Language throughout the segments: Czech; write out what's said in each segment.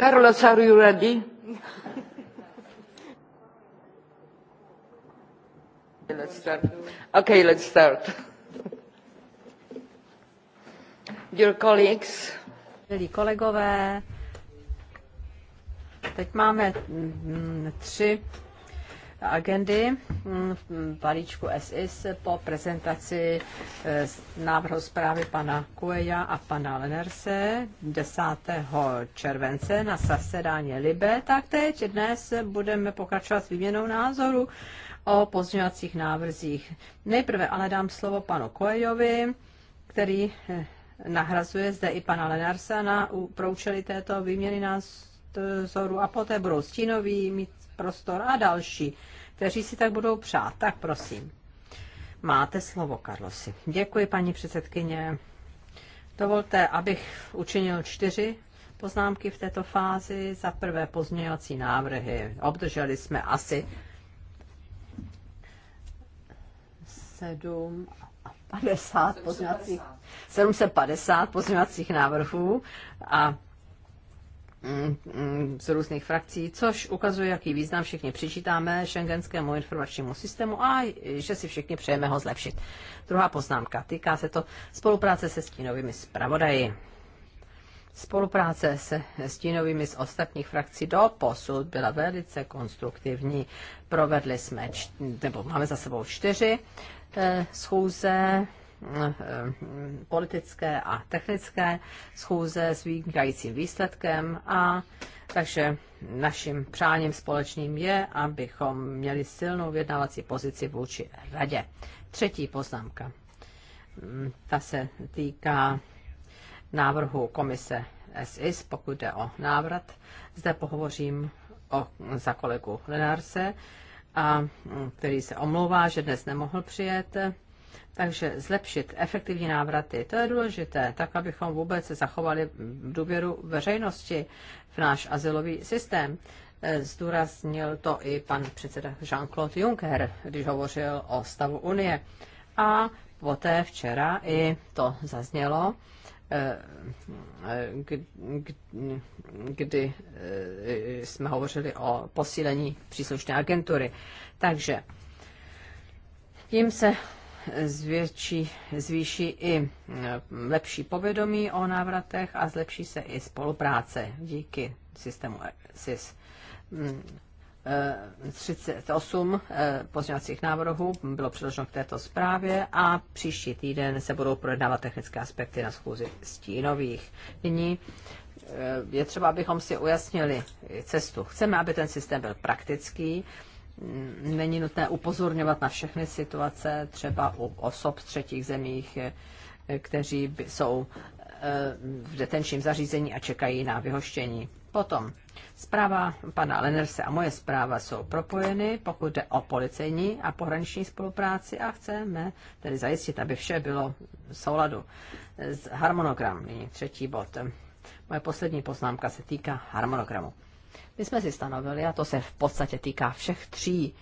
Carlos, are you ready? let's start. Okay, let's start. Dear colleagues. Milí kolegové, teď máme mm, mm, tři agendy mm, v balíčku SIS po prezentaci eh, návrhu zprávy pana Kueja a pana Lenerse 10. července na zasedání Libe. Tak teď dnes budeme pokračovat s výměnou názoru o pozměňovacích návrzích. Nejprve ale dám slovo panu Kuejovi, který eh, nahrazuje zde i pana Lenarsa na pro účely této výměny názoru a poté budou stínoví mít prostor a další, kteří si tak budou přát. Tak prosím. Máte slovo, Karlosi. Děkuji, paní předsedkyně. Dovolte, abych učinil čtyři poznámky v této fázi. Za prvé pozměňovací návrhy. Obdrželi jsme asi sedm 50 pozměňovacích, 750 pozměňovacích návrhů a z různých frakcí, což ukazuje, jaký význam všichni přičítáme šengenskému informačnímu systému a že si všichni přejeme ho zlepšit. Druhá poznámka týká se to spolupráce se stínovými zpravodaji. Spolupráce se stínovými z ostatních frakcí do posud byla velice konstruktivní. Provedli jsme, nebo máme za sebou čtyři eh, schůze Eh, politické a technické schůze s vynikajícím výsledkem a takže naším přáním společným je, abychom měli silnou vědnavací pozici vůči radě. Třetí poznámka. Mm, ta se týká návrhu komise SIS, pokud jde o návrat. Zde pohovořím o, za kolegu Lenarse, a, mm, který se omlouvá, že dnes nemohl přijet. Takže zlepšit efektivní návraty, to je důležité, tak abychom vůbec zachovali důvěru veřejnosti v náš asilový systém. Eh, zdůraznil to i pan předseda Jean-Claude Juncker, když hovořil o stavu Unie. A poté včera i to zaznělo, eh, kdy eh, jsme hovořili o posílení příslušné agentury. Takže tím se zvětší, zvýší i mm, lepší povědomí o návratech a zlepší se i spolupráce díky systému SIS. 38 mm, eh, eh, pozměňovacích návrhů bylo předloženo k této zprávě a příští týden se budou projednávat technické aspekty na schůzi stínových. Nyní eh, je třeba, abychom si ujasnili cestu. Chceme, aby ten systém byl praktický, není nutné upozorňovat na všechny situace, třeba u osob z třetích zemích, eh, kteří jsou eh, v detenčním zařízení a čekají na vyhoštění. Potom zpráva pana Lenerse a moje zpráva jsou propojeny, pokud jde o policejní a pohraniční spolupráci a chceme tedy zajistit, aby vše bylo v souladu. Harmonogram, nyní třetí bod. Moje poslední poznámka se týká harmonogramu. My jsme si stanovili, a to se v podstatě týká všech tří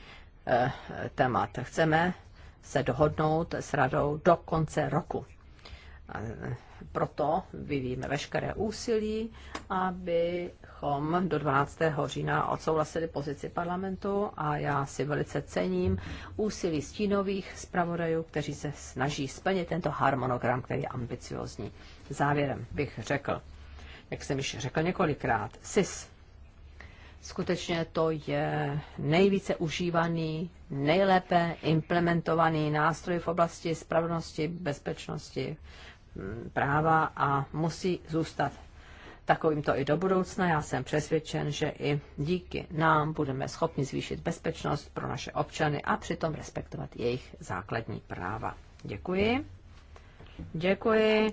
eh, témat, chceme se dohodnout s radou do konce roku. A eh, proto vyvíjíme veškeré úsilí, abychom do 12. října odsouhlasili pozici parlamentu a já si velice cením úsilí stínových zpravodajů, kteří se snaží splnit tento harmonogram, který je ambiciozní. Závěrem bych řekl, jak jsem již řekl několikrát, SIS Skutečně to je nejvíce užívaný, nejlépe implementovaný nástroj v oblasti spravedlnosti, bezpečnosti, mm, práva a musí zůstat takovým to i do budoucna. Já jsem přesvědčen, že i díky nám budeme schopni zvýšit bezpečnost pro naše občany a přitom respektovat jejich základní práva. Děkuji. Děkuji.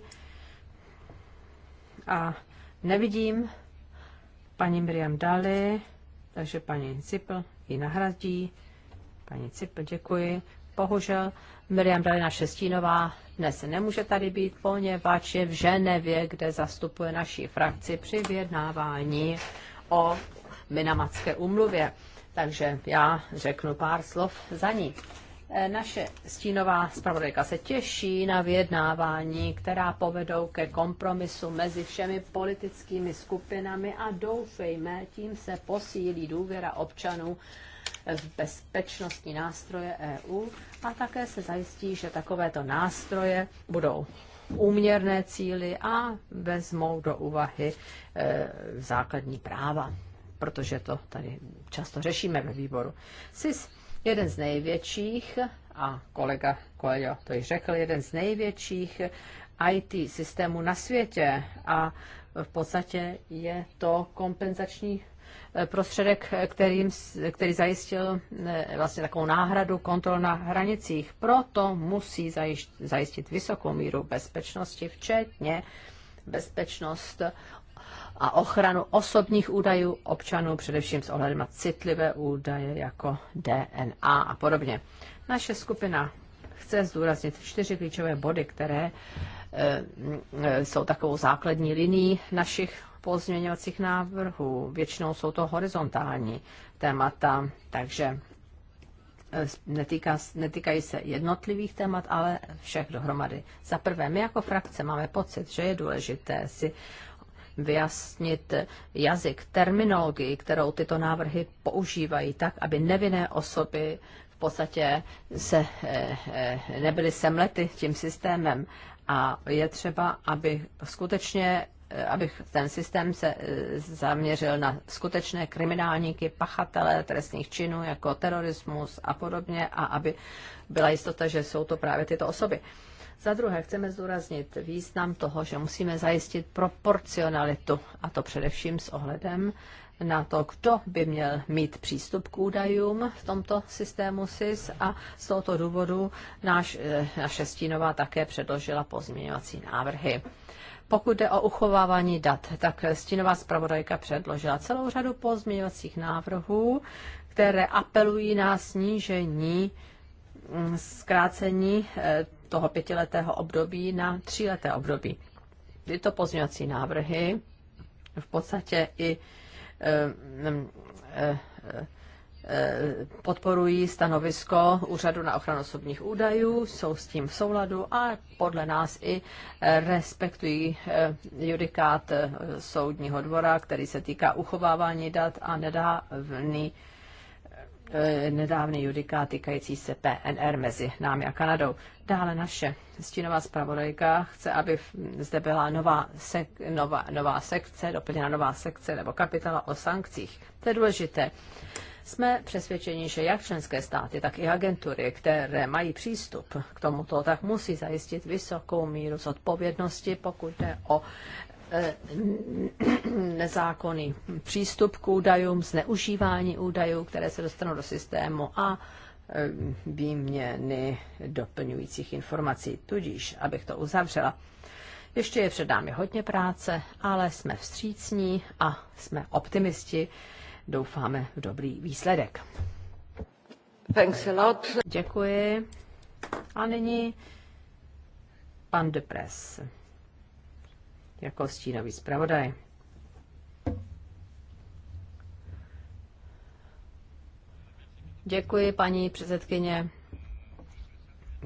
A nevidím paní Miriam Dali, takže paní Cipl ji nahradí. Paní Cipl, děkuji. Bohužel Miriam Dalina Šestínová dnes nemůže tady být, poněvadž je v Ženevě, kde zastupuje naší frakci při vyjednávání o Minamatské umluvě. Takže já řeknu pár slov za ní. E, naše stínová zpravodajka se těší na vyjednávání, která povedou ke kompromisu mezi všemi politickými skupinami a doufejme, tím se posílí důvěra občanů v bezpečnostní nástroje EU a také se zajistí, že takovéto nástroje budou úměrné cíly a vezmou do úvahy e, základní práva, protože to tady často řešíme ve výboru. SIS jeden z největších, a kolega Coelho to již řekl, jeden z největších IT systémů na světě a v podstatě je to kompenzační eh, prostředek, kterým, který zajistil eh, vlastně takovou náhradu kontrol na hranicích. Proto musí zajistit vysokou míru bezpečnosti, včetně bezpečnost a ochranu osobních údajů občanů, především s ohledem na citlivé údaje jako DNA a podobně. Naše skupina chce zdůraznit čtyři klíčové body, které eh, mm, jsou takovou základní linií našich pozměňovacích návrhů. Většinou jsou to horizontální témata, takže eh, netýka, netýkají se jednotlivých témat, ale všech dohromady. Za prvé, my jako frakce máme pocit, že je důležité si vyjasnit jazyk, terminologii, kterou tyto návrhy používají, tak, aby nevinné osoby v podstatě se, eh, eh, nebyly semlety tím systémem. A je třeba, aby skutečně eh, abych ten systém se zaměřil na skutečné kriminálníky, pachatele trestných činů jako terorismus a podobně a aby byla jistota, že jsou to právě tyto osoby. Za druhé, chceme zdůraznit význam toho, že musíme zajistit proporcionalitu, a to především s ohledem na to, kdo by měl mít přístup k údajům v tomto systému SIS a z tohoto důvodu náš, eh, naše stínová také předložila pozměňovací návrhy. Pokud jde o uchovávání dat, tak stínová zpravodajka předložila celou řadu pozměňovacích návrhů, které apelují na snížení zkrácení eh, toho pětiletého období na tříleté období. Tyto pozměňovací návrhy v podstatě i eh, mm, eh, podporují stanovisko Úřadu na ochranu osobních údajů, jsou s tím v souladu a podle nás i respektují judikát soudního dvora, který se týká uchovávání dat a nedávný E, nedávný judiká týkající se PNR mezi námi a Kanadou. Dále naše stínová zpravodajka chce, aby zde byla nová, sek, nová, nová sekce, doplněna nová sekce nebo kapitola o sankcích. To je důležité. Jsme přesvědčeni, že jak členské státy, tak i agentury, které mají přístup k tomuto, tak musí zajistit vysokou míru zodpovědnosti, pokud jde o Eh, nezákonný přístup k údajům, zneužívání údajů, které se dostanou do systému a eh, výměny doplňujících informací. Tudíž, abych to uzavřela, ještě je před námi hodně práce, ale jsme vstřícní a jsme optimisti. Doufáme v dobrý výsledek. Thanks a lot. Děkuji. A nyní pan Depres jako stínový zpravodaj. Děkuji, paní předsedkyně.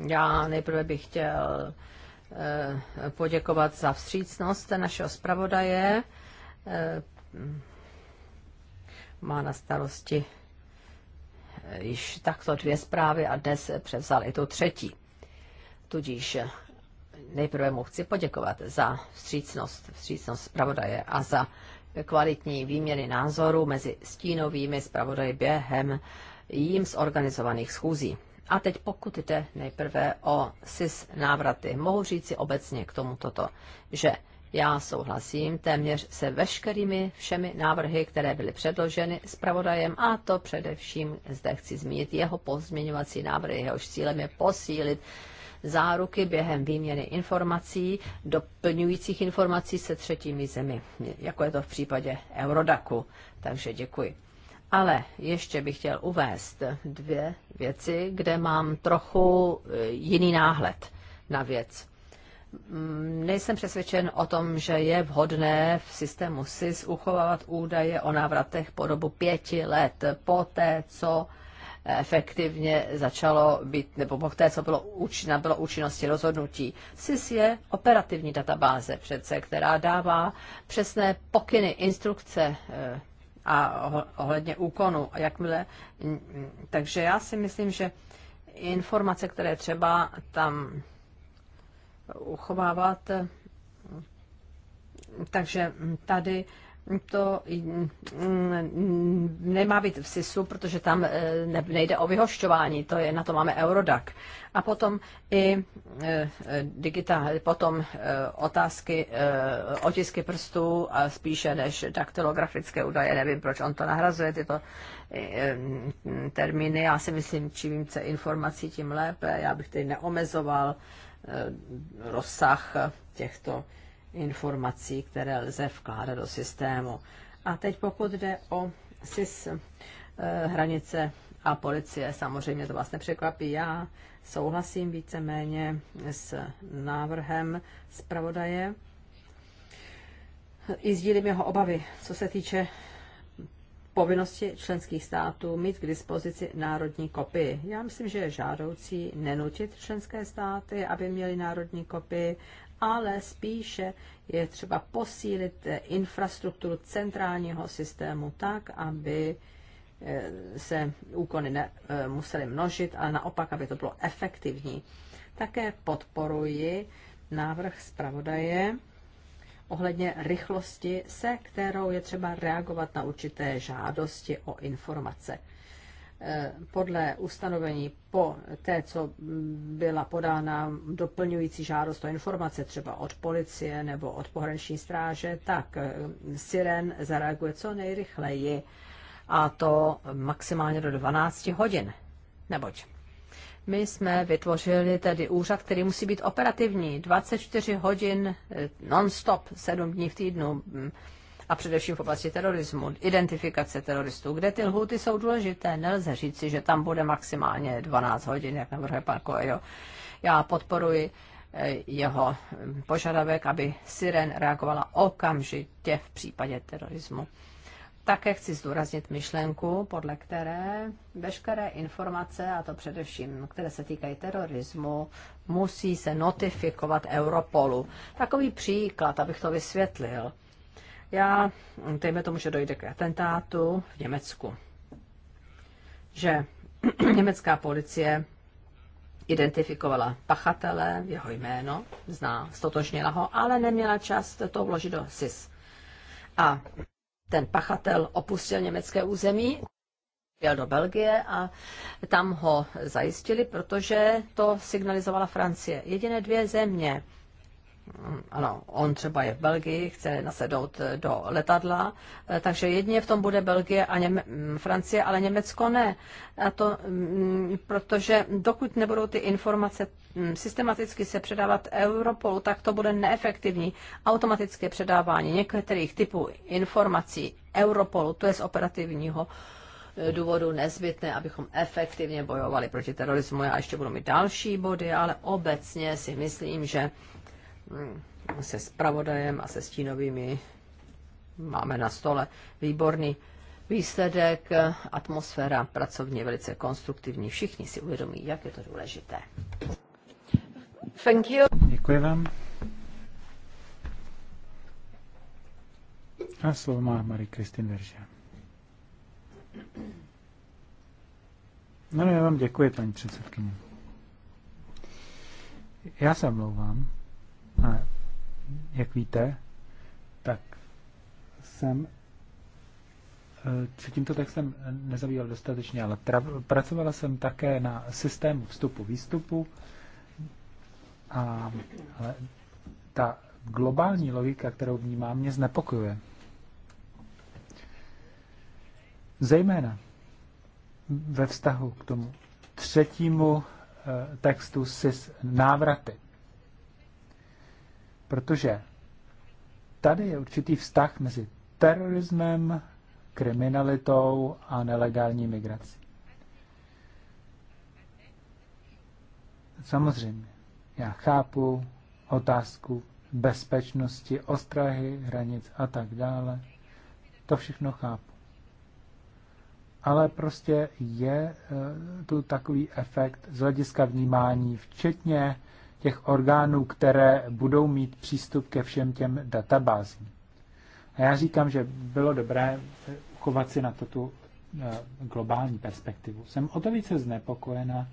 Já nejprve bych chtěl eh, poděkovat za vstřícnost našeho zpravodaje. Eh, má na starosti eh, již takto dvě zprávy a dnes převzal i tu třetí. Tudíž nejprve mu chci poděkovat za vstřícnost, vstřícnost zpravodaje a za kvalitní výměny názorů mezi stínovými zpravodaji během jím zorganizovaných schůzí. A teď pokud jde nejprve o SIS návraty, mohu říci obecně k tomu toto, že já souhlasím téměř se veškerými všemi návrhy, které byly předloženy pravodajem, a to především zde chci zmínit jeho pozměňovací návrhy, jehož cílem je posílit záruky během výměny informací, doplňujících informací se třetími zemi, jako je to v případě Eurodaku. Takže děkuji. Ale ještě bych chtěl uvést dvě věci, kde mám trochu eh, jiný náhled na věc. Mm, nejsem přesvědčen o tom, že je vhodné v systému SIS uchovávat údaje o návratech po dobu pěti let, poté co efektivně začalo být, nebo po té, co bylo účinná, bylo účinnosti rozhodnutí. SIS je operativní databáze přece, která dává přesné pokyny, instrukce eh, a ohledně úkonu. A jakmile, mm, mm, takže já si myslím, že informace, které třeba tam uchovávat, eh, takže tady to mm, nemá být v SISu, protože tam eh, nejde o vyhošťování, to je, na to máme Eurodac. A potom i eh, digitál, potom eh, otázky, otisky prstů a spíše než daktylografické údaje, nevím, proč on to nahrazuje, tyto mm, termíny. Já si myslím, čím více informací, tím lépe. Já bych tedy neomezoval rozsah těchto informací, které lze vkládat do systému. A teď pokud jde o SIS eh, hranice a policie, samozřejmě to vás nepřekvapí. Já souhlasím víceméně s návrhem zpravodaje. I sdílím jeho obavy, co se týče povinnosti členských států mít k dispozici národní kopii. Já myslím, že je žádoucí nenutit členské státy, aby měly národní kopii, ale spíše je třeba posílit eh, infrastrukturu centrálního systému tak, aby eh, se úkony nemusely eh, množit, ale naopak, aby to bylo efektivní. Také podporuji návrh zpravodaje ohledně rychlosti, se kterou je třeba reagovat na určité žádosti o informace. Eh, podle ustanovení po té, co byla podána doplňující žádost o informace třeba od policie nebo od pohraniční stráže, tak eh, Siren zareaguje co nejrychleji a to maximálně do 12 hodin. Neboť my jsme vytvořili tedy úřad, který musí být operativní 24 hodin eh, non-stop, 7 dní v týdnu, a především v oblasti terorismu, identifikace teroristů, kde ty lhuty jsou důležité. Nelze říci, že tam bude maximálně 12 hodin, jak navrhuje pan Coelho. Já podporuji eh, jeho požadavek, aby Siren reagovala okamžitě v případě terorismu. Také chci zdůraznit myšlenku, podle které veškeré informace, a to především, které se týkají terorismu, musí se notifikovat Europolu. Takový příklad, abych to vysvětlil já, dejme tomu, že dojde k atentátu v Německu, že německá policie identifikovala pachatele, jeho jméno, zná, stotožnila ho, ale neměla čas to vložit do SIS. A ten pachatel opustil německé území, jel do Belgie a tam ho zajistili, protože to signalizovala Francie. Jediné dvě země, ano, on třeba je v Belgii, chce nasednout eh, do letadla, eh, takže jedině v tom bude Belgie a Něme- mm, Francie, ale Německo ne. A to, mm, protože dokud nebudou ty informace mm, systematicky se předávat Europolu, tak to bude neefektivní. Automatické předávání některých typů informací Europolu, to je z operativního eh, důvodu nezbytné, abychom efektivně bojovali proti terorismu. Já ještě budu mít další body, ale obecně si myslím, že Hmm, se spravodajem a se stínovými máme na stole výborný výsledek, atmosféra pracovně velice konstruktivní. Všichni si uvědomí, jak je to důležité. Thank you. Děkuji vám. A slovo má Marie Kristin Verža. No, no, já vám děkuji, paní předsedkyně. Já se omlouvám. A jak víte, tak jsem eh, se tímto textem nezabýval dostatečně, ale tra- pracovala jsem také na systému vstupu-výstupu, a, ale ta globální logika, kterou vnímám, mě znepokojuje. Zejména ve vztahu k tomu třetímu eh, textu SIS návraty. Protože tady je určitý vztah mezi terorismem, kriminalitou a nelegální migrací. Samozřejmě, já chápu otázku bezpečnosti, ostrahy, hranic a tak dále. To všechno chápu. Ale prostě je eh, tu takový efekt z hlediska vnímání, včetně těch orgánů, které budou mít přístup ke všem těm databázím. A já říkám, že bylo dobré uchovat si na to tu eh, globální perspektivu. Jsem o to více znepokojena,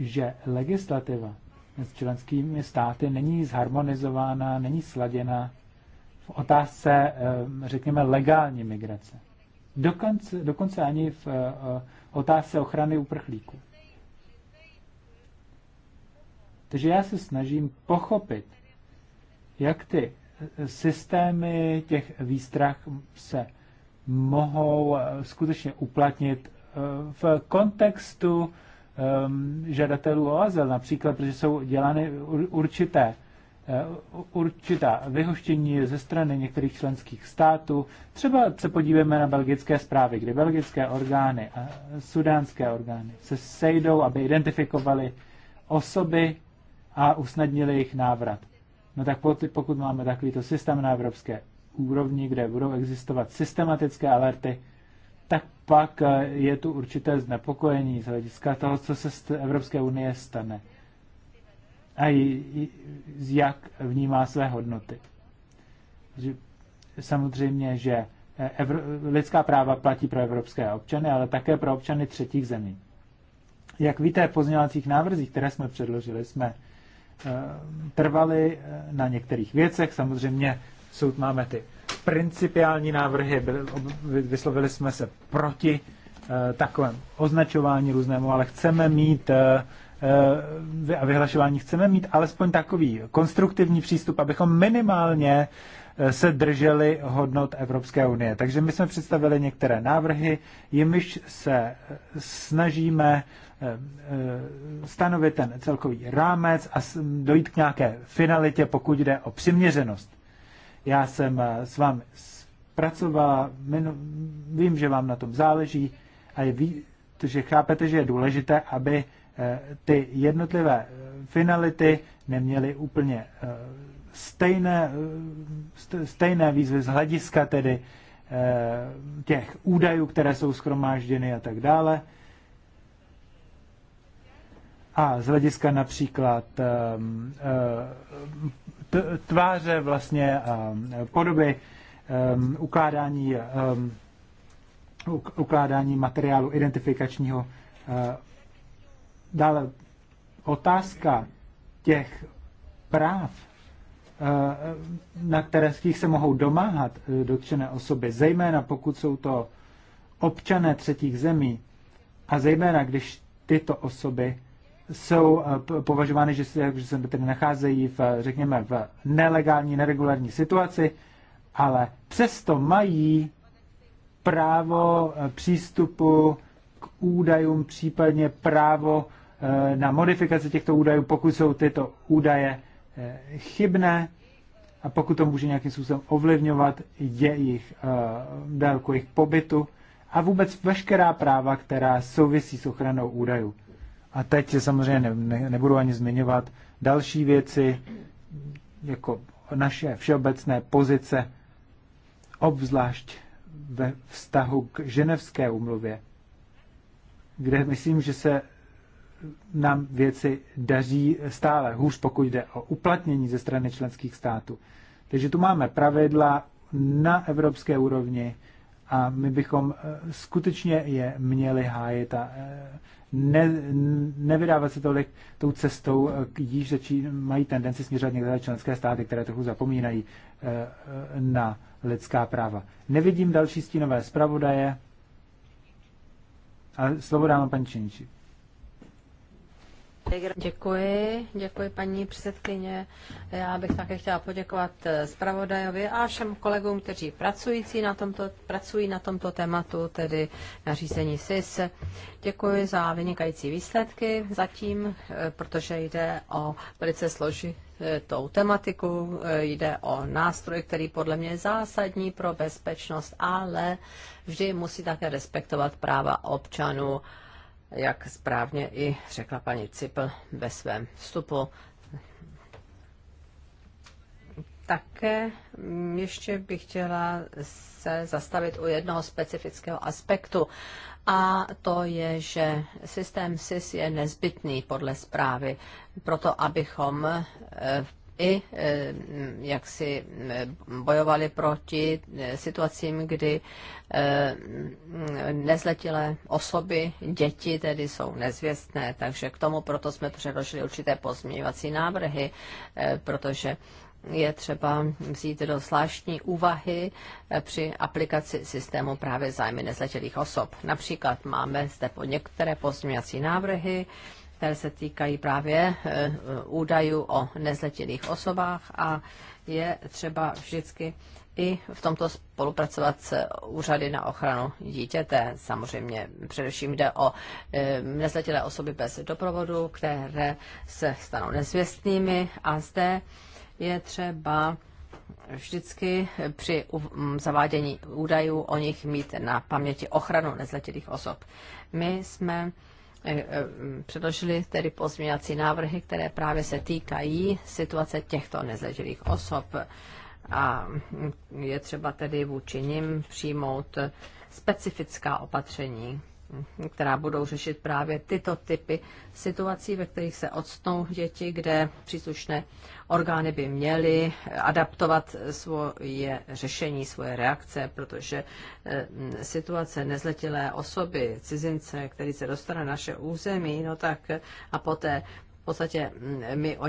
že legislativa s členskými státy není zharmonizována, není sladěna v otázce, eh, řekněme, legální migrace. Dokonce, dokonce ani v eh, otázce ochrany uprchlíků. Takže já se snažím pochopit, jak ty systémy těch výstrah se mohou eh, skutečně uplatnit eh, v kontextu ehm, žadatelů o azyl, například, protože jsou dělány určité eh, určitá vyhoštění ze strany některých členských států. Třeba se podívejme na belgické zprávy, kdy belgické orgány a sudánské orgány se sejdou, aby identifikovali osoby, a usnadnili jejich návrat. No tak pokud máme takovýto systém na evropské úrovni, kde budou existovat systematické alerty, tak pak eh, je tu určité znepokojení z hlediska toho, co se z Evropské unie stane a jak vnímá své hodnoty. Samozřejmě, že eh, evro- lidská práva platí pro evropské občany, ale také pro občany třetích zemí. Jak víte, v pozměňovacích návrzích, které jsme předložili, jsme Eh, trvali eh, na některých věcech. Samozřejmě soud máme ty principiální návrhy, vyslovili jsme se proti eh, takovém označování různému, ale chceme mít a vyhlašování chceme mít alespoň takový konstruktivní přístup, abychom minimálně se drželi hodnot Evropské unie. Takže my jsme představili některé návrhy, jimiž se snažíme eh, eh, stanovit ten celkový rámec a dojít k nějaké finalitě, pokud jde o přiměřenost. Já jsem eh, s vámi zpracovala, vím, že vám na tom záleží a je, že chápete, že je důležité, aby ty jednotlivé finality neměly úplně stejné, stejné výzvy z hlediska tedy eh, těch údajů, které jsou schromážděny a tak dále. A z hlediska například eh, eh, tváře vlastně podoby ukládání, ukládání materiálu identifikačního. Dále otázka těch práv na kterých se mohou domáhat eh, dotčené osoby, zejména pokud jsou to občané třetích zemí a zejména když tyto osoby jsou eh, považovány, že se, že se tedy nacházejí v, eh, řekněme, v nelegální, neregulární situaci, ale přesto mají právo přístupu k údajům, případně právo na modifikaci těchto údajů, pokud jsou tyto údaje chybné a pokud to může nějakým způsobem ovlivňovat jejich eh, délku jejich pobytu a vůbec veškerá práva, která souvisí s ochranou údajů. A teď samozřejmě nebudu ani zmiňovat další věci, jako naše všeobecné pozice, obzvlášť ve vztahu k ženevské úmluvě, kde myslím, že se nám věci daří stále hůř, pokud jde o uplatnění ze strany členských států. Takže tu máme pravidla na evropské úrovni a my bychom eh, skutečně je měli hájit a eh, ne, nevydávat se tolik tou cestou, eh, již začí, mají tendenci směřovat některé členské státy, které trochu zapomínají na lidská práva. Nevidím další stínové zpravodaje, A slovo dám paní Činčík. Děkuji, děkuji paní předsedkyně. Já bych také chtěla poděkovat eh, zpravodajovi a všem kolegům, kteří pracující na tomto, pracují na tomto tématu, tedy na řízení SIS. Děkuji za vynikající výsledky zatím, eh, protože jde o velice složitou tematiku, eh, jde o nástroj, který podle mě je zásadní pro bezpečnost, ale vždy musí také respektovat práva občanů jak správně i řekla paní Cipl ve svém vstupu, také ještě bych chtěla se zastavit u jednoho specifického aspektu a to je, že systém SIS je nezbytný podle zprávy proto, abychom v eh, i e, jak si e, bojovali proti e, situacím, kdy nezletilé osoby, děti tedy jsou nezvěstné, takže k tomu proto jsme předložili určité pozměňovací návrhy, protože je třeba vzít do zvláštní úvahy při aplikaci systému právě zájmy nezletilých osob. Například máme zde po některé pozměňovací návrhy, které se týkají právě eh, údajů o nezletilých osobách a je třeba vždycky i v tomto spolupracovat s úřady na ochranu dítěte. Samozřejmě především jde o eh, nezletilé osoby bez doprovodu, které se stanou nezvěstnými a zde je třeba vždycky při mm, zavádění údajů o nich mít na paměti ochranu nezletilých osob. My jsme Eh, eh, předložili tedy pozměňovací návrhy, které právě se týkají situace těchto nezležilých osob a je třeba tedy vůči nim přijmout specifická opatření, která budou řešit právě tyto typy situací, ve kterých se odstnou děti, kde příslušné orgány by měly adaptovat svoje řešení, svoje reakce, protože mm, situace nezletilé osoby, cizince, který se dostane na naše území, no tak a poté v podstatě mm, my o,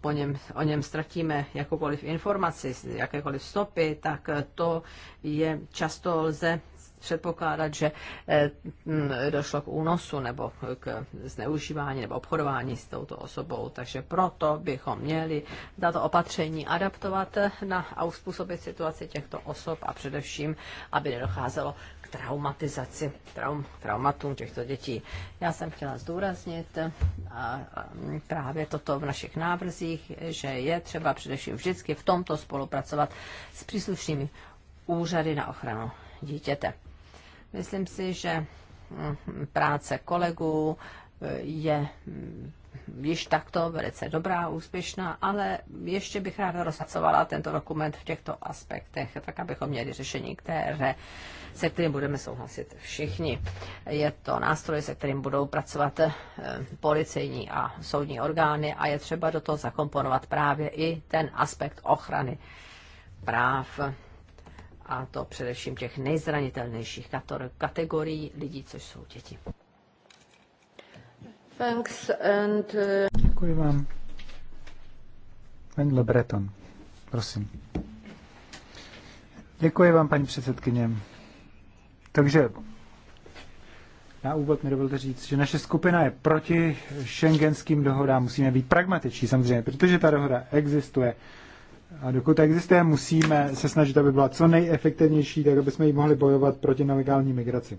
po něm, o něm ztratíme jakoukoliv informaci, jakékoliv stopy, tak to je často lze předpokládat, že eh, mm, došlo k únosu nebo k zneužívání nebo obchodování s touto osobou. Takže proto bychom měli tato opatření adaptovat eh, na a uspůsobit situaci těchto osob a především, aby nedocházelo k traumatizaci, traum, traumatům těchto dětí. Já jsem chtěla zdůraznit eh, a mm, právě toto v našich návrzích, že je třeba především vždycky v tomto spolupracovat s příslušnými úřady na ochranu dítěte. Myslím si, že hm, práce kolegů eh, je hm, již takto velice dobrá, úspěšná, ale ještě bych ráda rozpracovala tento dokument v těchto aspektech, tak abychom měli řešení, které, se kterým budeme souhlasit všichni. Je to nástroj, se kterým budou pracovat eh, policejní a soudní orgány a je třeba do toho zakomponovat právě i ten aspekt ochrany práv a to především těch nejzranitelnějších kategorií lidí, což jsou děti. Thanks and, uh... Děkuji vám. Paní Le Breton, prosím. Děkuji vám, paní předsedkyně. Takže na úvod mi dovolte říct, že naše skupina je proti šengenským dohodám. Musíme být pragmatičtí samozřejmě, protože ta dohoda existuje. A dokud existuje, musíme se snažit, aby byla co nejefektivnější, tak aby jsme ji mohli bojovat proti nelegální migraci.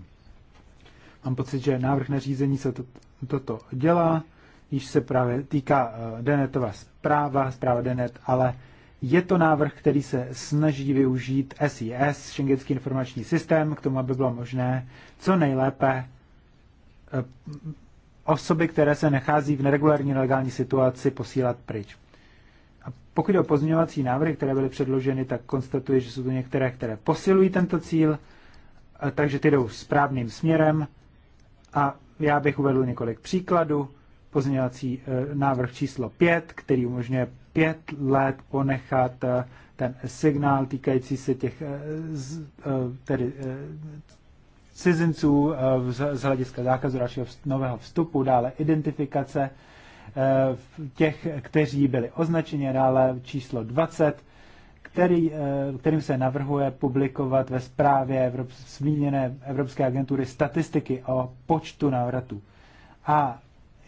Mám pocit, že návrh na řízení se to, toto dělá, již se právě týká eh, denetová zpráva, zpráva Denet, ale je to návrh, který se snaží využít SIS, Schengenský informační systém, k tomu, aby bylo možné co nejlépe eh, osoby, které se nachází v neregulární nelegální situaci, posílat pryč. Pokud o pozměňovací návrhy, které byly předloženy, tak konstatuji, že jsou to některé, které posilují tento cíl, eh, takže ty jdou správným směrem. A já bych uvedl několik příkladů. Pozměňovací eh, návrh číslo 5, který umožňuje pět let ponechat eh, ten signál týkající se těch tedy, cizinců z hlediska zákazu dalšího nového vstupu, dále identifikace Eh, těch, kteří byli označeni dále číslo 20, který, eh, kterým se navrhuje publikovat ve zprávě Evrop, zmíněné Evropské agentury statistiky o počtu návratů. A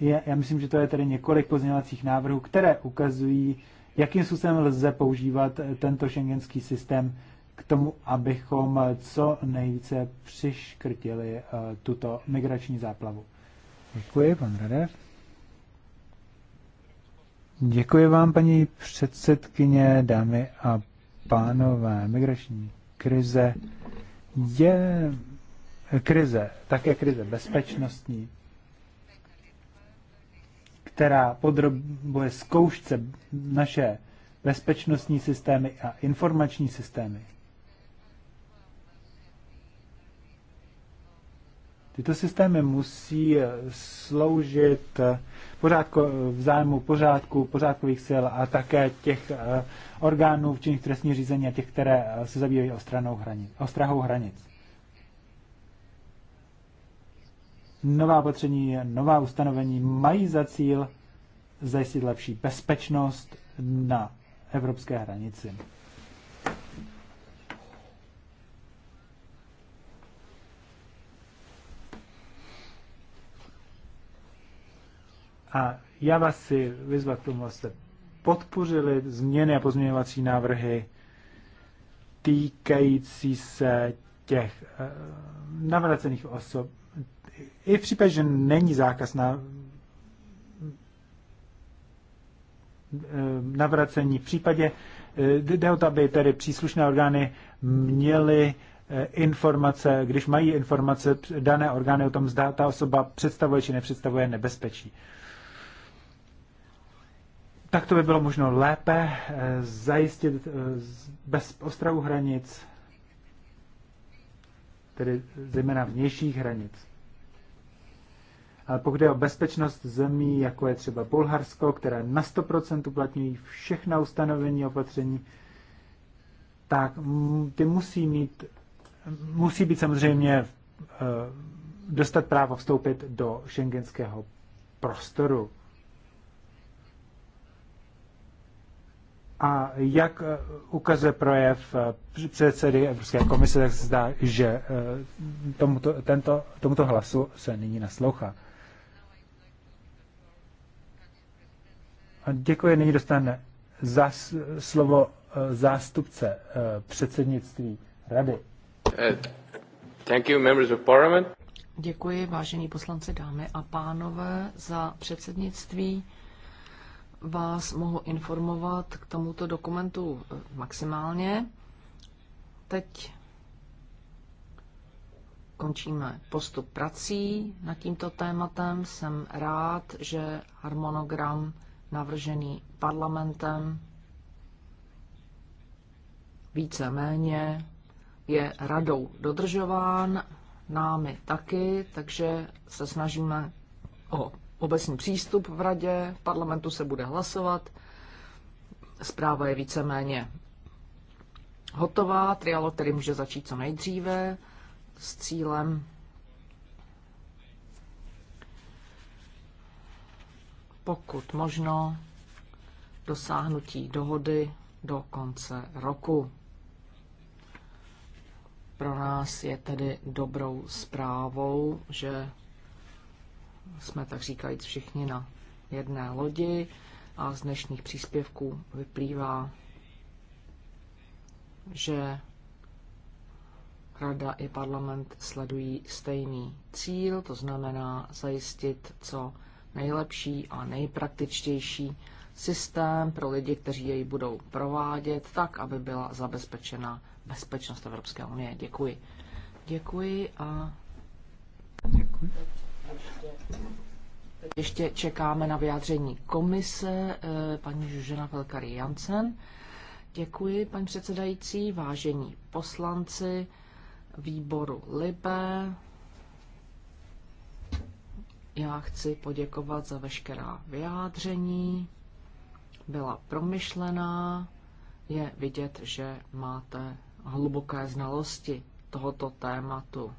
je, já myslím, že to je tedy několik pozměňovacích návrhů, které ukazují, jakým způsobem lze používat tento šengenský systém k tomu, abychom co nejvíce přiškrtili eh, tuto migrační záplavu. Děkuji, pan Radev. Děkuji vám, paní předsedkyně, dámy a pánové. Migrační krize je krize, také krize bezpečnostní, která podrobuje zkoušce naše bezpečnostní systémy a informační systémy. Tyto systémy musí sloužit pořádko, v zájmu pořádku, pořádkových sil a také těch eh, orgánů v činných trestní řízení a těch, které eh, se zabývají ostranou hranic, ostrahou hranic. Nová opatření, nová ustanovení mají za cíl zajistit lepší bezpečnost na evropské hranici. A já vás si vyzvat k tomu, abyste podpořili změny a pozměňovací návrhy týkající se těch eh, navracených osob. I v případě, že není zákaz na eh, navracení. V případě eh, jde o to, aby tedy příslušné orgány měly informace, když mají informace dané orgány o tom, zda ta osoba představuje či nepředstavuje nebezpečí. Tak to by bylo možno lépe eh, zajistit eh, bez ostrahu hranic, tedy zejména vnějších hranic. Ale pokud je o bezpečnost zemí, jako je třeba Bulharsko, které na 100% uplatňují všechna ustanovení opatření, tak ty musí mít, musí být samozřejmě eh, dostat právo vstoupit do šengenského prostoru. A jak eh, ukazuje projev eh, předsedy Evropské komise, tak se zdá, že eh, tomuto, tento, tomuto hlasu se nyní naslouchá. děkuji, nyní dostane zas, slovo zástupce předsednictví rady. Thank you, members of parliament. Děkuji, vážení poslanci, dámy a pánové, za předsednictví vás mohu informovat k tomuto dokumentu eh, maximálně. Teď končíme postup prací nad tímto tématem. Jsem rád, že harmonogram navržený parlamentem víceméně je radou dodržován, námi taky, takže se snažíme o obecný přístup v radě, v parlamentu se bude hlasovat. Zpráva je víceméně hotová, trialog tedy může začít co nejdříve s cílem pokud možno dosáhnutí dohody do konce roku. Pro nás je tedy dobrou zprávou, že jsme tak říkajíc všichni na jedné lodi a z dnešních příspěvků vyplývá, že Rada i parlament sledují stejný cíl, to znamená zajistit co nejlepší a nejpraktičtější systém pro lidi, kteří jej budou provádět, tak, aby byla zabezpečena bezpečnost Evropské unie. Děkuji. Děkuji a... Děkuji. Teď ještě čekáme na vyjádření komise eh, paní Žužena Velkary Jansen. Děkuji, paní předsedající, vážení poslanci výboru Libe. Já chci poděkovat za veškerá vyjádření. Byla promyšlená. Je vidět, že máte hluboké znalosti tohoto tématu.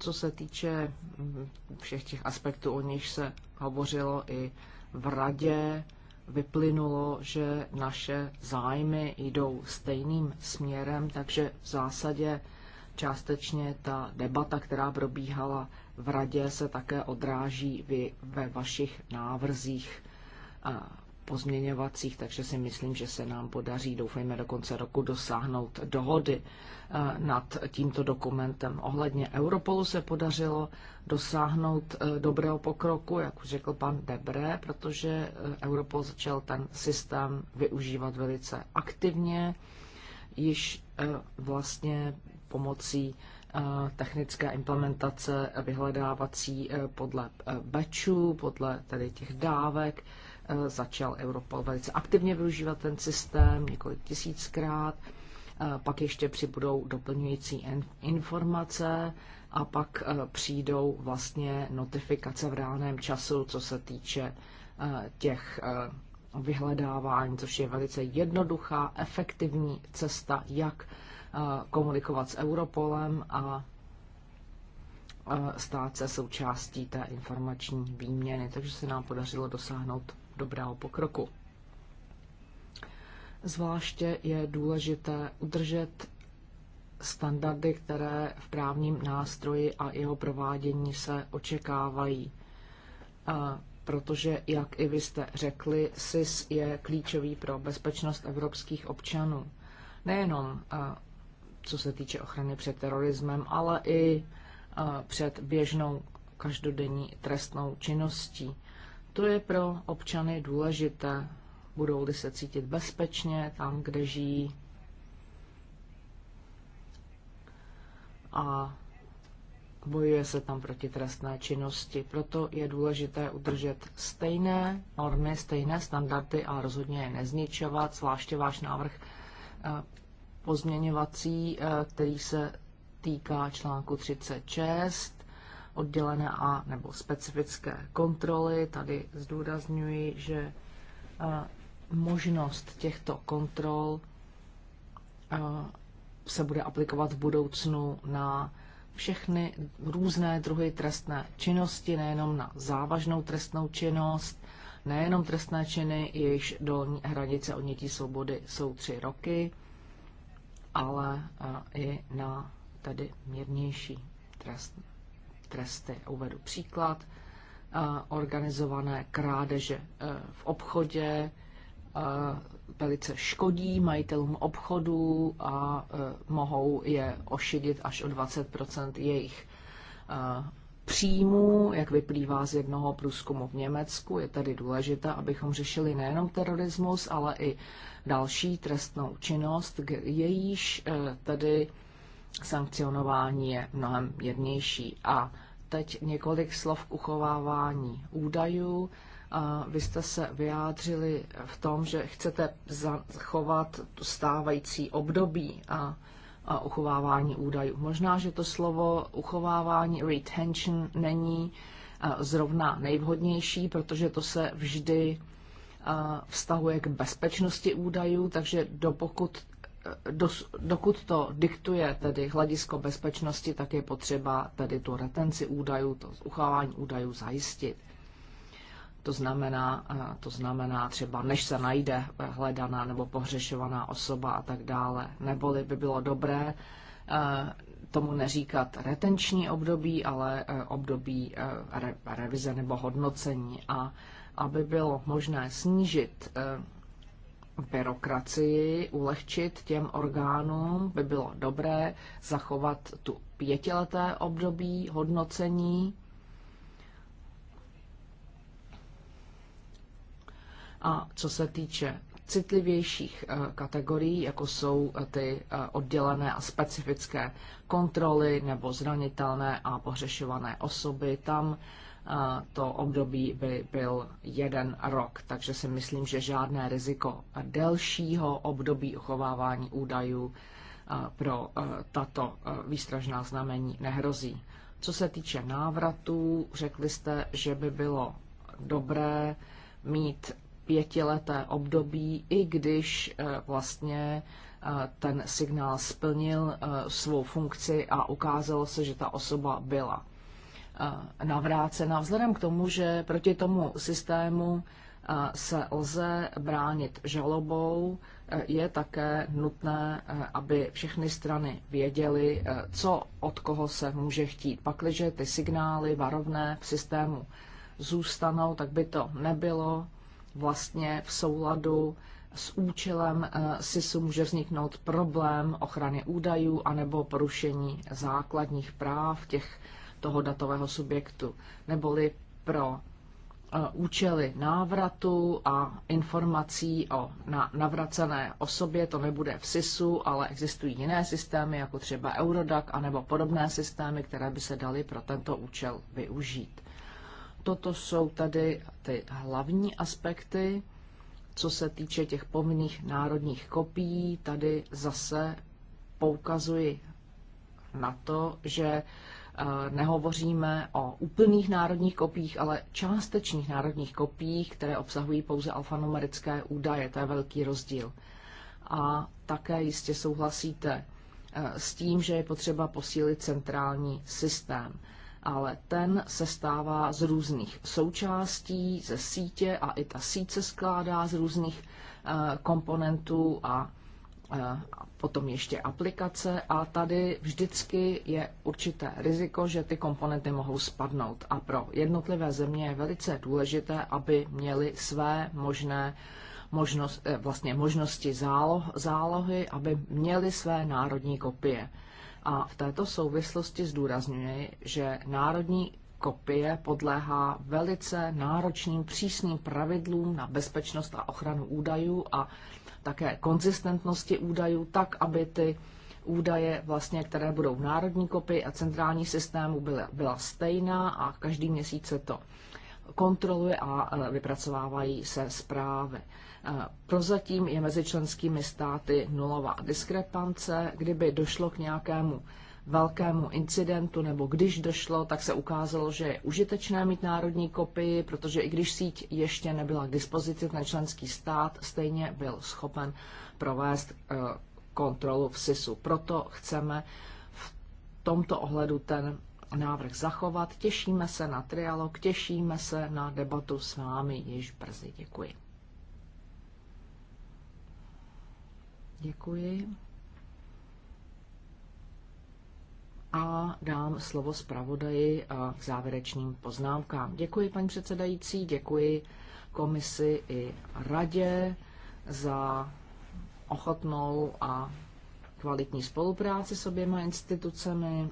co se týče mm, všech těch aspektů, o nich se hovořilo i v radě, vyplynulo, že naše zájmy jdou stejným směrem, takže v zásadě částečně ta debata, která probíhala v radě, se také odráží ve vašich návrzích pozměňovacích, takže si myslím, že se nám podaří, doufejme do konce roku, dosáhnout dohody eh, nad tímto dokumentem. Ohledně Europolu se podařilo dosáhnout eh, dobrého pokroku, jak už řekl pan Debre, protože eh, Europol začal ten systém využívat velice aktivně, již vlastně pomocí technické implementace vyhledávací podle bečů, podle tedy těch dávek. Eh, začal Europol velice aktivně využívat ten systém několik tisíckrát, eh, pak ještě přibudou doplňující informace a pak eh, přijdou vlastně notifikace v reálném času, co se týče těch vyhledávání, což je velice jednoduchá, efektivní cesta, jak komunikovat s Europolem a stát se součástí té informační výměny. Takže se nám podařilo dosáhnout dobrého pokroku. Zvláště je důležité udržet standardy, které v právním nástroji a jeho provádění se očekávají. Protože, jak i vy jste řekli, SIS je klíčový pro bezpečnost evropských občanů. Nejenom co se týče ochrany před terorismem, ale i před běžnou každodenní trestnou činností. To je pro občany důležité. Budou-li se cítit bezpečně tam, kde žijí. A bojuje se tam proti trestné činnosti. Proto je důležité udržet stejné normy, stejné standardy a rozhodně je nezničovat, zvláště váš návrh eh, pozměňovací, eh, který se týká článku 36 oddělené a nebo specifické kontroly. Tady zdůrazňuji, že eh, možnost těchto kontrol eh, se bude aplikovat v budoucnu na všechny různé druhy trestné činnosti, nejenom na závažnou trestnou činnost, nejenom trestné činy, jejichž dolní hranice odnětí svobody jsou tři roky, ale eh, i na tedy mírnější trestné tresty. Uvedu příklad eh, organizované krádeže eh, v obchodě eh, velice škodí majitelům obchodů a mohou je ošidit až o 20 jejich příjmů, jak vyplývá z jednoho průzkumu v Německu. Je tady důležité, abychom řešili nejenom terorismus, ale i další trestnou činnost, jejíž tedy sankcionování je mnohem jednější. A teď několik slov k uchovávání údajů. Vy jste se vyjádřili v tom, že chcete zachovat stávající období a, a uchovávání údajů. Možná, že to slovo uchovávání, retention, není zrovna nejvhodnější, protože to se vždy vztahuje k bezpečnosti údajů, takže dopokud dos, dokud to diktuje tedy hledisko bezpečnosti, tak je potřeba tedy tu retenci údajů, to uchávání údajů zajistit. To znamená, eh, to znamená třeba, než se najde hledaná nebo pohřešovaná osoba a tak dále. Neboli by bylo dobré eh, tomu neříkat retenční období, ale eh, období revize nebo hodnocení. A aby bylo možné snížit byrokracii ulehčit těm orgánům, by bylo dobré zachovat tu pětileté období hodnocení. A co se týče citlivějších eh, kategorií, jako jsou eh, ty eh, oddělené a specifické kontroly nebo zranitelné a pohřešované osoby, tam to období by byl jeden rok, takže si myslím, že žádné riziko delšího období uchovávání údajů pro tato výstražná znamení nehrozí. Co se týče návratů, řekli jste, že by bylo dobré mít pětileté období, i když e, vlastně e, ten signál splnil e, svou funkci a ukázalo se, že ta osoba byla navrácena vzhledem k tomu, že proti tomu systému se lze bránit žalobou, e, je také nutné, e, aby všechny strany věděly, e, co od koho se může chtít. Pakliže ty signály varovné v systému zůstanou, tak by to nebylo vlastně v souladu s účelem SISu může vzniknout problém ochrany údajů anebo porušení základních práv těch toho datového subjektu, neboli pro eh, účely návratu a informací o navracené osobě. To nebude v SISu, ale existují jiné systémy, jako třeba Eurodac anebo podobné systémy, které by se daly pro tento účel využít. Toto jsou tady ty hlavní aspekty. Co se týče těch povinných národních kopií, tady zase poukazuji na to, že Eh, nehovoříme o úplných národních kopiích, ale částečných národních kopiích, které obsahují pouze alfanumerické údaje. To je velký rozdíl. A také jistě souhlasíte eh, s tím, že je potřeba posílit centrální systém. Ale ten se stává z různých součástí, ze sítě a i ta síť se skládá z různých eh, komponentů a potom ještě aplikace a tady vždycky je určité riziko, že ty komponenty mohou spadnout. A pro jednotlivé země je velice důležité, aby měly své možné možnost, eh, vlastně možnosti záloh, zálohy, aby měly své národní kopie. A v této souvislosti zdůrazňuji, že národní kopie podléhá velice náročným přísným pravidlům na bezpečnost a ochranu údajů a také konzistentnosti údajů, tak aby ty údaje, vlastně, které budou v národní kopii a centrální systému, byla, byla stejná a každý měsíc se to kontroluje a e, vypracovávají se zprávy. E, prozatím je mezi členskými státy nulová diskrepance. Kdyby došlo k nějakému velkému incidentu, nebo když došlo, tak se ukázalo, že je užitečné mít národní kopii, protože i když síť ještě nebyla k dispozici, ten členský stát stejně byl schopen provést eh, kontrolu v SISu. Proto chceme v tomto ohledu ten návrh zachovat. Těšíme se na trialog, těšíme se na debatu s vámi již brzy. Děkuji. Děkuji. a dám slovo zpravodaji k závěrečným poznámkám. Děkuji, paní předsedající, děkuji komisi i radě za ochotnou a kvalitní spolupráci s oběma institucemi.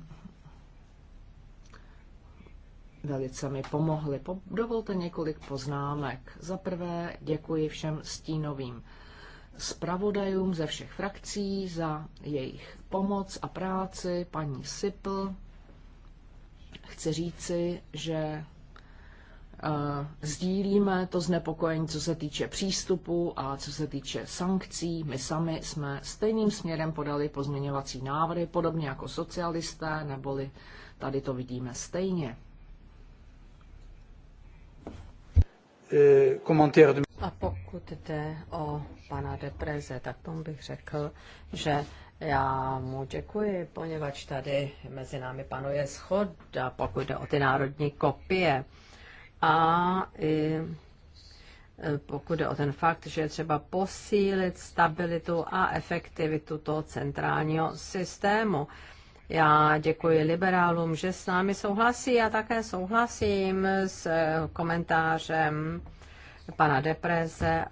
Velice mi pomohly. Dovolte několik poznámek. Za prvé děkuji všem stínovým zpravodajům ze všech frakcí za jejich pomoc a práci. Paní Sipl, chci říci, že eh, sdílíme to znepokojení, co se týče přístupu a co se týče sankcí. My sami jsme stejným směrem podali pozměňovací návrhy, podobně jako socialisté, neboli tady to vidíme stejně. Eh, komentář a pokud jde o pana Depreze, tak tomu bych řekl, že já mu děkuji, poněvadž tady mezi námi panuje schod. A pokud jde o ty národní kopie. A i e, pokud jde o ten fakt, že je třeba posílit stabilitu a efektivitu toho centrálního systému. Já děkuji liberálům, že s námi souhlasí a také souhlasím s komentářem pana Depreze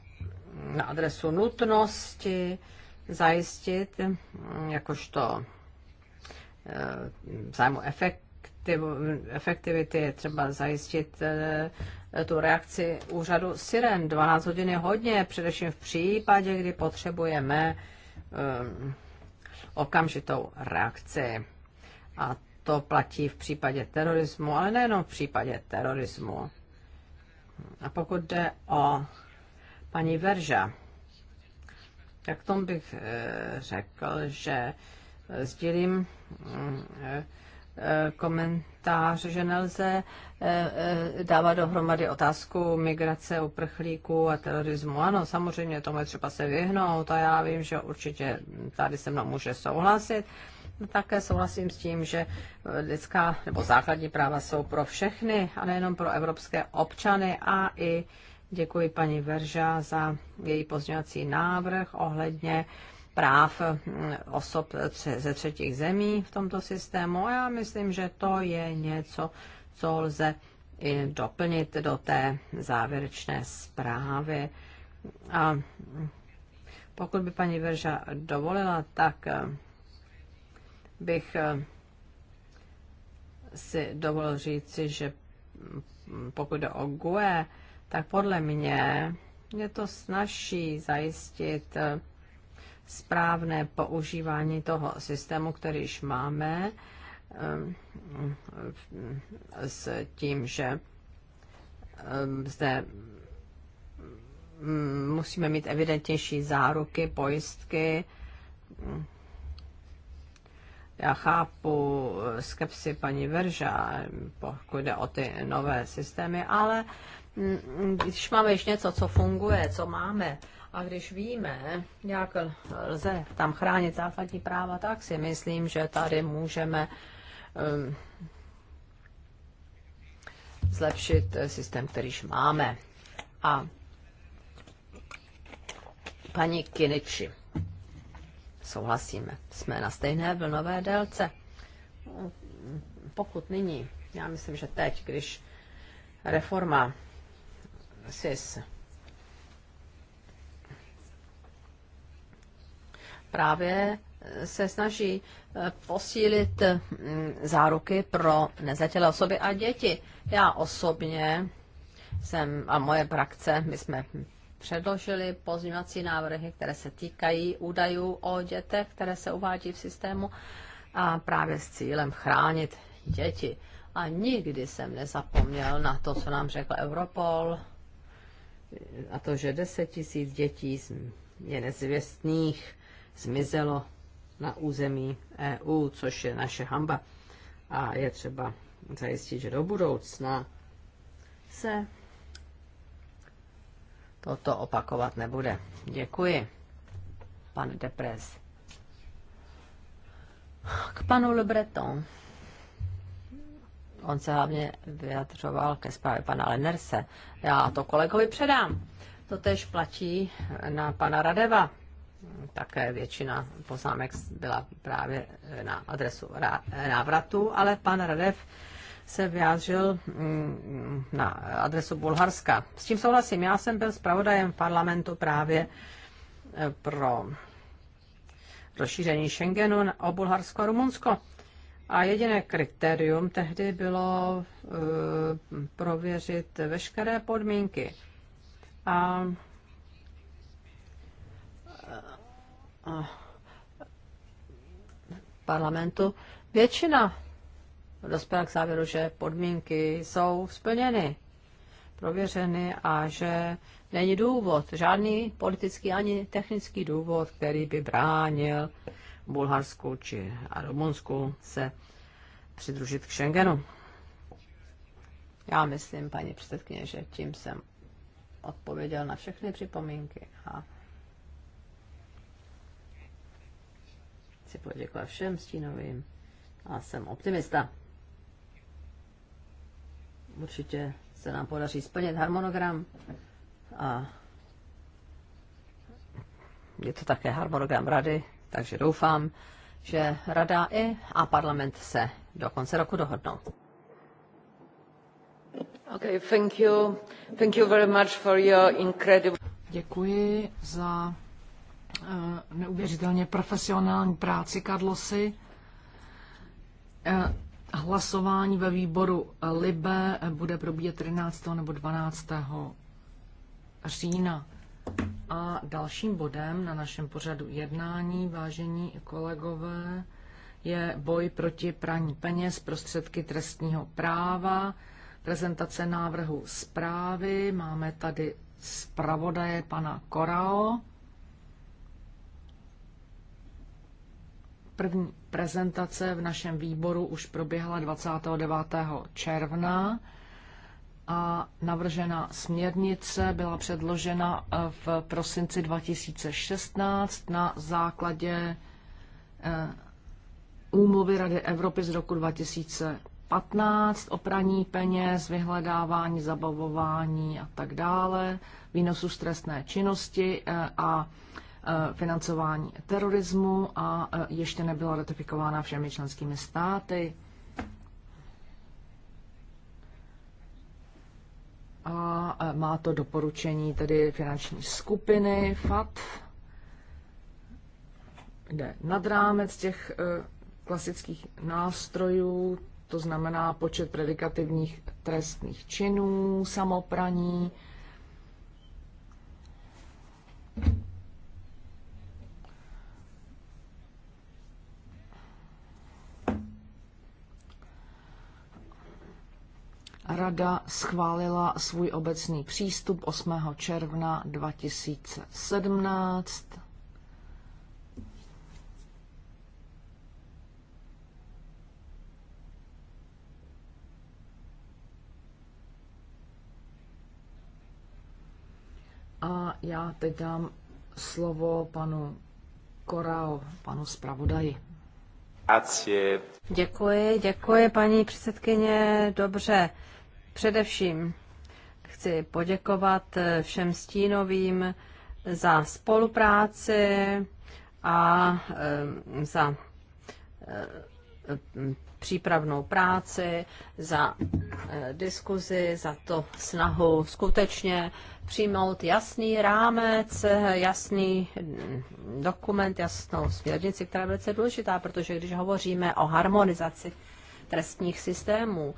na adresu nutnosti zajistit, mm, jakožto eh, zájmu efektiv, efektivity je třeba zajistit eh, tu reakci úřadu Siren. 12 hodin je hodně, především v případě, kdy potřebujeme eh, okamžitou reakci. A to platí v případě terorismu, ale nejenom v případě terorismu. A pokud jde o paní Verža, tak tomu bych eh, řekl, že eh, sdílím eh, komentář, že nelze dávat dohromady otázku migrace, uprchlíků a terorismu. Ano, samozřejmě tomu je třeba se vyhnout a já vím, že určitě tady se mnou může souhlasit také souhlasím s tím, že lidská nebo základní práva jsou pro všechny a nejenom pro evropské občany a i děkuji paní Verža za její pozměňovací návrh ohledně práv mm, osob ze třetích zemí v tomto systému. Já myslím, že to je něco, co lze i doplnit do té závěrečné zprávy. A pokud by paní Verža dovolila, tak bych eh, si dovolil říci, že pokud jde o GUE, tak podle mě je to snažší zajistit eh, správné používání toho systému, který již máme, eh, s tím, že zde mm, musíme mít evidentnější záruky, pojistky, já chápu eh, skepsi paní Verža, pokud jde o ty nové systémy, ale mm, když máme již něco, co funguje, co máme, a když víme, jak lze tam chránit základní práva, tak si myslím, že tady můžeme um, zlepšit eh, systém, který již máme. A paní Kiniči souhlasíme. Jsme na stejné vlnové délce. Pokud nyní, já myslím, že teď, když reforma SIS právě se snaží eh, posílit mm, záruky pro nezletilé osoby a děti. Já osobně jsem a moje praxe, my jsme předložili pozměňovací návrhy, které se týkají údajů o dětech, které se uvádí v systému a právě s cílem chránit děti. A nikdy jsem nezapomněl na to, co nám řekl Europol, a to, že 10 tisíc dětí je nezvěstných, zmizelo na území EU, což je naše hamba. A je třeba zajistit, že do budoucna se toto opakovat nebude. Děkuji. Pan Deprez. K panu Le Breton. On se hlavně vyjadřoval ke zprávě pana Lenerse. Já to kolegovi předám. To tež platí na pana Radeva. Také většina poznámek byla právě na adresu návratu, ale pan Radev se vyjádřil mm, na adresu Bulharska. S tím souhlasím. Já jsem byl zpravodajem parlamentu právě eh, pro rozšíření Schengenu o Bulharsko a Rumunsko. A jediné kritérium tehdy bylo eh, prověřit veškeré podmínky. A, eh, a parlamentu většina dospěl k závěru, že podmínky jsou splněny, prověřeny a že není důvod, žádný politický ani technický důvod, který by bránil Bulharsku či a Rumunsku se přidružit k Schengenu. Já myslím, paní předsedkyně, že tím jsem odpověděl na všechny připomínky a chci poděkovat všem stínovým a jsem optimista určitě se nám podaří splnit harmonogram a je to také harmonogram rady, takže doufám, že rada i a parlament se do konce roku dohodnou. Okay, thank you. Thank you very much for your incredible... Děkuji za uh, neuvěřitelně profesionální práci, Karlosy. Uh, eh, Hlasování ve výboru Libe bude probíhat 13. nebo 12. října. A dalším bodem na našem pořadu jednání, vážení kolegové, je boj proti praní peněz prostředky trestního práva, prezentace návrhu zprávy. Máme tady zpravodaje pana Korao. První prezentace v našem výboru už proběhla 29. června a navržena směrnice byla předložena eh, v prosinci 2016 na základě eh, úmluvy Rady Evropy z roku 2015 o praní peněz, vyhledávání, zabavování a tak dále, výnosu stresné činnosti eh, a Eh, financování terorismu a eh, ještě nebyla ratifikována všemi členskými státy. A eh, má to doporučení tedy finanční skupiny fat Jde nad rámec těch klasických nástrojů, to znamená počet predikativních trestných činů, samopraní. Rada schválila svůj obecný přístup 8. června 2017. A já teď dám slovo panu Korao, panu zpravodaji. Děkuji, děkuji paní předsedkyně. Dobře, Především chci poděkovat eh, všem stínovým za spolupráci a eh, za eh, přípravnou práci, za diskuzi, za to snahu skutečně přijmout jasný rámec, jasný mm, dokument, jasnou směrnici, která je velice důležitá, protože když hovoříme o harmonizaci trestních systémů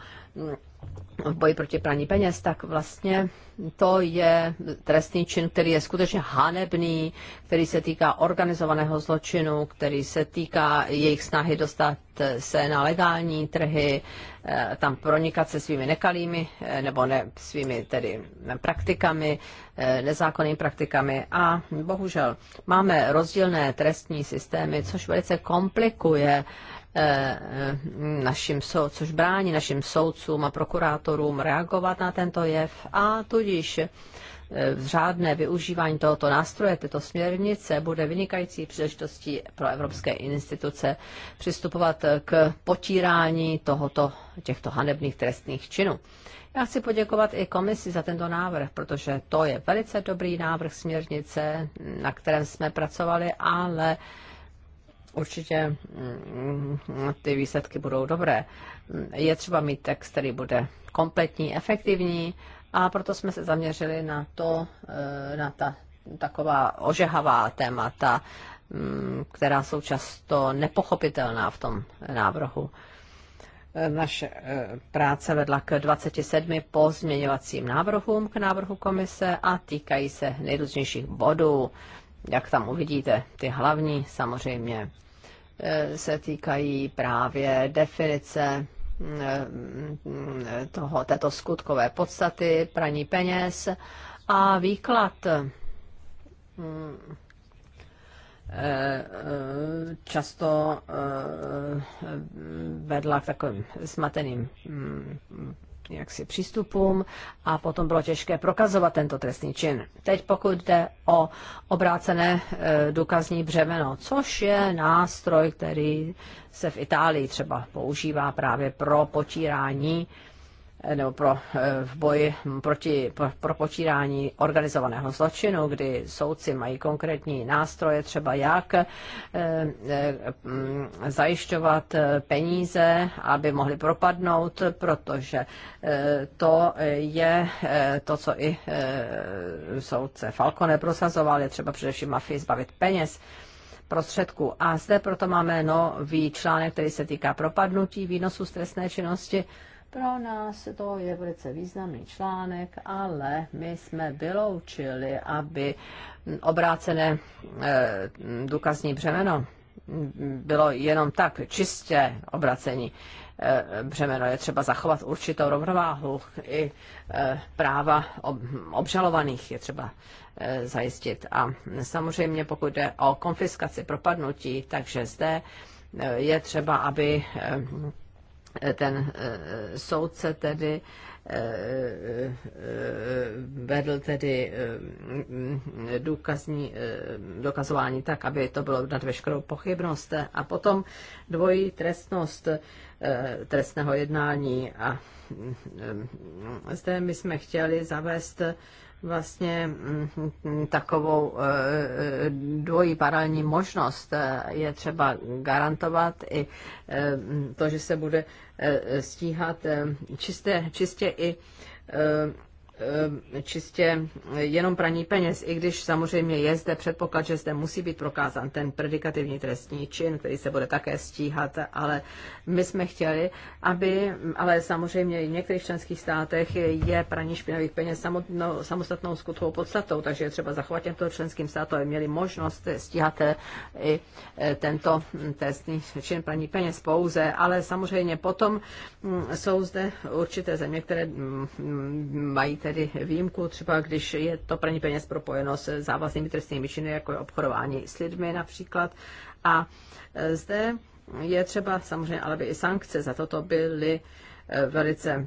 v boji proti praní peněz, tak vlastně to je trestný čin, který je skutečně hanebný, který se týká organizovaného zločinu, který se týká jejich snahy dostat se na legální trhy, eh, tam pronikat se svými nekalými eh, nebo ne, svými tedy praktikami, eh, nezákonnými praktikami. A bohužel máme rozdílné trestní systémy, což velice komplikuje uh, Eh, eh, našim což brání našim soudcům a prokurátorům reagovat na tento jev a tudíž eh, řádné využívání tohoto nástroje, této směrnice, bude vynikající příležitostí pro evropské instituce přistupovat k potírání tohoto, těchto hanebných trestných činů. Já chci poděkovat i komisi za tento návrh, protože to je velice dobrý návrh směrnice, na kterém jsme pracovali, ale určitě mm, ty výsledky budou dobré. Je třeba mít text, který bude kompletní, efektivní a proto jsme se zaměřili na to, eh, na ta taková ožehavá témata, mm, která jsou často nepochopitelná v tom návrhu. Eh, naše eh, práce vedla k 27 pozměňovacím návrhům k návrhu komise a týkají se nejrůznějších bodů, jak tam uvidíte, ty hlavní samozřejmě Eh, se týkají právě definice mm, eh, toho, této skutkové podstaty praní peněz a výklad mm, eh, často vedla k takovým smateným mm, jaksi přístupům a potom bylo těžké prokazovat tento trestný čin. Teď pokud jde o obrácené e, důkazní břemeno, což je nástroj, který se v Itálii třeba používá právě pro potírání nebo pro, eh, v boji proti pro, pro počírání organizovaného zločinu, kdy soudci mají konkrétní nástroje, třeba jak eh, eh, zajišťovat peníze, aby mohli propadnout, protože to je to, co i soudce Falcone prosazoval, je třeba především mafii zbavit peněz prostředků. A zde proto máme nový článek, který se týká propadnutí výnosu z trestné činnosti pro nás to je velice významný článek, ale my jsme vyloučili, aby obrácené eh, důkazní břemeno bylo jenom tak čistě obracení eh, břemeno. Je třeba zachovat určitou rovnováhu i eh, práva obžalovaných je třeba zajistit. A samozřejmě pokud jde o konfiskaci propadnutí, takže zde je třeba, aby ten eh, soudce tedy eh, eh, vedl tedy důkazní, dokazování tak, aby to bylo nad veškerou pochybnost. A potom dvojí trestnost trestného jednání. A zde my jsme chtěli zavést vlastně mm, takovou e, e, dvojí paralelní možnost. E, je třeba garantovat i to, že se bude stíhat čistě čistě i Ehm, čistě jenom praní peněz, i když samozřejmě je zde předpoklad, že zde musí být prokázán ten predikativní trestní čin, který se bude také stíhat, ale my jsme chtěli, aby, ale samozřejmě v některých členských státech je praní špinavých peněz samotnou, samostatnou skutkovou podstatou, takže je třeba zachovat těmto členským státům, aby měli možnost stíhat eh, i eh, tento trestný čin praní peněz pouze, ale samozřejmě potom hm, jsou zde určité země, které hm, hm, mají tedy výjimku, třeba když je to praní peněz propojeno se závaznými trestnými činy, jako je obchodování s lidmi například. A e, zde je třeba samozřejmě, ale by i sankce za toto byly e, velice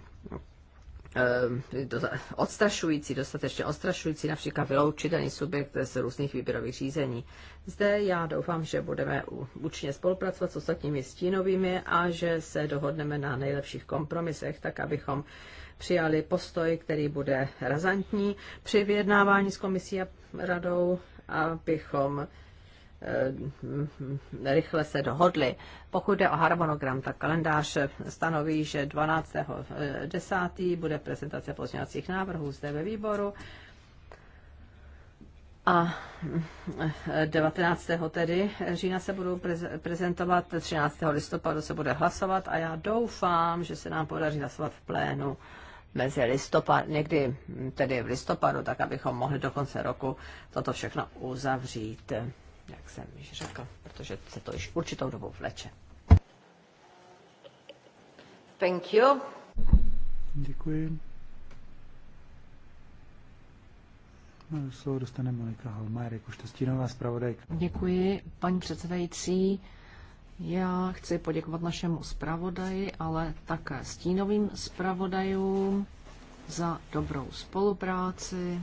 e, odstrašující, dostatečně odstrašující, například vyloučit daný subjekt z různých výběrových řízení. Zde já doufám, že budeme účinně spolupracovat s ostatními stínovými a že se dohodneme na nejlepších kompromisech, tak abychom přijali postoj, který bude razantní při vyjednávání s komisí a radou, abychom eh, rychle se dohodli. Pokud jde o harmonogram, tak kalendář stanoví, že 12.10. Eh, bude prezentace pozměňovacích návrhů zde ve výboru a 19. Eh, tedy října se budou prezentovat, 13. listopadu se bude hlasovat a já doufám, že se nám podaří hlasovat v plénu mezi listopad, někdy tedy v listopadu, tak abychom mohli do konce roku toto všechno uzavřít, jak jsem již řekl, protože se to již určitou dobu vleče. Thank you. Děkuji. No, slovo dostane Monika Halmár, jakožto stínová zpravodajka. Děkuji, paní předsedající. Já chci poděkovat našemu zpravodaji, ale také stínovým zpravodajům za dobrou spolupráci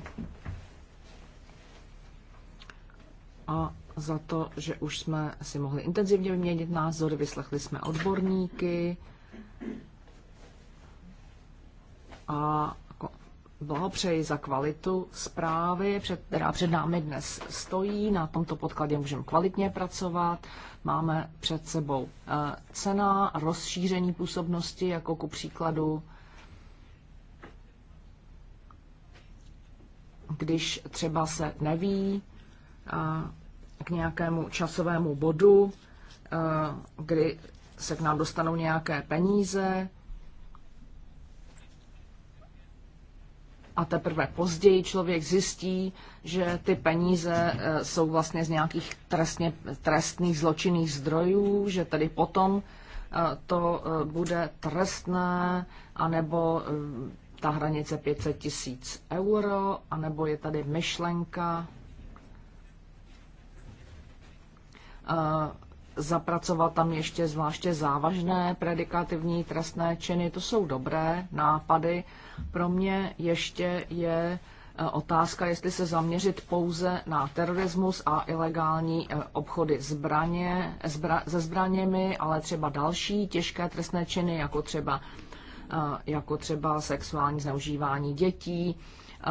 a za to, že už jsme si mohli intenzivně vyměnit názory, vyslechli jsme odborníky a blahopřeji za kvalitu zprávy, před, která před námi dnes stojí. Na tomto podkladě můžeme kvalitně pracovat. Máme před sebou eh, cena, rozšíření působnosti, jako ku příkladu, když třeba se neví eh, k nějakému časovému bodu, eh, kdy se k nám dostanou nějaké peníze, a teprve později člověk zjistí, že ty peníze eh, jsou vlastně z nějakých trestně, trestných zločinných zdrojů, že tedy potom eh, to eh, bude trestné, anebo ta hranice 500 tisíc euro, anebo je tady myšlenka zapracovat tam ještě zvláště závažné predikativní trestné činy. To jsou dobré nápady, pro mě ještě je eh, otázka, jestli se zaměřit pouze na terorismus a ilegální eh, obchody zbraně, zbra, se zbraněmi, ale třeba další těžké trestné činy, jako třeba, eh, jako třeba sexuální zneužívání dětí,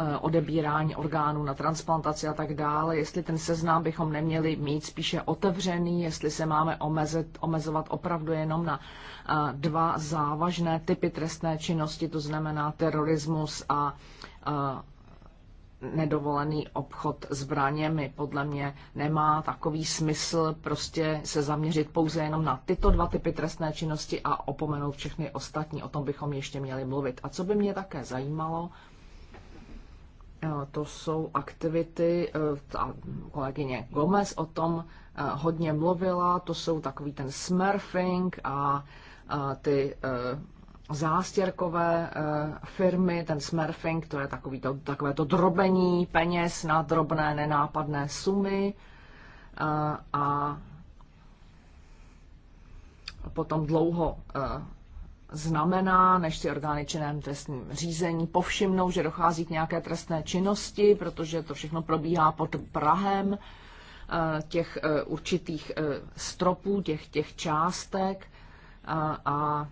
Eh, odebírání orgánů na transplantaci a tak dále, jestli ten seznám bychom neměli mít spíše otevřený, jestli se máme omezet, omezovat opravdu jenom na eh, dva závažné typy trestné činnosti, to znamená terorismus a eh, nedovolený obchod zbraněmi podle mě nemá takový smysl prostě se zaměřit pouze jenom na tyto dva typy trestné činnosti a opomenout všechny ostatní. O tom bychom ještě měli mluvit. A co by mě také zajímalo, Eh, to jsou aktivity, eh, a kolegyně Gomez o tom eh, hodně mluvila, to jsou takový ten smurfing a ty zástěrkové firmy, ten smurfing, to je takový to, takové to drobení peněz na drobné nenápadné sumy a potom dlouho znamená, než si orgány činné trestním řízení povšimnou, že dochází k nějaké trestné činnosti, protože to všechno probíhá pod Prahem eh, těch eh, určitých eh, stropů, těch, těch částek a, a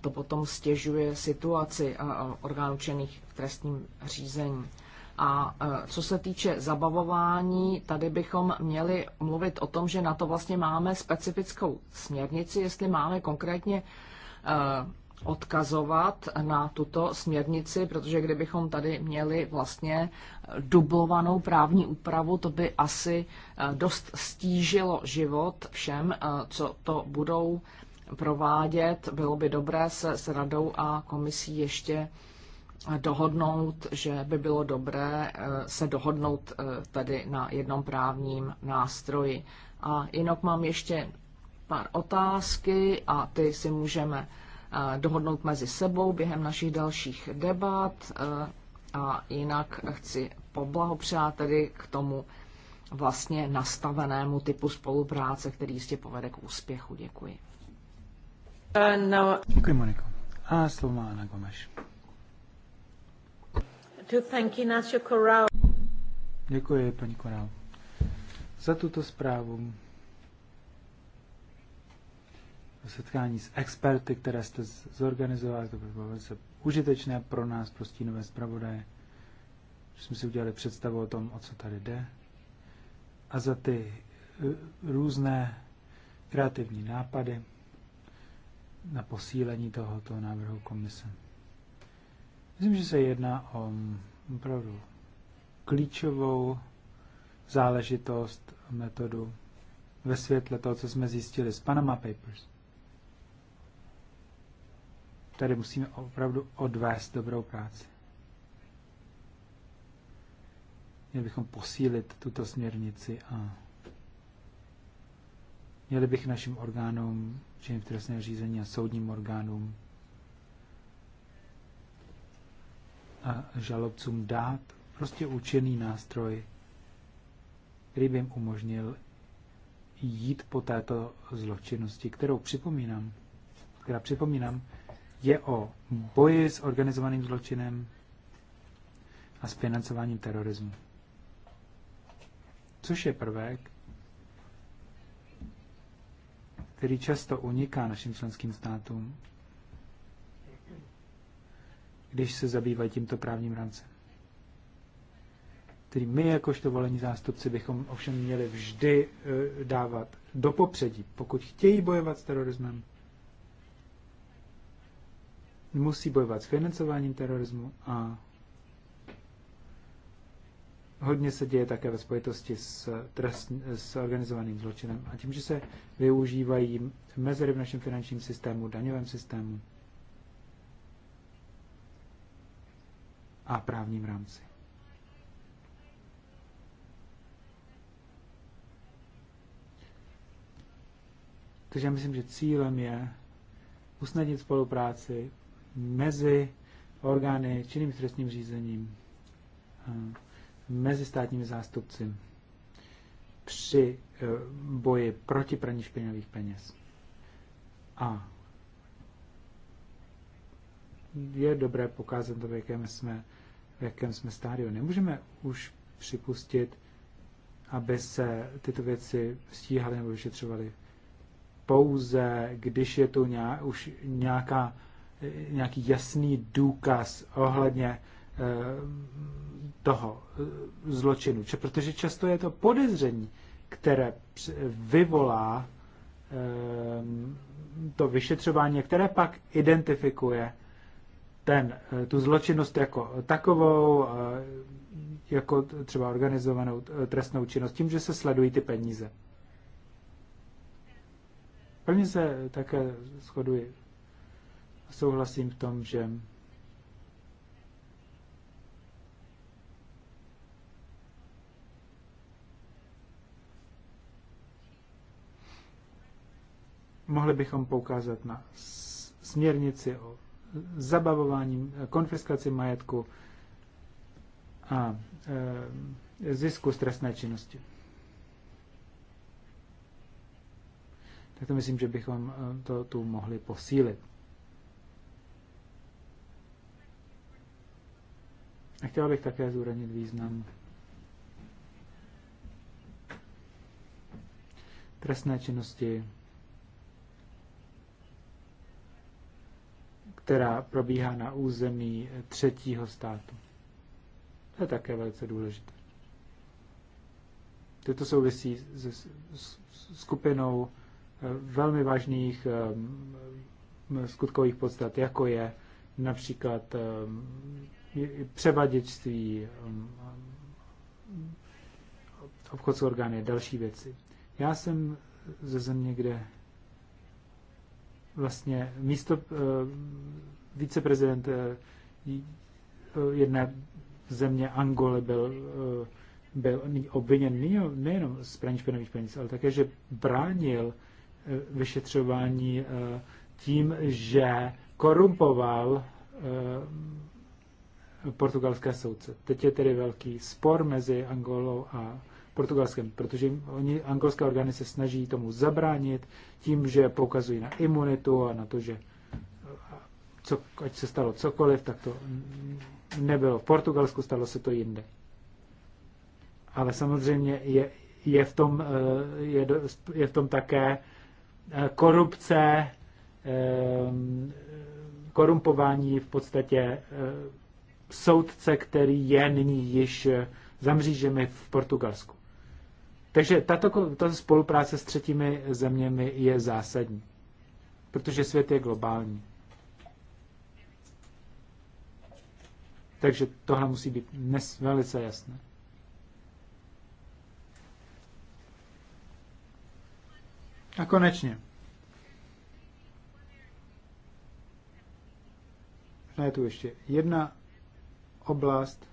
to potom stěžuje situaci orgánů činných v trestním řízení. A co se týče zabavování, tady bychom měli mluvit o tom, že na to vlastně máme specifickou směrnici, jestli máme konkrétně Eh, odkazovat na tuto směrnici, protože kdybychom tady měli vlastně dublovanou právní úpravu, to by asi eh, dost stížilo život všem, eh, co to budou provádět. Bylo by dobré se s radou a komisí ještě dohodnout, že by bylo dobré se dohodnout tady na jednom právním nástroji. A jinak mám ještě pár otázky a ty si můžeme eh, dohodnout mezi sebou během našich dalších debat eh, a jinak chci poblahopřát tedy k tomu vlastně nastavenému typu spolupráce, který jistě povede k úspěchu. Děkuji. Uh, no. Děkuji, Moniko. A slovo má Ana Gomeš. Děkuji, paní Corral, za tuto zprávu setkání s experty, které jste zorganizovali, to by bylo velice užitečné pro nás, pro stínové zpravodaje, že jsme si udělali představu o tom, o co tady jde. A za ty eh, různé kreativní nápady na posílení tohoto návrhu komise. Myslím, že se jedná o mm, opravdu klíčovou záležitost, metodu ve světle toho, co jsme zjistili z Panama Papers tady musíme opravdu odvést dobrou práci. Měli bychom posílit tuto směrnici a měli bych našim orgánům, čím v trestné řízení a soudním orgánům a žalobcům dát prostě účinný nástroj, který by jim umožnil jít po této zločinnosti, kterou připomínám, která připomínám, je o boji s organizovaným zločinem a s financováním terorismu. Což je prvek, který často uniká našim členským státům, když se zabývají tímto právním rámcem. Tedy my, jakožto volení zástupci, bychom ovšem měli vždy eh, dávat do popředí, pokud chtějí bojovat s terorismem, musí bojovat s financováním terorismu a hodně se děje také ve spojitosti s, trest, s organizovaným zločinem a tím, že se využívají mezery v našem finančním systému, daňovém systému a právním rámci. Takže já myslím, že cílem je usnadnit spolupráci mezi orgány činným trestním řízením, mezi státními zástupci při eh, boji proti praní špinavých peněz. A je dobré pokázat to, v jakém jsme, v jakém jsme stádiu. Nemůžeme už připustit, aby se tyto věci stíhaly nebo vyšetřovaly pouze, když je tu nějak, už nějaká nějaký jasný důkaz ohledně eh, toho eh, zločinu. Protože často je to podezření, které vyvolá ehm, to vyšetřování, které pak identifikuje ten, eh, tu zločinnost jako takovou, jako třeba organizovanou trestnou činnost, tím, že se sledují ty peníze. Plně se také shoduji souhlasím v tom, že mohli bychom poukázat na směrnici o zabavování, konfiskaci majetku a e, zisku z trestné činnosti. Tak to myslím, že bychom eh, to tu mohli posílit. A bych také zúranit význam trestné činnosti, která probíhá na území třetího státu. To je také velice důležité. Tyto souvisí se skupinou eh, velmi vážných eh, skutkových podstat, jako je například eh, převaděčství, um, obchod s orgány, další věci. Já jsem ze země, kde vlastně místo eh, viceprezident eh, jedné země Angole byl, eh, byl obviněn nejenom z praní špinavých peněz, ale také, že bránil vyšetřování tím, že korumpoval portugalské soudce. Teď je tedy velký spor mezi Angolou a Portugalskem, protože oni, angolské orgány se snaží tomu zabránit tím, že poukazují na imunitu a na to, že co, ať se stalo cokoliv, tak to nebylo v Portugalsku, stalo se to jinde. Ale samozřejmě je, je, v, tom, eh, je, je v tom také eh, korupce, eh, korumpování v podstatě soudce, který je nyní již eh, za mřížemi v Portugalsku. Takže tato, tato spolupráce s třetími zeměmi je zásadní, protože svět je globální. Takže tohle musí být dnes velice jasné. A konečně. Možná je tu ještě jedna oblast,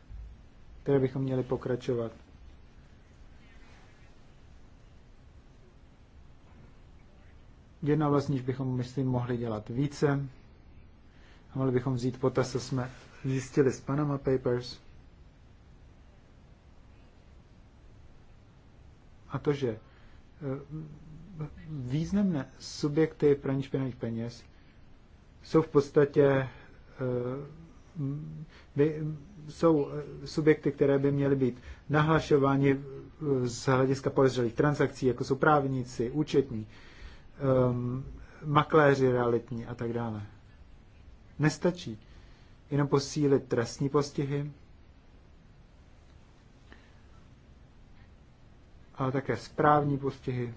které bychom měli pokračovat. Jedna oblast, níž bychom, myslím, mohli dělat více. A mohli bychom vzít potaz, co jsme zjistili z Panama Papers. A to, že eh, významné subjekty praní špinavých peněz jsou v podstatě eh, by, mm, mm, jsou eh, subjekty, které by měly být nahlašovány eh, z hlediska podezřelých transakcí, jako jsou právníci, účetní, um, makléři realitní a tak dále. Nestačí jenom posílit trestní postihy, ale také správní postihy,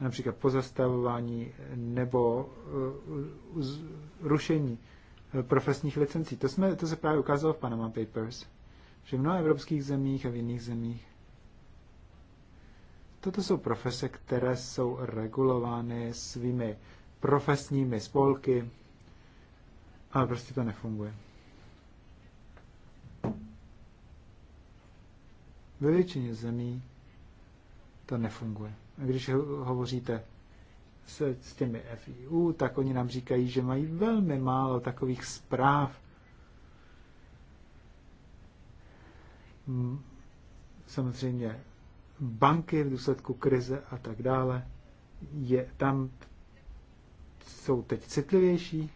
například pozastavování nebo eh, rušení eh, profesních licencí. To, jsme, to se právě ukázalo v Panama Papers, že v mnoha evropských zemích a v jiných zemích toto jsou profese, které jsou regulovány svými profesními spolky, ale prostě to nefunguje. Ve většině zemí to nefunguje když hovoříte s, s těmi FIU, tak oni nám říkají, že mají velmi málo takových zpráv. Samozřejmě banky v důsledku krize a tak dále, je, tam jsou teď citlivější,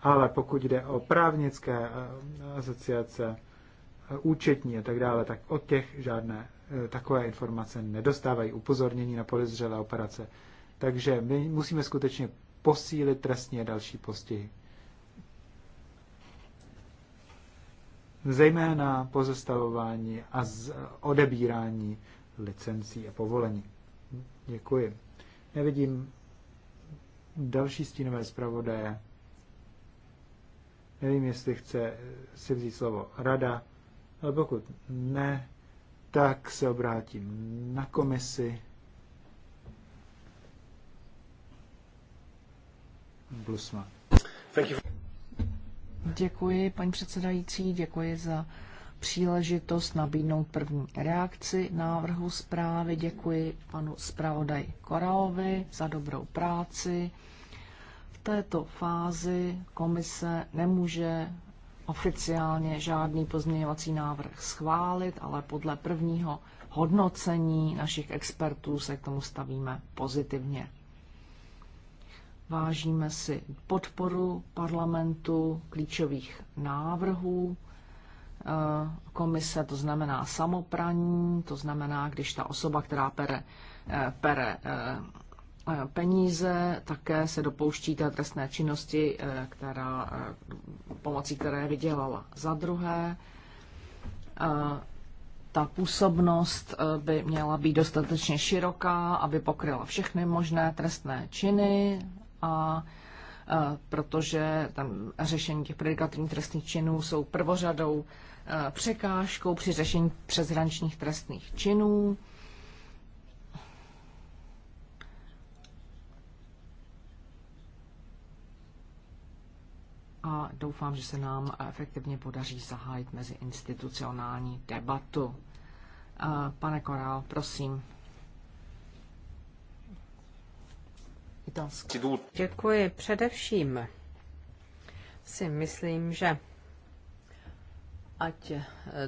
ale pokud jde o právnické asociace, účetní a tak dále, tak od těch žádné Eh, takové informace nedostávají upozornění na podezřelé operace. Takže my musíme skutečně posílit trestně další postihy. Zejména pozastavování a odebírání licencí a povolení. Děkuji. Nevidím další stínové zpravodaje. Nevím, jestli chce si vzít slovo rada, ale pokud ne, tak se obrátím na komisi. Blusma. Děkuji, paní předsedající, děkuji za příležitost nabídnout první reakci návrhu zprávy. Děkuji panu zpravodaj Koraovi za dobrou práci. V této fázi komise nemůže oficiálně žádný pozměňovací návrh schválit, ale podle prvního hodnocení našich expertů se k tomu stavíme pozitivně. Vážíme si podporu parlamentu klíčových návrhů eh, komise, to znamená samopraní, to znamená, když ta osoba, která pere, eh, pere eh, peníze, také se dopouští té trestné činnosti, eh, která, eh, pomocí které vydělala. Za druhé, eh, ta působnost by měla být dostatečně široká, aby pokryla všechny možné trestné činy a protože tam řešení těch predikativních trestných činů jsou prvořadou překážkou při řešení přeshraničních trestných činů. a doufám, že se nám efektivně podaří zahájit mezi institucionální debatu. Eh, pane Korál, prosím. Děkuji především. Si myslím, že ať eh,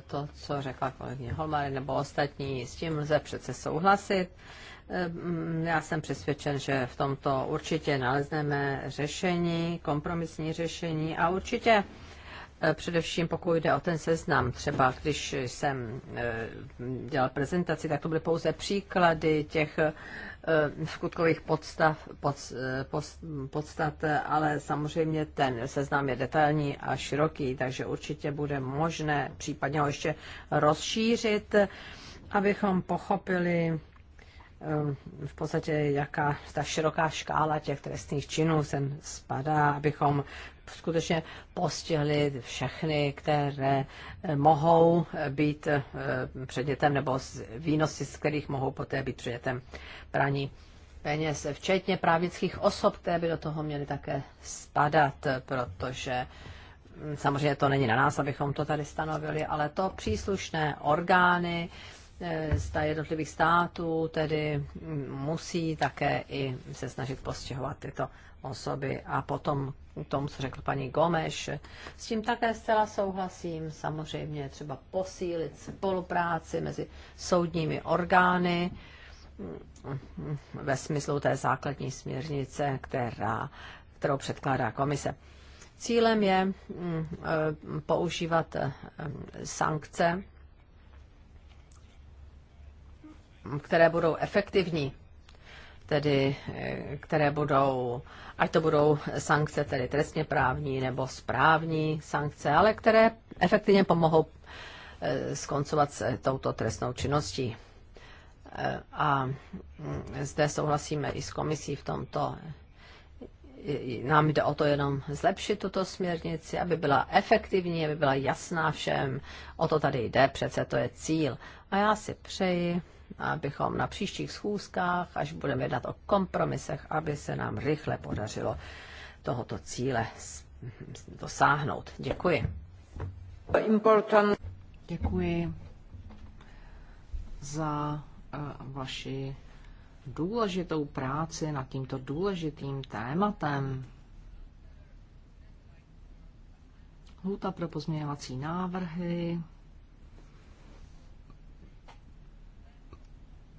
to, co řekla kolegyně Holmary nebo ostatní, s tím lze přece souhlasit. Eh, mm, já jsem přesvědčen, že v tomto určitě nalezneme řešení, kompromisní řešení a určitě eh, Především pokud jde o ten seznam, třeba když jsem dělal prezentaci, tak to byly pouze příklady těch Eh, skutkových podstav, pod, eh, pod, podstat, ale samozřejmě ten seznam je detailní a široký, takže určitě bude možné případně ho ještě rozšířit, abychom pochopili eh, v podstatě jaká ta široká škála těch trestných činů sem spadá, abychom skutečně postihli všechny, které eh, mohou eh, být eh, předmětem nebo výnosy, z kterých mohou poté být předmětem praní peněz, včetně právnických osob, které by do toho měly také spadat, protože hm, samozřejmě to není na nás, abychom to tady stanovili, ale to příslušné orgány, z jednotlivých států tedy hm, musí také i se snažit postihovat tyto osoby. A potom k tomu, co řekl paní Gomeš, s tím také zcela souhlasím. Samozřejmě třeba posílit spolupráci mezi soudními orgány ve smyslu té základní směrnice, která, kterou předkládá komise. Cílem je mm, e, používat e, sankce, které budou efektivní tedy, eh, které budou, ať to budou sankce tedy trestně právní nebo správní sankce, ale které efektivně pomohou eh, skoncovat se eh, touto trestnou činností. A mm, zde souhlasíme i s komisí v tomto. Nám jde o to jenom zlepšit tuto směrnici, aby byla efektivní, aby byla jasná všem. O to tady jde, přece to je cíl. A já si přeji, abychom na příštích schůzkách, až budeme jednat o kompromisech, aby se nám rychle podařilo tohoto cíle dosáhnout. Děkuji. Děkuji za eh, vaši důležitou práci nad tímto důležitým tématem. Lhůta pro pozměňovací návrhy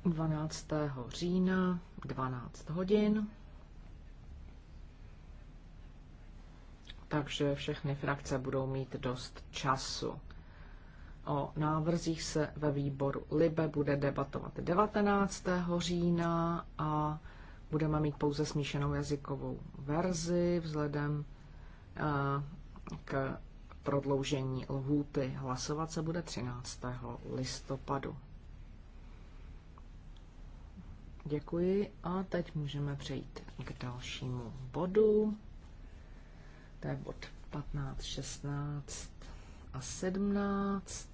12. října 12 hodin. Takže všechny frakce budou mít dost času. O návrzích se ve výboru Libe bude debatovat 19. října a budeme mít pouze smíšenou jazykovou verzi vzhledem eh, k prodloužení lhůty. Hlasovat se bude 13. listopadu. Děkuji a teď můžeme přejít k dalšímu bodu. To je bod 15, 16 a 17.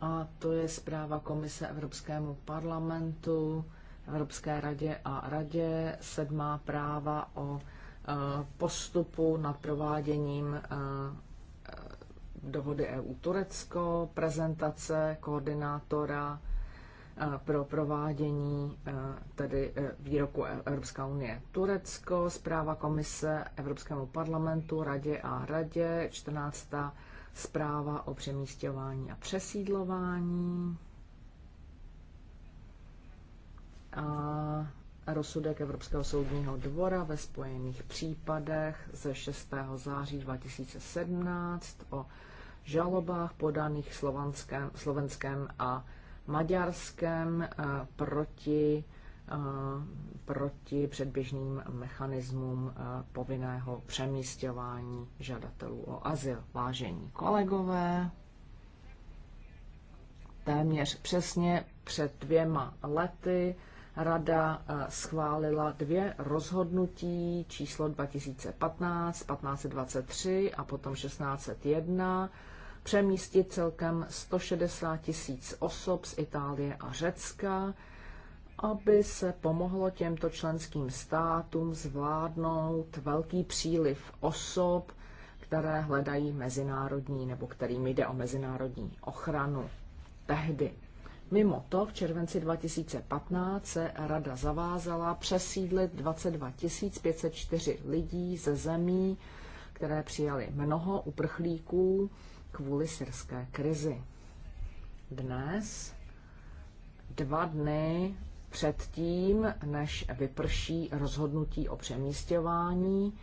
A to je zpráva Komise Evropskému parlamentu, Evropské radě a radě, sedmá práva o e, postupu nad prováděním e, dohody EU-Turecko, prezentace koordinátora eh, pro provádění eh, tedy eh, výroku e- Evropská unie Turecko, zpráva komise Evropskému parlamentu, radě a radě, 14. zpráva o přemístěvání a přesídlování a rozsudek Evropského soudního dvora ve spojených případech ze 6. září 2017 o žalobách podaných slovenském, slovenském a maďarském eh, proti, eh, proti předběžným mechanismům eh, povinného přemístěvání žadatelů o azyl. Vážení kolegové, téměř přesně před dvěma lety Rada schválila dvě rozhodnutí číslo 2015, 1523 a potom 1601 přemístit celkem 160 tisíc osob z Itálie a Řecka, aby se pomohlo těmto členským státům zvládnout velký příliv osob, které hledají mezinárodní nebo kterým jde o mezinárodní ochranu tehdy. Mimo to v červenci 2015 se rada zavázala přesídlit 22 504 lidí ze zemí, které přijali mnoho uprchlíků kvůli syrské krizi. Dnes, dva dny předtím, než vyprší rozhodnutí o přemístěvání,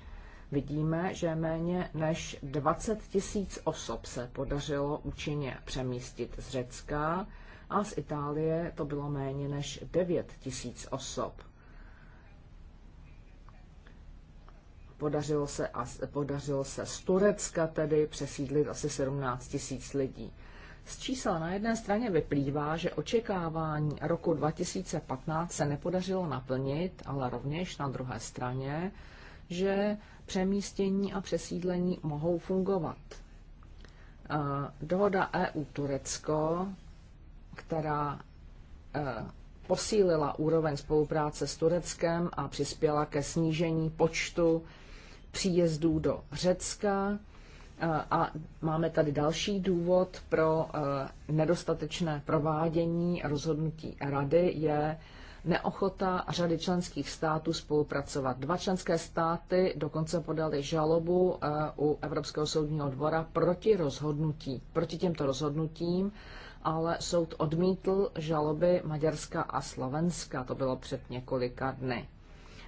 vidíme, že méně než 20 tisíc osob se podařilo účinně přemístit z Řecka a z Itálie to bylo méně než 9 tisíc osob. Podařilo se, a, podařilo se z Turecka tedy přesídlit asi 17 tisíc lidí. Z čísel na jedné straně vyplývá, že očekávání roku 2015 se nepodařilo naplnit, ale rovněž na druhé straně, že přemístění a přesídlení mohou fungovat. Eh, dohoda EU-Turecko, která eh, posílila úroveň spolupráce s Tureckem a přispěla ke snížení počtu příjezdů do Řecka. Eh, a máme tady další důvod pro eh, nedostatečné provádění rozhodnutí rady je neochota řady členských států spolupracovat. Dva členské státy dokonce podali žalobu eh, u Evropského soudního dvora proti rozhodnutí, proti těmto rozhodnutím, ale soud odmítl žaloby Maďarska a Slovenska. To bylo před několika dny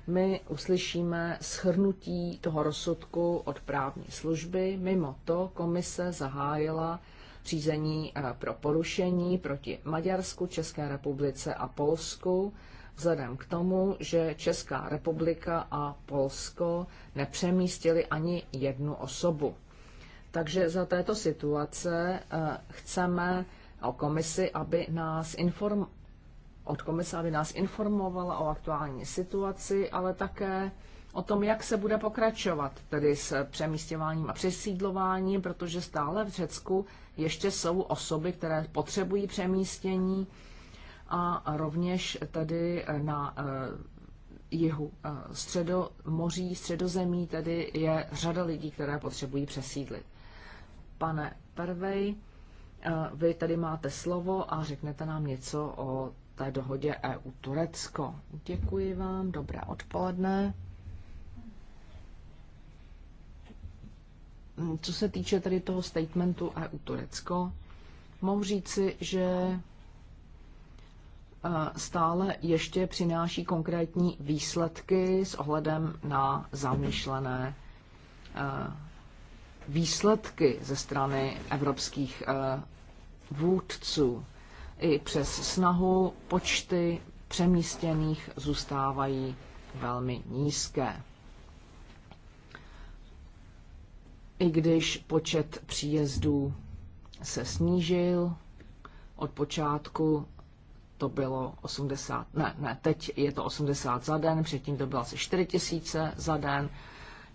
my uslyšíme shrnutí toho rozsudku od právní služby. Mimo to komise zahájila řízení eh, pro porušení proti Maďarsku, České republice a Polsku, vzhledem k tomu, že Česká republika a Polsko nepřemístili ani jednu osobu. Takže za této situace eh, chceme o komisi, aby nás inform, od komise, aby nás informovala o aktuální situaci, ale také o tom, jak se bude pokračovat, tedy s přemístěváním a přesídlováním, protože stále v Řecku ještě jsou osoby, které potřebují přemístění a rovněž tedy na eh, jihu eh, středomoří, středozemí, tedy je řada lidí, které potřebují přesídlit. Pane Pervej, eh, vy tady máte slovo a řeknete nám něco o té dohodě EU-Turecko. Děkuji vám, dobré odpoledne. Co se týče tady toho statementu EU-Turecko, mohu říci, že e, stále ještě přináší konkrétní výsledky s ohledem na zamýšlené e, výsledky ze strany evropských e, vůdců. I přes snahu počty přemístěných zůstávají velmi nízké. I když počet příjezdů se snížil, od počátku to bylo 80, ne, ne, teď je to 80 za den, předtím to bylo asi 4 tisíce za den.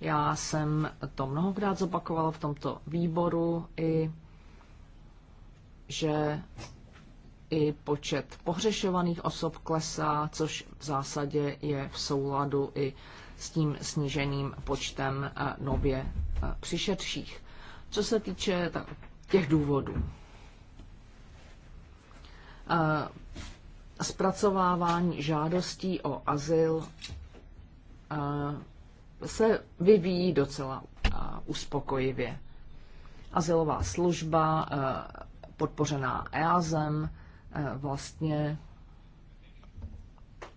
Já jsem to mnohokrát zopakovala v tomto výboru i, že i počet pohřešovaných osob klesá, což v zásadě je v souladu i s tím sníženým počtem eh, nově eh, přišedších. Co se týče těch důvodů, eh, zpracovávání žádostí o azyl se vyvíjí docela uspokojivě. Azylová služba podpořená EASem Eh, vlastně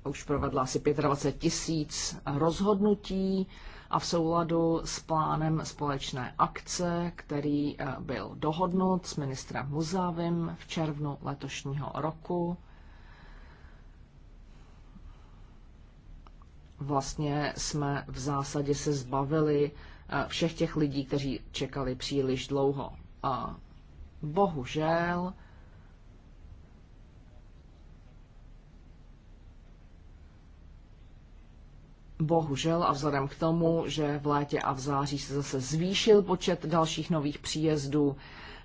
už provedla asi 25 tisíc rozhodnutí a v souladu s plánem společné akce, který eh, byl dohodnut s ministrem Muzávim v červnu letošního roku, vlastně jsme v zásadě se zbavili eh, všech těch lidí, kteří čekali příliš dlouho. A bohužel, Bohužel a vzhledem k tomu, že v létě a v září se zase zvýšil počet dalších nových příjezdů,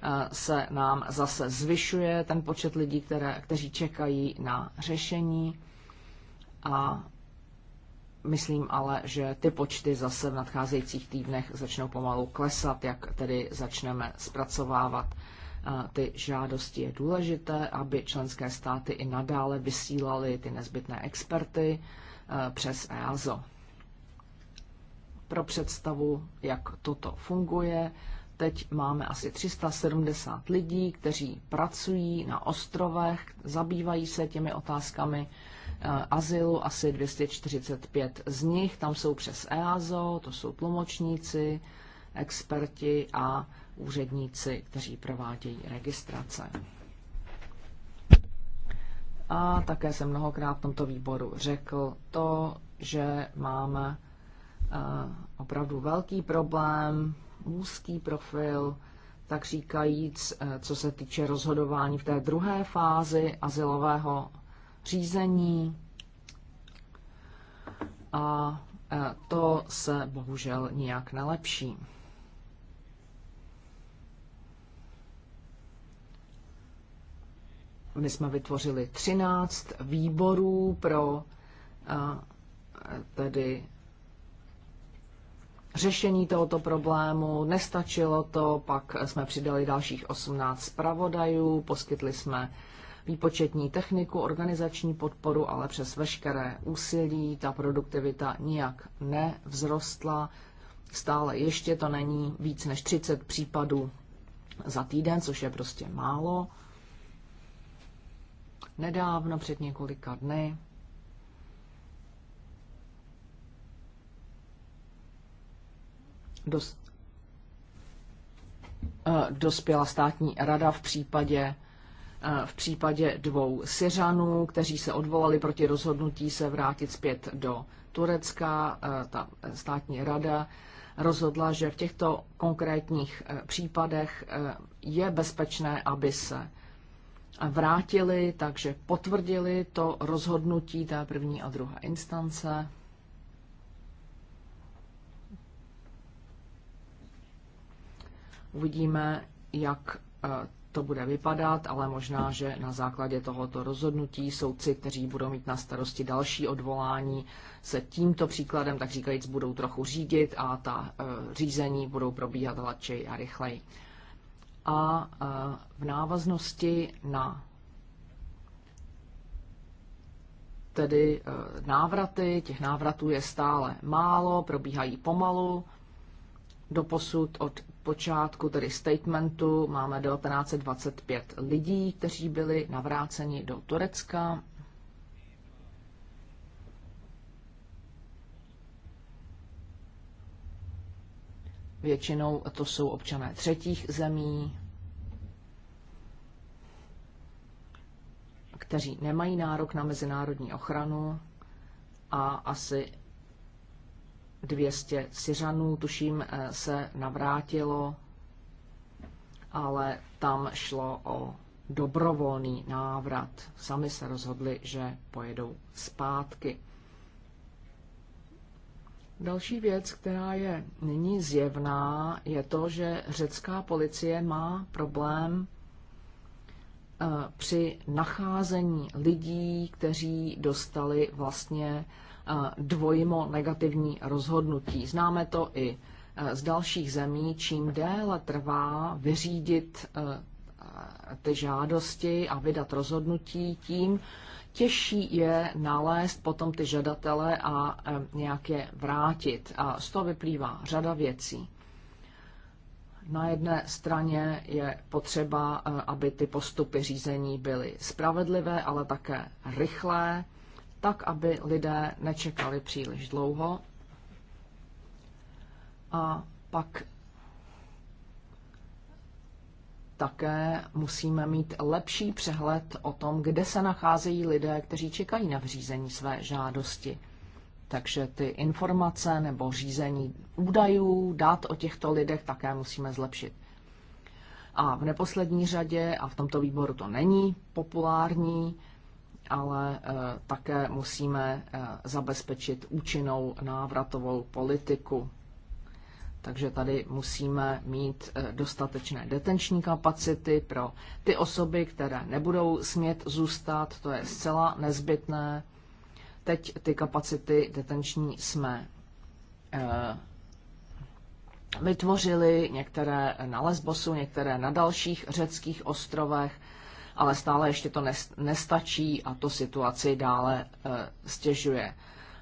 eh, se nám zase zvyšuje ten počet lidí, které, kteří čekají na řešení. A myslím ale, že ty počty zase v nadcházejících týdnech začnou pomalu klesat, jak tedy začneme zpracovávat eh, ty žádosti. Je důležité, aby členské státy i nadále vysílaly ty nezbytné experty, Eh, přes EASO. Pro představu, jak toto funguje, teď máme asi 370 lidí, kteří pracují na ostrovech, zabývají se těmi otázkami eh, azylu, asi 245 z nich, tam jsou přes EASO, to jsou tlumočníci, experti a úředníci, kteří provádějí registrace. A také jsem mnohokrát v tomto výboru řekl to, že máme eh, opravdu velký problém, úzký profil, tak říkajíc, eh, co se týče rozhodování v té druhé fázi asilového řízení. A eh, to se bohužel nijak nelepší. My jsme vytvořili 13 výborů pro eh, tedy řešení tohoto problému. Nestačilo to, pak jsme přidali dalších 18 zpravodajů, poskytli jsme výpočetní techniku, organizační podporu, ale přes veškeré úsilí ta produktivita nijak nevzrostla. Stále ještě to není víc než 30 případů za týden, což je prostě málo nedávno, před několika dny. Dost, eh, dospěla státní rada v případě eh, v případě dvou Syřanů, kteří se odvolali proti rozhodnutí se vrátit zpět do Turecka. Eh, ta státní rada rozhodla, že v těchto konkrétních případech je bezpečné, aby se vrátili, takže potvrdili to rozhodnutí té první a druhé instance. Uvidíme, jak eh, to bude vypadat, ale možná, že na základě tohoto rozhodnutí soudci, kteří budou mít na starosti další odvolání, se tímto příkladem, tak říkajíc, budou trochu řídit a ta eh, řízení budou probíhat hladčej a rychleji a v návaznosti na tedy e, návraty, těch návratů je stále málo, probíhají pomalu. Doposud od počátku tedy statementu máme 1925 lidí, kteří byli navráceni do Turecka. Většinou to jsou občané třetích zemí, kteří nemají nárok na mezinárodní ochranu a asi 200 Syřanů, tuším, eh, se navrátilo, ale tam šlo o dobrovolný návrat. Sami se rozhodli, že pojedou zpátky. Další věc, která je nyní zjevná, je to, že řecká policie má problém eh, při nacházení lidí, kteří dostali vlastně eh, dvojmo negativní rozhodnutí. Známe to i eh, z dalších zemí, čím déle trvá vyřídit ty žádosti a vydat rozhodnutí, tím těžší je nalézt potom ty žadatele a e, nějak je vrátit. A z toho vyplývá řada věcí. Na jedné straně je potřeba, e, aby ty postupy řízení byly spravedlivé, ale také rychlé, tak, aby lidé nečekali příliš dlouho. A pak také musíme mít lepší přehled o tom, kde se nacházejí lidé, kteří čekají na vřízení své žádosti. Takže ty informace nebo řízení údajů, dát o těchto lidech také musíme zlepšit. A v neposlední řadě, a v tomto výboru to není populární, ale eh, také musíme eh, zabezpečit účinnou návratovou politiku. Takže tady musíme mít eh, dostatečné detenční kapacity pro ty osoby, které nebudou smět zůstat, to je zcela nezbytné. Teď ty kapacity detenční jsme eh, vytvořili, některé na Lesbosu, některé na dalších řeckých ostrovech, ale stále ještě to nestačí a to situaci dále eh, stěžuje.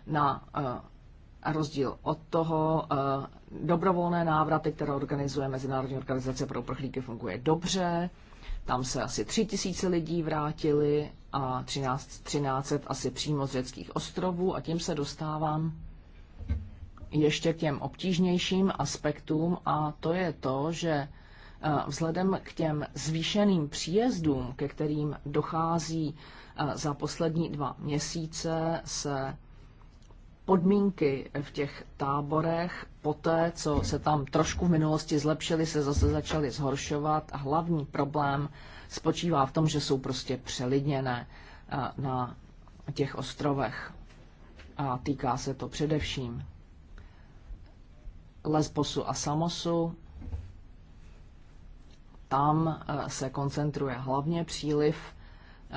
Na a rozdíl od toho, eh, dobrovolné návraty, které organizuje Mezinárodní organizace pro uprchlíky, funguje dobře. Tam se asi tři tisíce lidí vrátili a 13, 13 asi přímo z řeckých ostrovů a tím se dostávám ještě k těm obtížnějším aspektům a to je to, že eh, vzhledem k těm zvýšeným příjezdům, ke kterým dochází eh, za poslední dva měsíce, se podmínky v těch táborech, poté co se tam trošku v minulosti zlepšily, se zase začaly zhoršovat a hlavní problém spočívá v tom, že jsou prostě přelidněné eh, na těch ostrovech. A týká se to především Lesbosu a Samosu. Tam eh, se koncentruje hlavně příliv eh,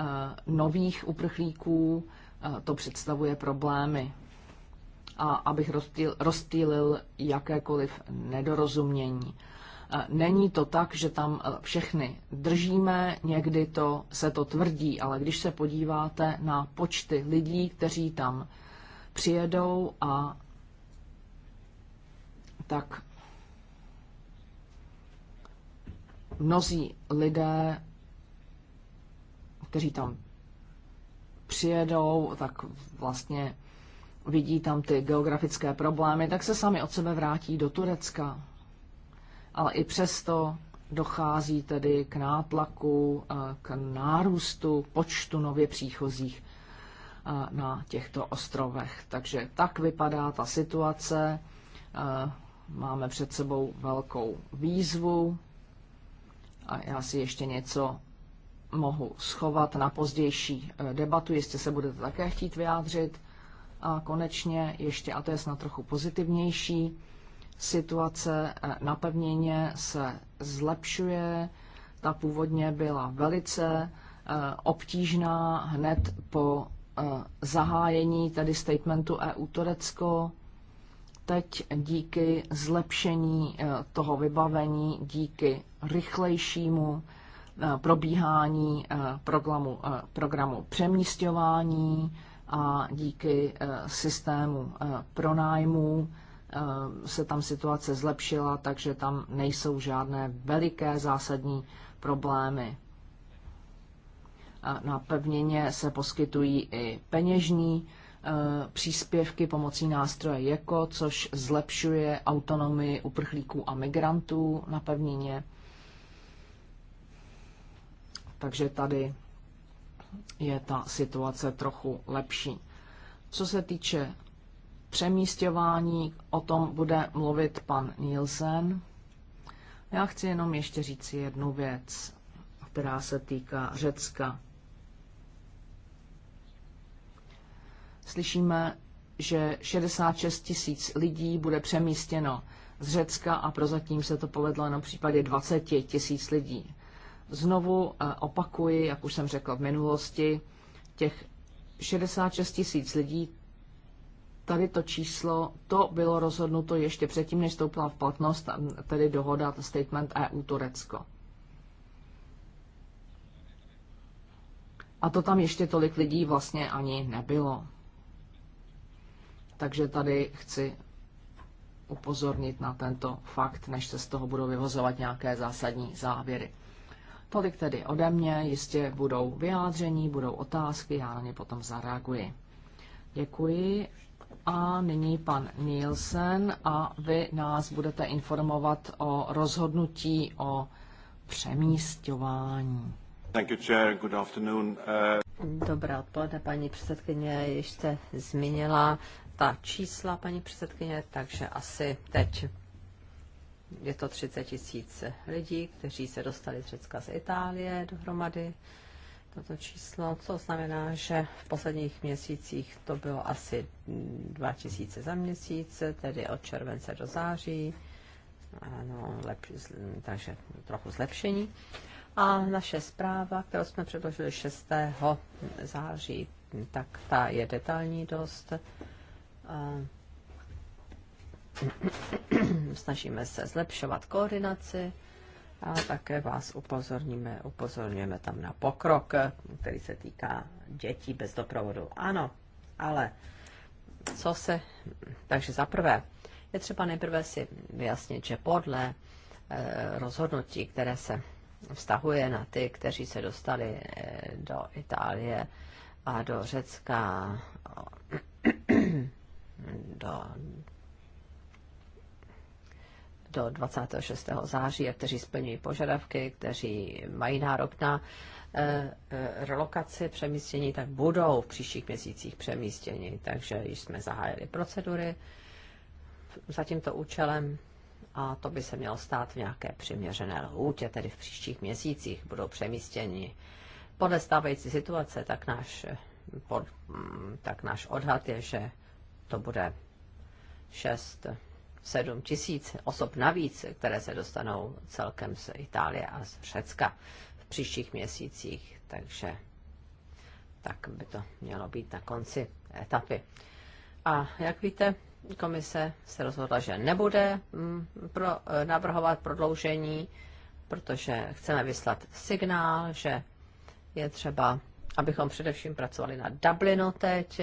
nových uprchlíků, to představuje problémy a abych rozptýl, rozptýlil jakékoliv nedorozumění. E, není to tak, že tam e, všechny držíme, někdy to, se to tvrdí, ale když se podíváte na počty lidí, kteří tam přijedou a tak mnozí lidé, kteří tam přijedou, tak vlastně vidí tam ty geografické problémy, tak se sami od sebe vrátí do Turecka. Ale i přesto dochází tedy k nátlaku, eh, k nárůstu počtu nově příchozích eh, na těchto ostrovech. Takže tak vypadá ta situace. Eh, máme před sebou velkou výzvu a já si ještě něco mohu schovat na pozdější debatu, jestli se budete také chtít vyjádřit. A konečně ještě, a to je snad trochu pozitivnější, situace eh, na se zlepšuje. Ta původně byla velice eh, obtížná hned po eh, zahájení tedy statementu EU Turecko. Teď díky zlepšení toho vybavení, díky rychlejšímu probíhání programu, programu přemístěvání, a díky eh, systému eh, pronájmů eh, se tam situace zlepšila, takže tam nejsou žádné veliké zásadní problémy. Na pevněně se poskytují i peněžní příspěvky pomocí nástroje JECO, což zlepšuje autonomii uprchlíků a migrantů na pevnině. Takže tady je ta situace trochu lepší. Co se týče přemístěvání, o tom bude mluvit pan Nielsen. Já chci jenom ještě říct jednu věc, která se týká Řecka. Slyšíme, že 66 tisíc lidí bude přemístěno z Řecka a prozatím se to povedlo na případě 20 tisíc lidí. Znovu opakuji, jak už jsem řekla v minulosti, těch 66 tisíc lidí, tady to číslo, to bylo rozhodnuto ještě předtím, než stoupila v platnost, tedy dohoda statement EU Turecko. A to tam ještě tolik lidí vlastně ani nebylo. Takže tady chci upozornit na tento fakt, než se z toho budou vyvozovat nějaké zásadní závěry. Tolik tedy ode mě, jistě budou vyjádření, budou otázky, já na ně potom zareaguji. Děkuji. A nyní pan Nielsen a vy nás budete informovat o rozhodnutí o přemístování. Uh, Dobré odpoledne, paní předsedkyně, ještě jste zmínila ta čísla, paní předsedkyně, takže asi teď je to 30 tisíc lidí, kteří se dostali z Řecka z Itálie dohromady. Toto číslo, co znamená, že v posledních měsících to bylo asi 2 tisíce za měsíc, tedy od července do září. Ano, lep, takže trochu zlepšení. A naše zpráva, kterou jsme předložili 6. září, tak ta je detailní dost. snažíme se zlepšovat koordinaci a také vás upozorníme, upozorňujeme tam na pokrok, který se týká dětí bez doprovodu. Ano, ale co se... Takže za prvé, je třeba nejprve si vyjasnit, že podle eh, rozhodnutí, které se vztahuje na ty, kteří se dostali eh, do Itálie a do Řecka, do do 26. září a kteří splňují požadavky, kteří mají nárok na eh, eh, relokaci, přemístění, tak budou v příštích měsících přemístěni. Takže již jsme zahájili procedury za tímto účelem a to by se mělo stát v nějaké přiměřené lhůtě, tedy v příštích měsících budou přemístěni. Podle stávající situace, tak náš, pod, tak náš odhad je, že to bude 6 7 tisíc osob navíc, které se dostanou celkem z Itálie a z Řecka v příštích měsících. Takže tak by to mělo být na konci etapy. A jak víte, komise se rozhodla, že nebude mm, pro, eh, navrhovat prodloužení, protože chceme vyslat signál, že je třeba, abychom především pracovali na Dublinu teď,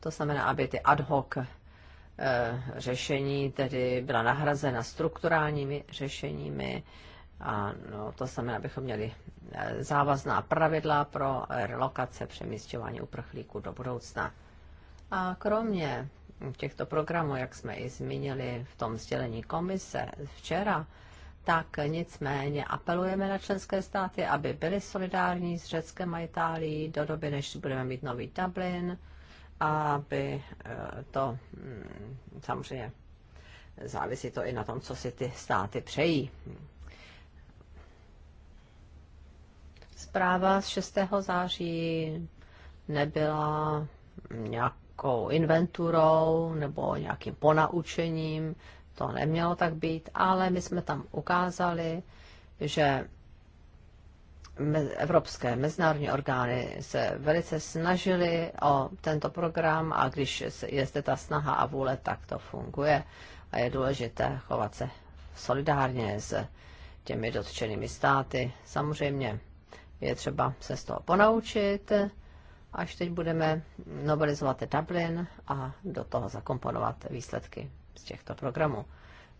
to znamená, aby ty ad hoc Eh, řešení tedy byla nahrazena strukturálními řešeními. A no, to znamená, abychom měli eh, závazná pravidla pro relokace, přemístěvání uprchlíků do budoucna. A kromě těchto programů, jak jsme i zmínili v tom sdělení komise včera, tak nicméně apelujeme na členské státy, aby byly solidární s Řeckem a Itálií do doby, než budeme mít nový Dublin, aby eh, to hm, samozřejmě závisí to i na tom, co si ty státy přejí. Zpráva z 6. září nebyla nějakou inventurou nebo nějakým ponaučením, to nemělo tak být, ale my jsme tam ukázali, že evropské mezinárodní orgány se velice snažily o tento program a když je zde ta snaha a vůle, tak to funguje a je důležité chovat se solidárně s těmi dotčenými státy. Samozřejmě je třeba se z toho ponaučit, až teď budeme novelizovat Dublin a do toho zakomponovat výsledky z těchto programů.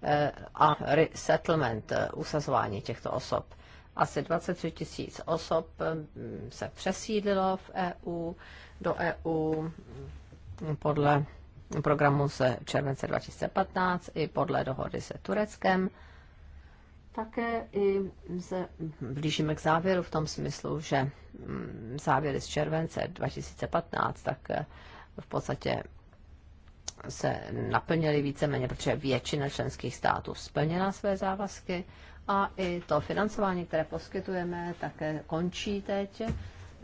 Eh, a resettlement, eh, usazování těchto osob – asi 23 tisíc osob mm, se přesídlilo v EU, do EU mm, podle programu z července 2015 i podle dohody se Tureckem. Také i se blížíme k závěru v tom smyslu, že mm, závěry z července 2015 tak eh, v podstatě se naplnily víceméně, protože většina členských států splněna své závazky a i to financování, které poskytujeme, také končí teď,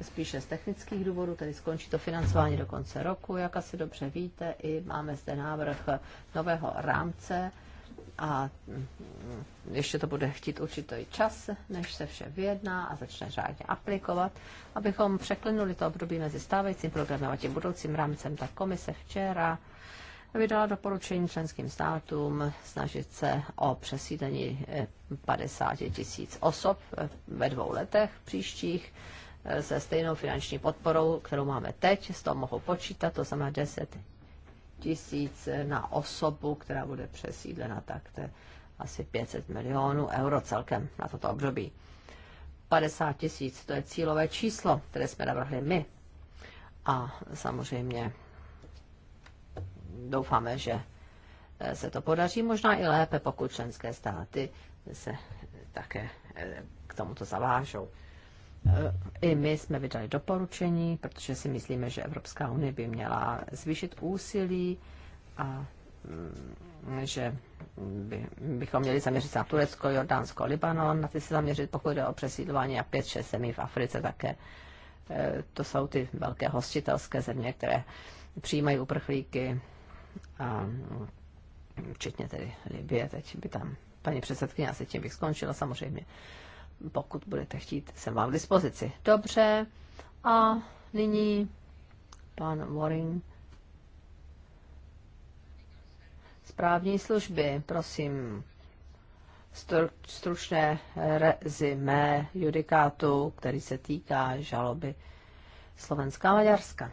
spíše z technických důvodů, tedy skončí to financování do konce roku, jak asi dobře víte, i máme zde návrh nového rámce a mm, ještě to bude chtít určitý čas, než se vše vyjedná a začne řádně aplikovat. Abychom překlenuli to období mezi stávajícím programem a tím budoucím rámcem, tak komise včera vydala doporučení členským státům snažit se o přesídlení 50 eh, tisíc osob eh, ve dvou letech příštích eh, se stejnou finanční podporou, kterou máme teď, z toho mohou počítat, to znamená 10 tisíc na osobu, která bude přesídlena, tak to je asi 500 milionů euro celkem na toto období. 50 tisíc, to je cílové číslo, které jsme navrhli my. A samozřejmě doufáme, že eh, se to podaří, možná i lépe, pokud členské státy se eh, také eh, k tomuto zavážou. I my jsme vydali doporučení, protože si myslíme, že Evropská unie by měla zvýšit úsilí a mm, že by, bychom měli zaměřit se na Turecko, Jordánsko, Libanon, na ty se zaměřit, pokud jde o přesídlování a 5-6 zemí v Africe také. To jsou ty velké hostitelské země, které přijímají uprchlíky a včetně tedy Libie, teď by tam paní předsedkyně, asi tím bych skončila samozřejmě. Pokud budete chtít, jsem vám k dispozici. Dobře, a nyní pan Warren. Správní služby, prosím, stru, stručné rezimé judikátu, který se týká žaloby Slovenska a Maďarska.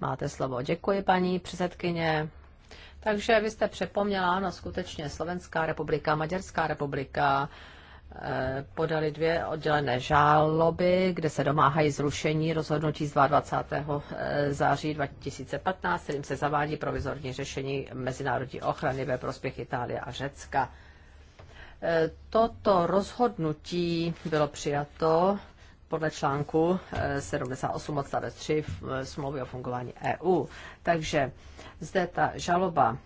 Máte slovo. Děkuji, paní předsedkyně. Takže vy jste přepomněla, ano, skutečně Slovenská republika, Maďarská republika eh, podali dvě oddělené žáloby, kde se domáhají zrušení rozhodnutí z 22. Eh, září 2015, kterým se zavádí provizorní řešení mezinárodní ochrany ve prospěch Itálie a Řecka. Eh, toto rozhodnutí bylo přijato podle článku 78 eh, odstavec 3 eh, smlouvě o fungování EU. Takže zde ta žaloba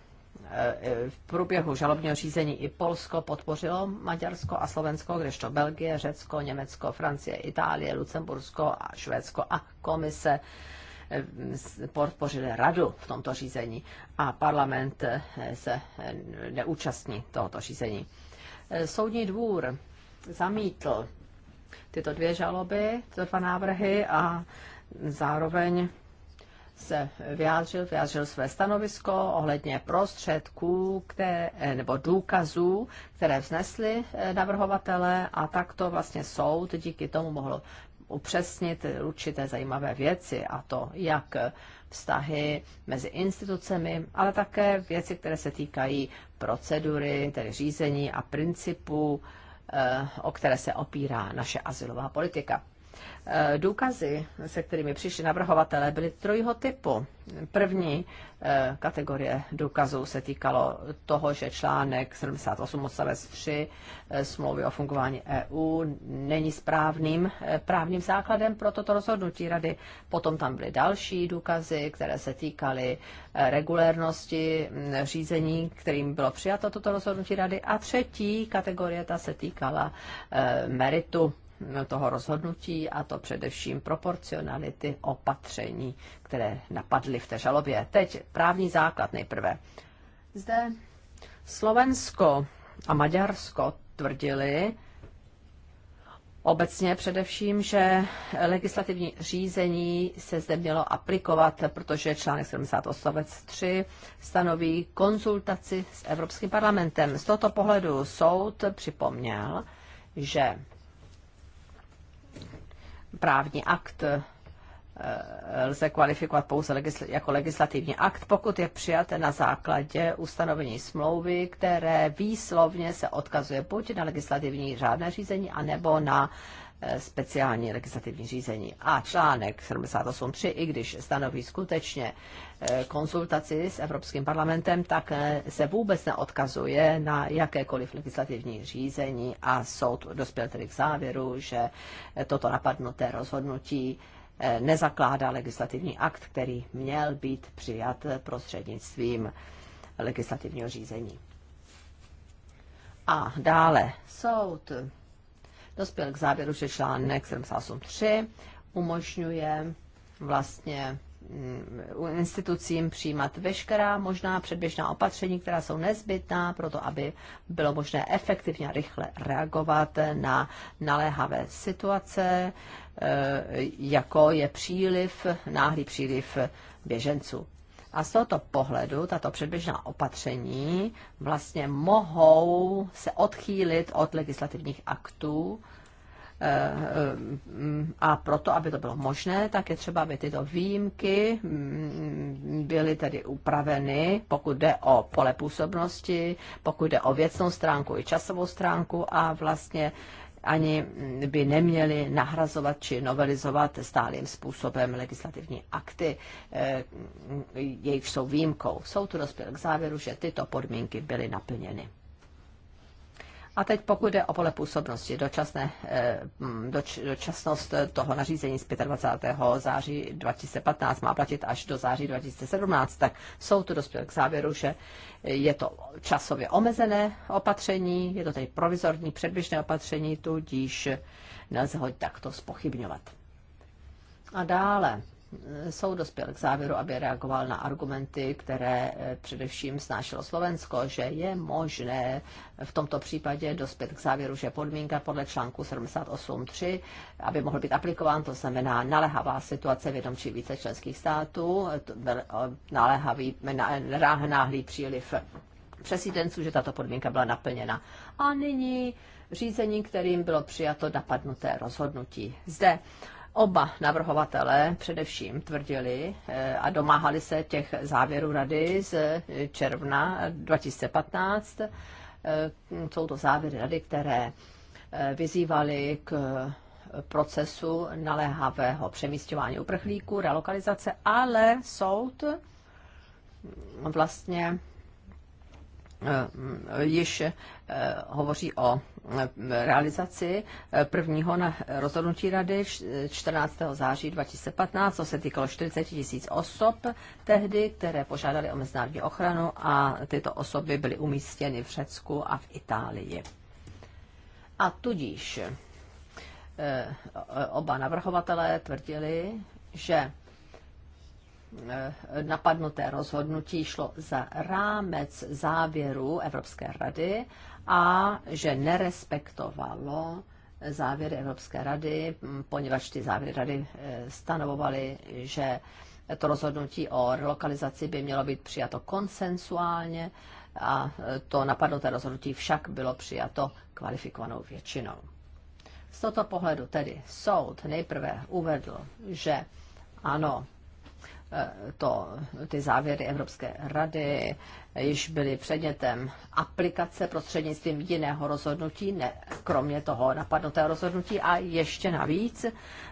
eh, v průběhu žalobního řízení i Polsko podpořilo Maďarsko a Slovensko, kdežto Belgie, Řecko, Německo, Francie, Itálie, Lucembursko a Švédsko a komise podpořili radu v tomto řízení a parlament se neúčastní tohoto řízení. Soudní dvůr zamítl tyto dvě žaloby, tyto dva návrhy a zároveň se vyjádřil, vyjádřil své stanovisko ohledně prostředků které, nebo důkazů, které vznesli eh, navrhovatele a takto vlastně soud díky tomu mohl upřesnit určité zajímavé věci a to jak vztahy mezi institucemi, ale také věci, které se týkají procedury, tedy řízení a principu Eh, o které se opírá naše asilová politika. Eh, důkazy, se kterými přišli navrhovatelé, byly trojího typu. První eh, kategorie důkazů se týkalo toho, že článek 78 odstavec 3 eh, smlouvy o fungování EU není správným právním základem pro toto rozhodnutí rady. Potom tam byly další důkazy, které se týkaly regulérnosti mm, řízení, kterým bylo přijato toto rozhodnutí rady. A třetí kategorie, ta se týkala meritu toho rozhodnutí a to především proporcionality opatření, které napadly v té žalobě. Teď právní základ nejprve. Zde Slovensko a Maďarsko tvrdili obecně především, že legislativní řízení se zde mělo aplikovat, protože článek 78 3 stanoví konzultaci s Evropským parlamentem. Z tohoto pohledu soud připomněl, že právní akt eh, lze kvalifikovat pouze legisl- jako legislativní akt, pokud je přijat na základě ustanovení smlouvy, které výslovně se odkazuje buď na legislativní řádné řízení, anebo na Eh, speciální legislativní řízení. A článek 78.3, i když stanoví skutečně eh, konzultaci s Evropským parlamentem, tak eh, se vůbec neodkazuje na jakékoliv legislativní řízení a soud dospěl tedy k závěru, že toto napadnuté rozhodnutí nezakládá legislativní akt, který měl být přijat prostřednictvím legislativního řízení. A dále soud dospěl k závěru, že článek 78.3 umožňuje vlastně mm, institucím přijímat veškerá možná předběžná opatření, která jsou nezbytná pro to, aby bylo možné efektivně a rychle reagovat na naléhavé situace, eh, jako je příliv, náhlý příliv běženců. A z tohoto pohledu tato předběžná opatření vlastně mohou se odchýlit od legislativních aktů, eh, eh, a proto, aby to bylo možné, tak je třeba, aby tyto výjimky mm, byly tedy upraveny, pokud jde o pole působnosti, pokud jde o věcnou stránku i časovou stránku a vlastně ani by neměly nahrazovat či novelizovat stálým způsobem legislativní akty, eh, jejichž jsou výjimkou. Soud dospěl k závěru, že tyto podmínky byly naplněny. A teď pokud jde o pole působnosti, dočasné, eh, hm, doč, dočasnost toho nařízení z 25. září 2015 má platit až do září 2017, tak jsou tu dospěl k závěru, že je to časově omezené opatření, je to tedy provizorní předběžné opatření, tudíž nelze ho takto spochybňovat. A dále soud dospěl k závěru, aby reagoval na argumenty, které eh, především snášelo Slovensko, že je možné v tomto případě dospět k závěru, že podmínka podle článku 78.3, aby mohl být aplikován, to znamená naléhavá situace v či více členských států, naléhavý, náhlý příliv přesídenců, že tato podmínka byla naplněna. A nyní řízení, kterým bylo přijato napadnuté rozhodnutí. Zde Oba navrhovatelé především tvrdili eh, a domáhali se těch závěrů rady z eh, června 2015. Eh, jsou to závěry rady, které vyzývaly k procesu naléhavého přemístěvání uprchlíků, relokalizace, ale soud hm, vlastně již eh, hovoří o eh, realizaci eh, prvního na rozhodnutí rady 14. září 2015, co se týkalo 40 tisíc osob tehdy, které požádali o mezinárodní ochranu a tyto osoby byly umístěny v Řecku a v Itálii. A tudíž oba navrhovatelé tvrdili, že Eh, napadnuté rozhodnutí šlo za rámec závěru Evropské rady a že nerespektovalo závěry Evropské rady, hm, poněvadž ty závěry rady eh, stanovovaly, že to rozhodnutí o relokalizaci by mělo být přijato konsensuálně a eh, to napadnuté rozhodnutí však bylo přijato kvalifikovanou většinou. Z tohoto pohledu tedy soud nejprve uvedl, že ano, Eh, to, ty závěry Evropské rady již byly předmětem aplikace prostřednictvím jiného rozhodnutí, ne, kromě toho napadnutého rozhodnutí a ještě navíc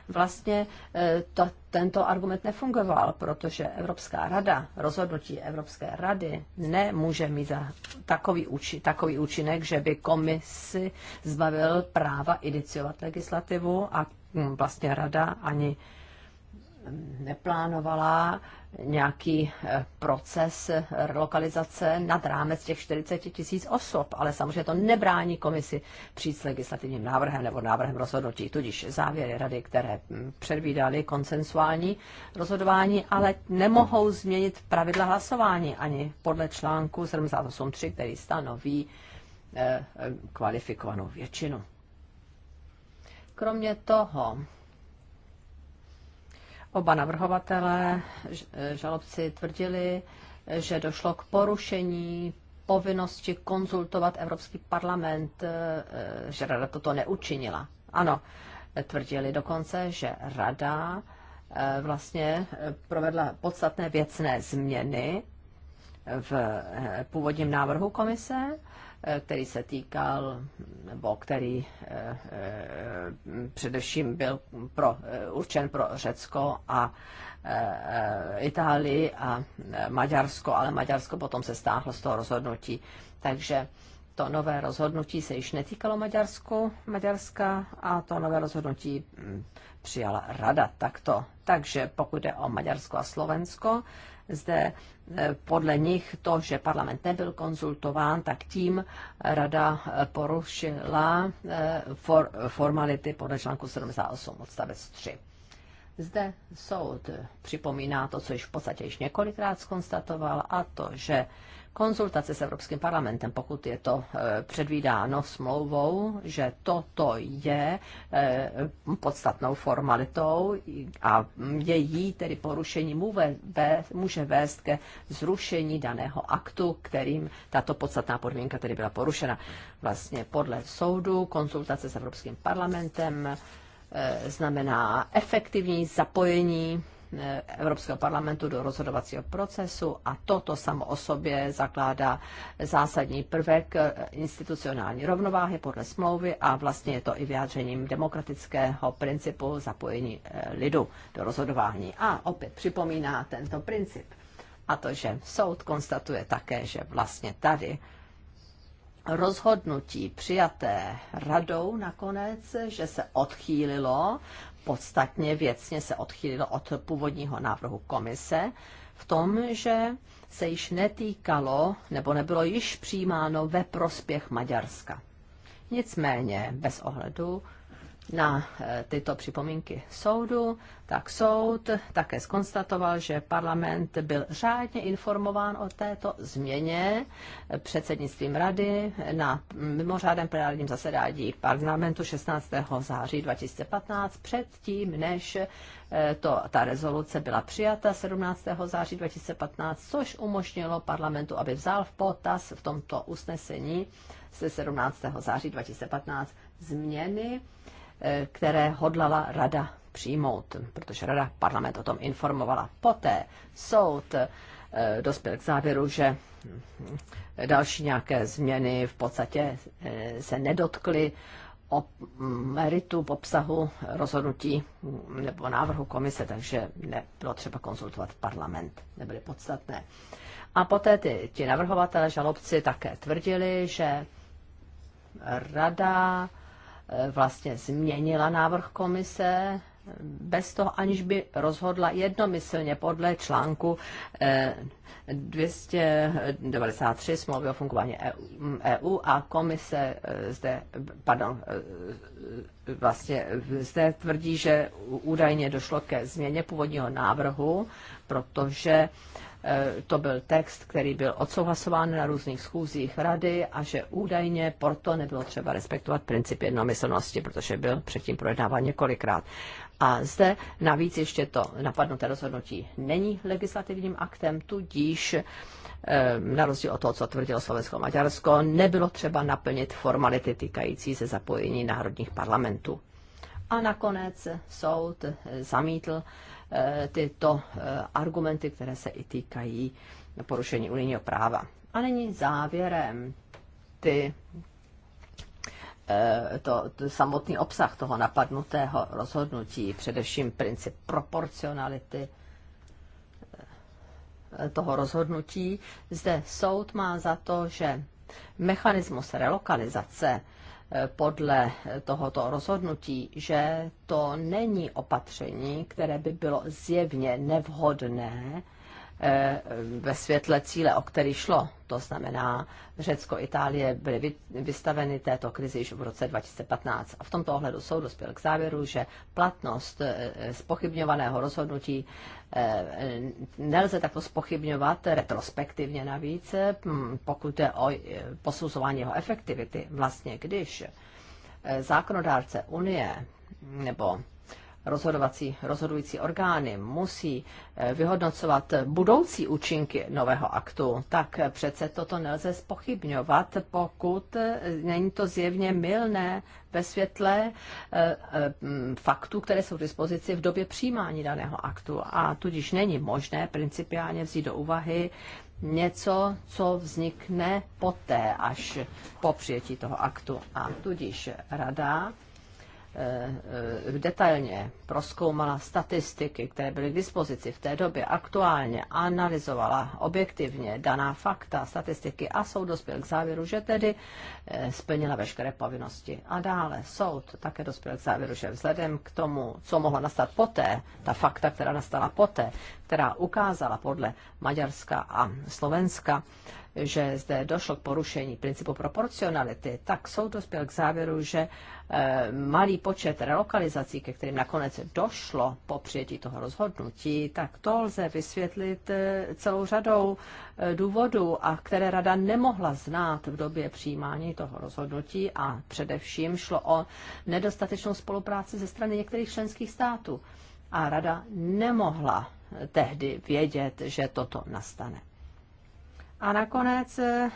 vlastně eh, to, tento argument nefungoval, protože Evropská rada, rozhodnutí Evropské rady nemůže mít za takový, úči, takový účinek, že by komisi zbavil práva iniciovat legislativu a hm, vlastně rada ani neplánovala nějaký eh, proces eh, relokalizace nad rámec těch 40 tisíc osob, ale samozřejmě to nebrání komisi přijít s legislativním návrhem nebo návrhem rozhodnutí, tudíž závěry rady, které hm, předvídaly konsensuální rozhodování, ale nemohou změnit pravidla hlasování ani podle článku 78.3, který stanoví eh, kvalifikovanou většinu. Kromě toho, Oba navrhovatelé, eh, žalobci tvrdili, že došlo k porušení povinnosti konzultovat Evropský parlament, eh, eh, že rada toto neučinila. Ano, tvrdili dokonce, že rada vlastně provedla podstatné věcné změny v původním návrhu komise Eh, který se týkal, nebo který eh, eh, především byl pro, určen pro Řecko a Itálii a Maďarsko, ale Maďarsko potom se stáhlo z toho rozhodnutí. Takže to nové rozhodnutí se již netýkalo Maďarsku, Maďarska a to nové rozhodnutí hm, přijala rada takto. Takže pokud jde o Maďarsko a Slovensko, zde eh, podle nich to, že parlament nebyl konzultován, tak tím rada eh, porušila eh, for, formality podle článku 78 odstavec 3. Zde soud připomíná to, co již v podstatě již několikrát skonstatoval, a to, že konzultaci s Evropským parlamentem, pokud je to eh, předvídáno smlouvou, že toto je eh, podstatnou formalitou a její tedy porušení může vést ke zrušení daného aktu, kterým tato podstatná podmínka tedy byla porušena. Vlastně podle soudu konzultace s Evropským parlamentem eh, znamená efektivní zapojení Eh, Evropského parlamentu do rozhodovacího procesu a toto samo o sobě zakládá zásadní prvek eh, institucionální rovnováhy podle smlouvy a vlastně je to i vyjádřením demokratického principu zapojení eh, lidu do rozhodování. A opět připomíná tento princip. A to, že soud konstatuje také, že vlastně tady rozhodnutí přijaté radou nakonec, že se odchýlilo podstatně věcně se odchýlil od původního návrhu komise v tom, že se již netýkalo nebo nebylo již přijímáno ve prospěch Maďarska. Nicméně, bez ohledu na eh, tyto připomínky soudu, tak soud také skonstatoval, že parlament byl řádně informován o této změně předsednictvím rady na mimořádném plenárním zasedání parlamentu 16. září 2015, předtím, než eh, to, ta rezoluce byla přijata 17. září 2015, což umožnilo parlamentu, aby vzal v potaz v tomto usnesení ze 17. září 2015 změny Eh, které hodlala rada přijmout, protože rada parlament o tom informovala. Poté soud eh, dospěl k závěru, že hm, další nějaké změny v podstatě eh, se nedotkly o hm, meritu, obsahu rozhodnutí hm, nebo návrhu komise, takže nebylo třeba konzultovat parlament, nebyly podstatné. A poté ty, ti navrhovatelé, žalobci také tvrdili, že rada Eh, vlastně změnila návrh komise eh, bez toho, aniž by rozhodla jednomyslně podle článku 293 eh, smlouvy o fungování EU e a komise zde, pardon, vlastně zde tvrdí, že údajně došlo ke změně původního návrhu, protože Eh, to byl text, který byl odsouhlasován na různých schůzích rady a že údajně proto nebylo třeba respektovat princip jednomyslnosti, protože byl předtím projednáván několikrát. A zde navíc ještě to napadnuté rozhodnutí není legislativním aktem, tudíž eh, na rozdíl od toho, co tvrdilo Slovensko Maďarsko, nebylo třeba naplnit formality týkající se zapojení národních parlamentů. A nakonec soud zamítl Eh, tyto eh, argumenty, které se i týkají porušení unijního práva. A není závěrem ty eh, to, to samotný obsah toho napadnutého rozhodnutí, především princip proporcionality toho rozhodnutí. Zde soud má za to, že mechanismus relokalizace podle tohoto rozhodnutí, že to není opatření, které by bylo zjevně nevhodné Eh, ve světle cíle, o který šlo. To znamená, Řecko, Itálie byly vystaveny této krizi již v roce 2015. A v tomto ohledu soud dospěl k závěru, že platnost eh, spochybňovaného rozhodnutí eh, nelze takto spochybňovat retrospektivně navíc, hm, pokud je o posuzování jeho efektivity. Vlastně, když zákonodárce Unie nebo rozhodovací, rozhodující orgány musí eh, vyhodnocovat budoucí účinky nového aktu, tak přece toto nelze spochybňovat, pokud eh, není to zjevně mylné ve světle eh, faktů, které jsou v dispozici v době přijímání daného aktu. A tudíž není možné principiálně vzít do úvahy něco, co vznikne poté, až po přijetí toho aktu. A tudíž rada Eh, eh, detailně proskoumala statistiky, které byly k dispozici v té době, aktuálně analyzovala objektivně daná fakta, statistiky a soud dospěl k závěru, že tedy eh, splnila veškeré povinnosti. A dále soud také dospěl k závěru, že vzhledem k tomu, co mohlo nastat poté, ta fakta, která nastala poté, která ukázala podle Maďarska a Slovenska, že zde došlo k porušení principu proporcionality, tak soud dospěl k závěru, že eh, malý počet relokalizací, ke kterým nakonec došlo po přijetí toho rozhodnutí, tak to lze vysvětlit eh, celou řadou eh, důvodů, a které rada nemohla znát v době přijímání toho rozhodnutí a především šlo o nedostatečnou spolupráci ze strany některých členských států. A rada nemohla tehdy vědět, že toto nastane. A nakonec eh,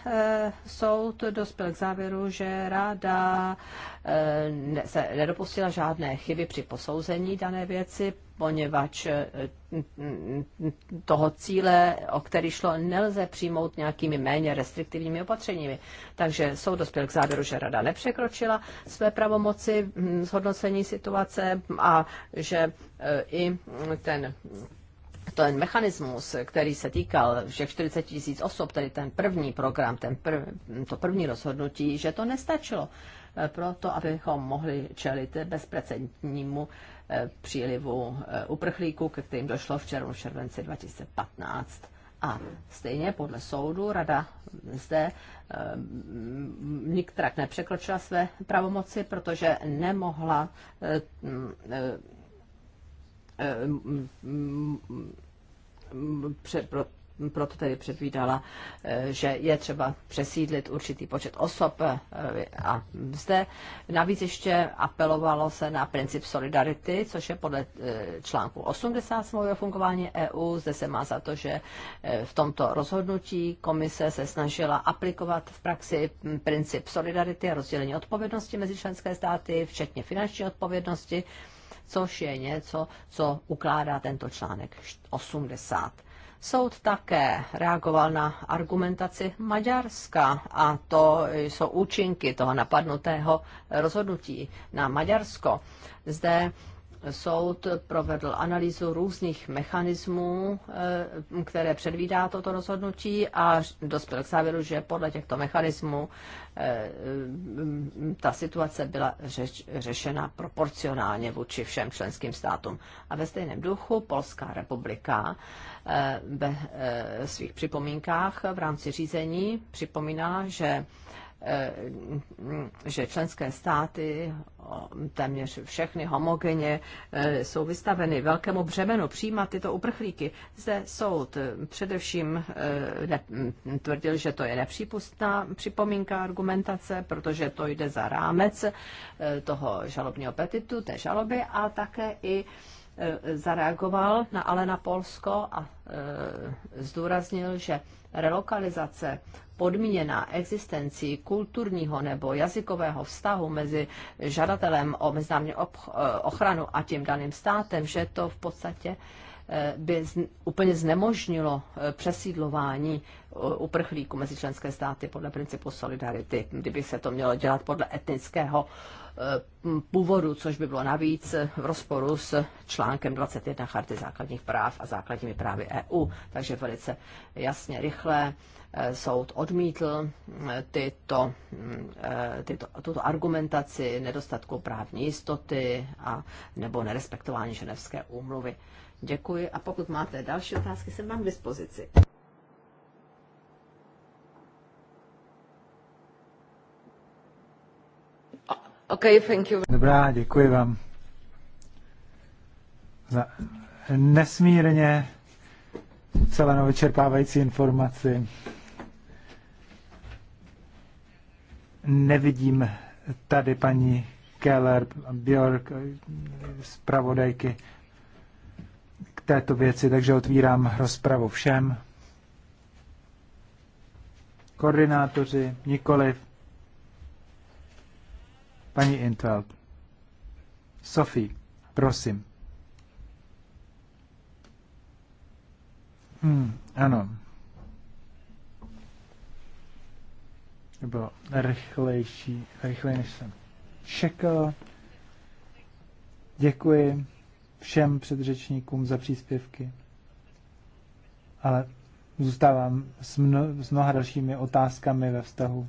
soud dospěl k závěru, že rada eh, se nedopustila žádné chyby při posouzení dané věci, poněvadž eh, toho cíle, o který šlo, nelze přijmout nějakými méně restriktivními opatřeními. Takže soud dospěl k závěru, že rada nepřekročila své pravomoci hm, zhodnocení situace a že i ten to ten mechanismus, který se týkal všech 40 tisíc osob, tedy ten první program, ten prv, to první rozhodnutí, že to nestačilo eh, pro to, abychom mohli čelit bezprecedentnímu eh, přílivu eh, uprchlíků, ke kterým došlo v červnu, červenci 2015. A stejně podle soudu rada zde nikterak nepřekročila své pravomoci, protože nemohla před, pro, proto tedy předvídala, že je třeba přesídlit určitý počet osob a zde navíc ještě apelovalo se na princip solidarity, což je podle článku 80 smlouvy o fungování EU. Zde se má za to, že v tomto rozhodnutí komise se snažila aplikovat v praxi princip solidarity a rozdělení odpovědnosti mezi členské státy, včetně finanční odpovědnosti což je něco, co ukládá tento článek 80. Soud také reagoval na argumentaci Maďarska a to jsou účinky toho napadnutého rozhodnutí na Maďarsko. Zde soud provedl analýzu různých mechanismů, eh, které předvídá toto rozhodnutí a dospěl k závěru, že podle těchto mechanismů eh, ta situace byla řeč, řešena proporcionálně vůči všem členským státům. A ve stejném duchu Polská republika eh, ve svých připomínkách v rámci řízení připomíná, že Eh, že členské státy, téměř všechny homogeně, eh, jsou vystaveny velkému břemenu přijímat tyto uprchlíky. Zde soud především eh, tvrdil, že to je nepřípustná připomínka argumentace, protože to jde za rámec toho žalobního petitu, té žaloby a také i zareagoval na Alena Polsko a zdůraznil, že relokalizace podmíněna existencí kulturního nebo jazykového vztahu mezi žadatelem o mezinárodní eh, ochranu a tím daným státem, že to v podstatě eh, by úplně znemožnilo eh, přesídlování uprchlíků mezi členské státy podle principu solidarity. Kdyby se to mělo dělat podle etnického eh, původu, což by bylo navíc eh, v rozporu s článkem 21 Charty základních práv a základními právy EU. Takže velice jasně, rychle eh, soud odmítl tyto, mm, tyto, tuto argumentaci nedostatku právní jistoty a nebo nerespektování ženevské úmluvy. Děkuji a pokud máte další otázky, jsem vám k dispozici. Okay, thank you. Dobrá, děkuji vám za nesmírně celé vyčerpávající informaci. Nevidím tady paní Keller, Björk, zpravodajky k této věci, takže otvírám rozpravu všem. Koordinátoři, nikoliv. Paní Intveld. Sophie, prosím. Hmm, ano. To bylo rychlejší, rychleji než jsem čekal. Děkuji všem předřečníkům za příspěvky. Ale zůstávám s, mno, s mnoha dalšími otázkami ve vztahu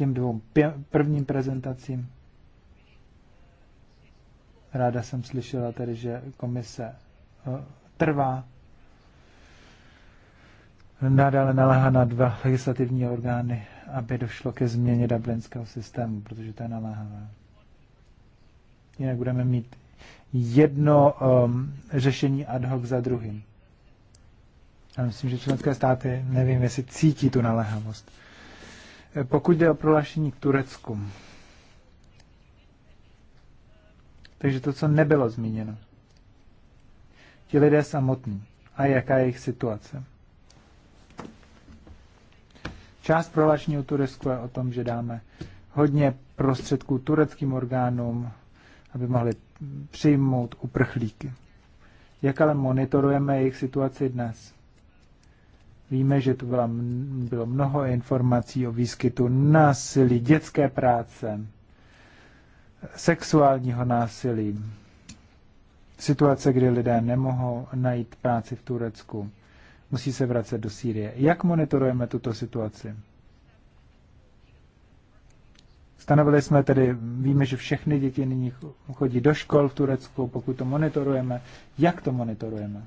těm dvou prvním prezentacím. Ráda jsem slyšela tedy, že komise eh, trvá nadále naléhá na dva legislativní orgány, aby došlo ke změně dublinského systému, protože to je naléhavé. Jinak budeme mít jedno um, řešení ad hoc za druhým. Já myslím, že členské státy, nevím, jestli cítí tu naléhavost. Eh, pokud jde o prohlášení k Turecku, takže to, co nebylo zmíněno, ti lidé samotní a jaká je jejich situace. Část prohlášení o Turecku je o tom, že dáme hodně prostředků tureckým orgánům, aby mohli přijmout uprchlíky. Jak ale monitorujeme jejich situaci dnes? Víme, že tu byla, bylo mnoho informací o výskytu násilí, dětské práce, sexuálního násilí, situace, kdy lidé nemohou najít práci v Turecku, musí se vracet do Sýrie. Jak monitorujeme tuto situaci? Stanovili jsme tedy, víme, že všechny děti nyní chodí do škol v Turecku, pokud to monitorujeme. Jak to monitorujeme?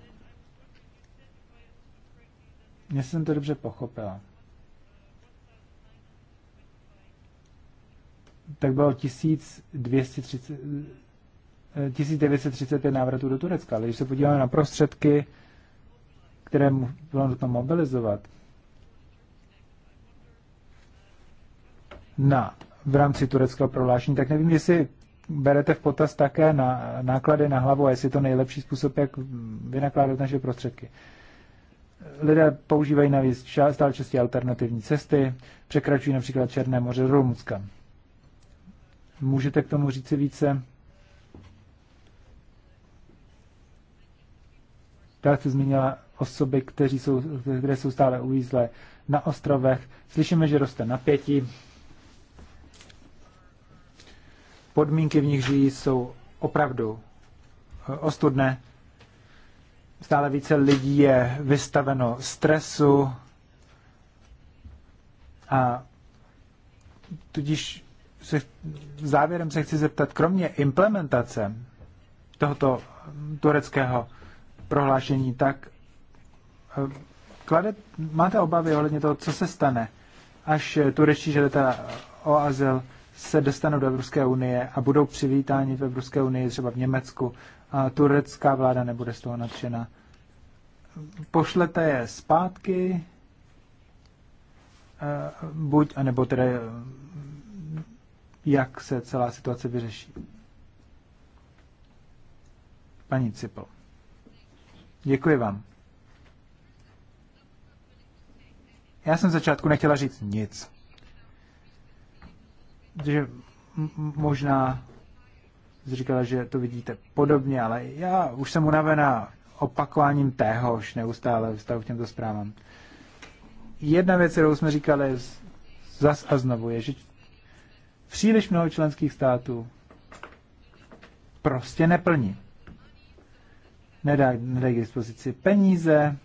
Já jsem to dobře pochopila. Tak bylo 1230, 1935 eh, návratů do Turecka, ale když se podíváme na prostředky, které bylo nutno mobilizovat, na, v rámci tureckého prohlášení, tak nevím, jestli berete v potaz také na náklady na hlavu a jestli je to nejlepší způsob, jak vynakládat naše prostředky lidé používají navíc stále častěji alternativní cesty, překračují například Černé moře do Rumunska. Můžete k tomu říci více? Dále se zmínila osoby, kteří jsou, které jsou stále uvízlé na ostrovech. Slyšíme, že roste napětí. Podmínky, v nich žijí, jsou opravdu eh, ostudné. Stále více lidí je vystaveno stresu a tudíž se, závěrem se chci zeptat, kromě implementace tohoto tureckého prohlášení, tak eh, klade, máte obavy ohledně toho, co se stane, až turečtí žadatelé o azyl se dostanou do Evropské unie a budou přivítáni v Evropské unii, třeba v Německu, a turecká vláda nebude z toho nadšená. Pošlete je zpátky, eh, buď, anebo tedy eh, jak se celá situace vyřeší. Paní Cipl. Děkuji vám. Já jsem v začátku nechtěla říct nic. Protože možná říkala, že to vidíte podobně, ale já už jsem unavená opakováním téhož neustále vztahu k těmto zprávám. Jedna věc, kterou jsme říkali zas a znovu, je, že příliš mnoho členských států prostě neplní. Nedá, nedají k dispozici peníze,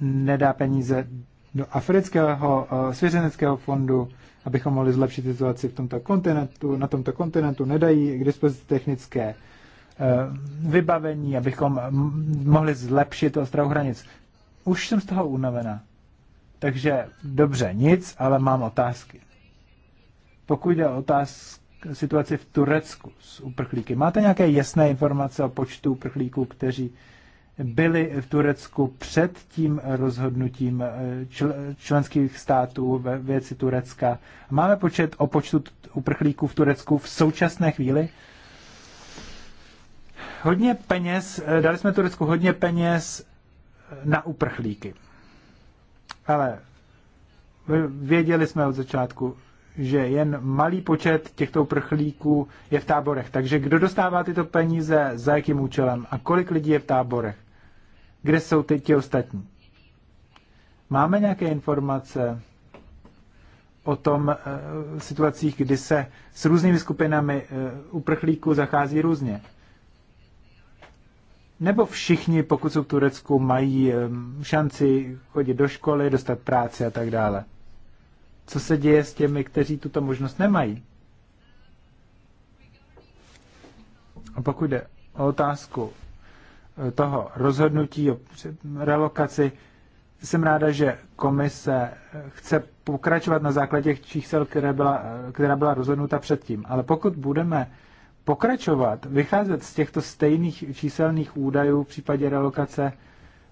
nedá peníze do afrického eh, svěřeneckého fondu, abychom mohli zlepšit situaci v tomto kontinentu, na tomto kontinentu, nedají k dispozici technické eh, vybavení, abychom mohli zlepšit ostrahu hranic. Už jsem z toho unavená. Takže dobře, nic, ale mám otázky. Pokud jde o otázky, situaci v Turecku s uprchlíky, máte nějaké jasné informace o počtu uprchlíků, kteří byli v Turecku před tím rozhodnutím eh, čl členských států ve věci Turecka. Máme počet o počtu uprchlíků v Turecku v současné chvíli? Hodně peněz, eh, dali jsme Turecku hodně peněz eh, na uprchlíky. Ale věděli jsme od začátku, že jen malý počet těchto uprchlíků je v táborech. Takže kdo dostává tyto peníze, za jakým účelem a kolik lidí je v táborech? Kde jsou teď ti ostatní? Máme nějaké informace o tom e, situacích, kdy se s různými skupinami e, uprchlíků zachází různě? Nebo všichni, pokud jsou v Turecku, mají eh, šanci chodit do školy, dostat práci a tak dále? Co se děje s těmi, kteří tuto možnost nemají? A pokud jde o otázku toho rozhodnutí o relokaci. Jsem ráda, že komise eh, chce pokračovat na základě čísel, které byla, eh, která byla rozhodnuta předtím. Ale pokud budeme pokračovat, vycházet z těchto stejných číselných údajů v případě relokace,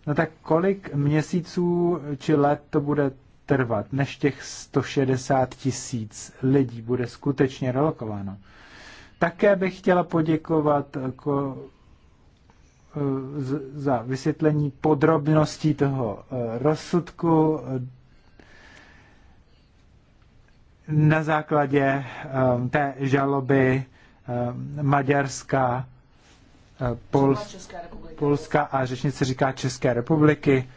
no tak kolik měsíců či let to bude trvat, než těch 160 tisíc lidí bude skutečně relokováno. Také bych chtěla poděkovat za vysvětlení podrobností toho eh, rozsudku eh, na základě eh, té žaloby Maďarska, Pols, Polska a řečnice říká České republiky.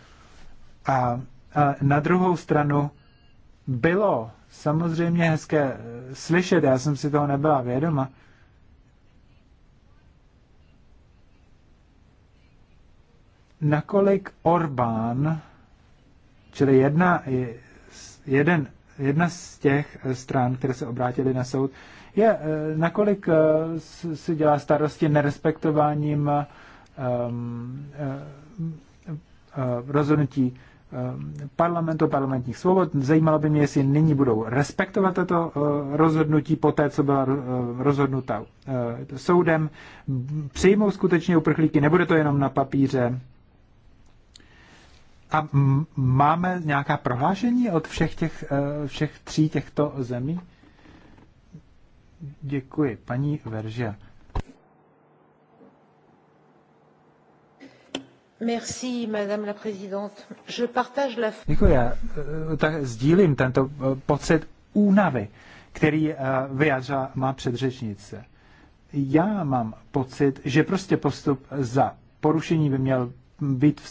A, a na druhou stranu bylo samozřejmě hezké slyšet, já jsem si toho nebyla vědoma, nakolik Orbán, čili jedna, jeden, jedna z těch eh, stran, které se obrátily na soud, je, eh, nakolik eh, si dělá starosti nerespektováním um, uh, rozhodnutí ehm, parlamentu, parlamentních svobod. Zajímalo by mě, jestli nyní budou respektovat toto rozhodnutí po té, co byla rozhodnuta soudem. Přijmou skutečně uprchlíky, nebude to jenom na papíře. A máme nějaká prohlášení od všech, těch, eh, všech tří těchto zemí? Děkuji. Paní Veržia. Merci, madame la présidente. Je partage la... Děkuji. Já eh, tak sdílím tento eh, pocit únavy, který vyjádřila má předřečnice. Já mám pocit, že prostě postup za porušení by měl být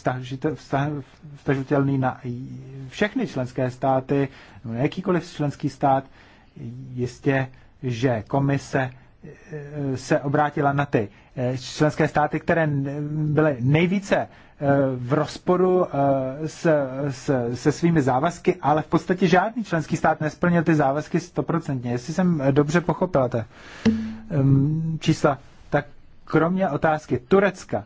vztažitelný na všechny členské státy, na jakýkoliv členský stát. Jistě, že komise e, se obrátila na ty e, členské státy, které byly nejvíce e, v rozporu s, s, se svými závazky, ale v podstatě žádný členský stát nesplnil ty závazky stoprocentně. Jestli jsem dobře pochopila ta čísla, tak kromě otázky Turecka,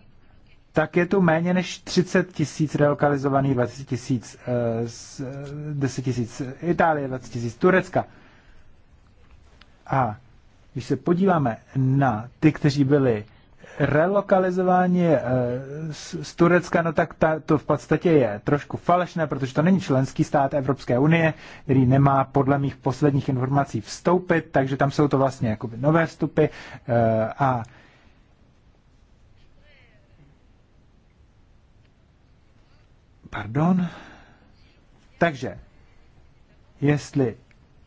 tak je tu méně než 30 tisíc relokalizovaných, 20 tisíc, 10 eh, eh, tisíc Itálie, 20 tisíc Turecka. A když se podíváme na ty, kteří byli relokalizováni eh, z Turecka, no tak ta, to v podstatě je trošku falešné, protože to není členský stát Evropské unie, který nemá podle mých posledních informací vstoupit, takže tam jsou to vlastně jakoby nové vstupy a Pardon. Takže, jestli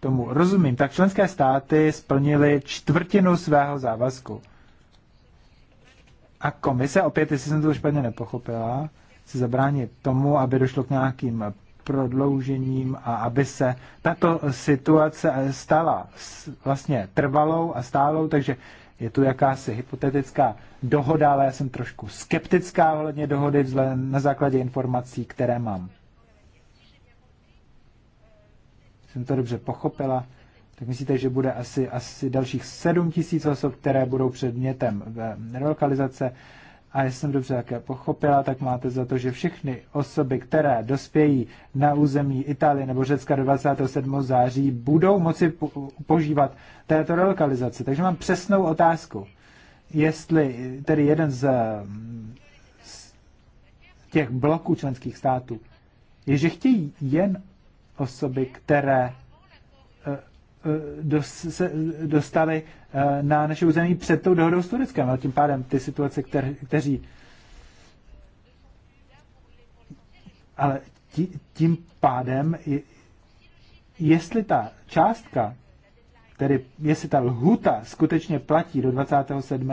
tomu rozumím, tak členské státy splnily čtvrtinu svého závazku. A komise, opět, jestli jsem to špatně nepochopila, se zabránit tomu, aby došlo k nějakým prodloužením a aby se tato situace stala vlastně trvalou a stálou, takže je tu jakási hypotetická dohoda, ale já jsem trošku skeptická ohledně dohody vzhledem na základě informací, které mám. Jsem to dobře pochopila. Tak myslíte, že bude asi, asi dalších 7 tisíc osob, které budou předmětem eh, relokalizace a jestli jsem dobře také pochopila, tak máte za to, že všechny osoby, které dospějí na území Itálie nebo Řecka do 27. září, budou moci požívat této relokalizace. Takže mám přesnou otázku. Jestli tedy jeden z, z těch bloků členských států je, že chtějí jen osoby, které Eh, se dostali eh, na naše území před tou dohodou s Tureckem. A tím pádem ty situace, kter, kteří... Ale tím pádem, jestli ta částka, tedy jestli ta lhuta skutečně platí do 27.,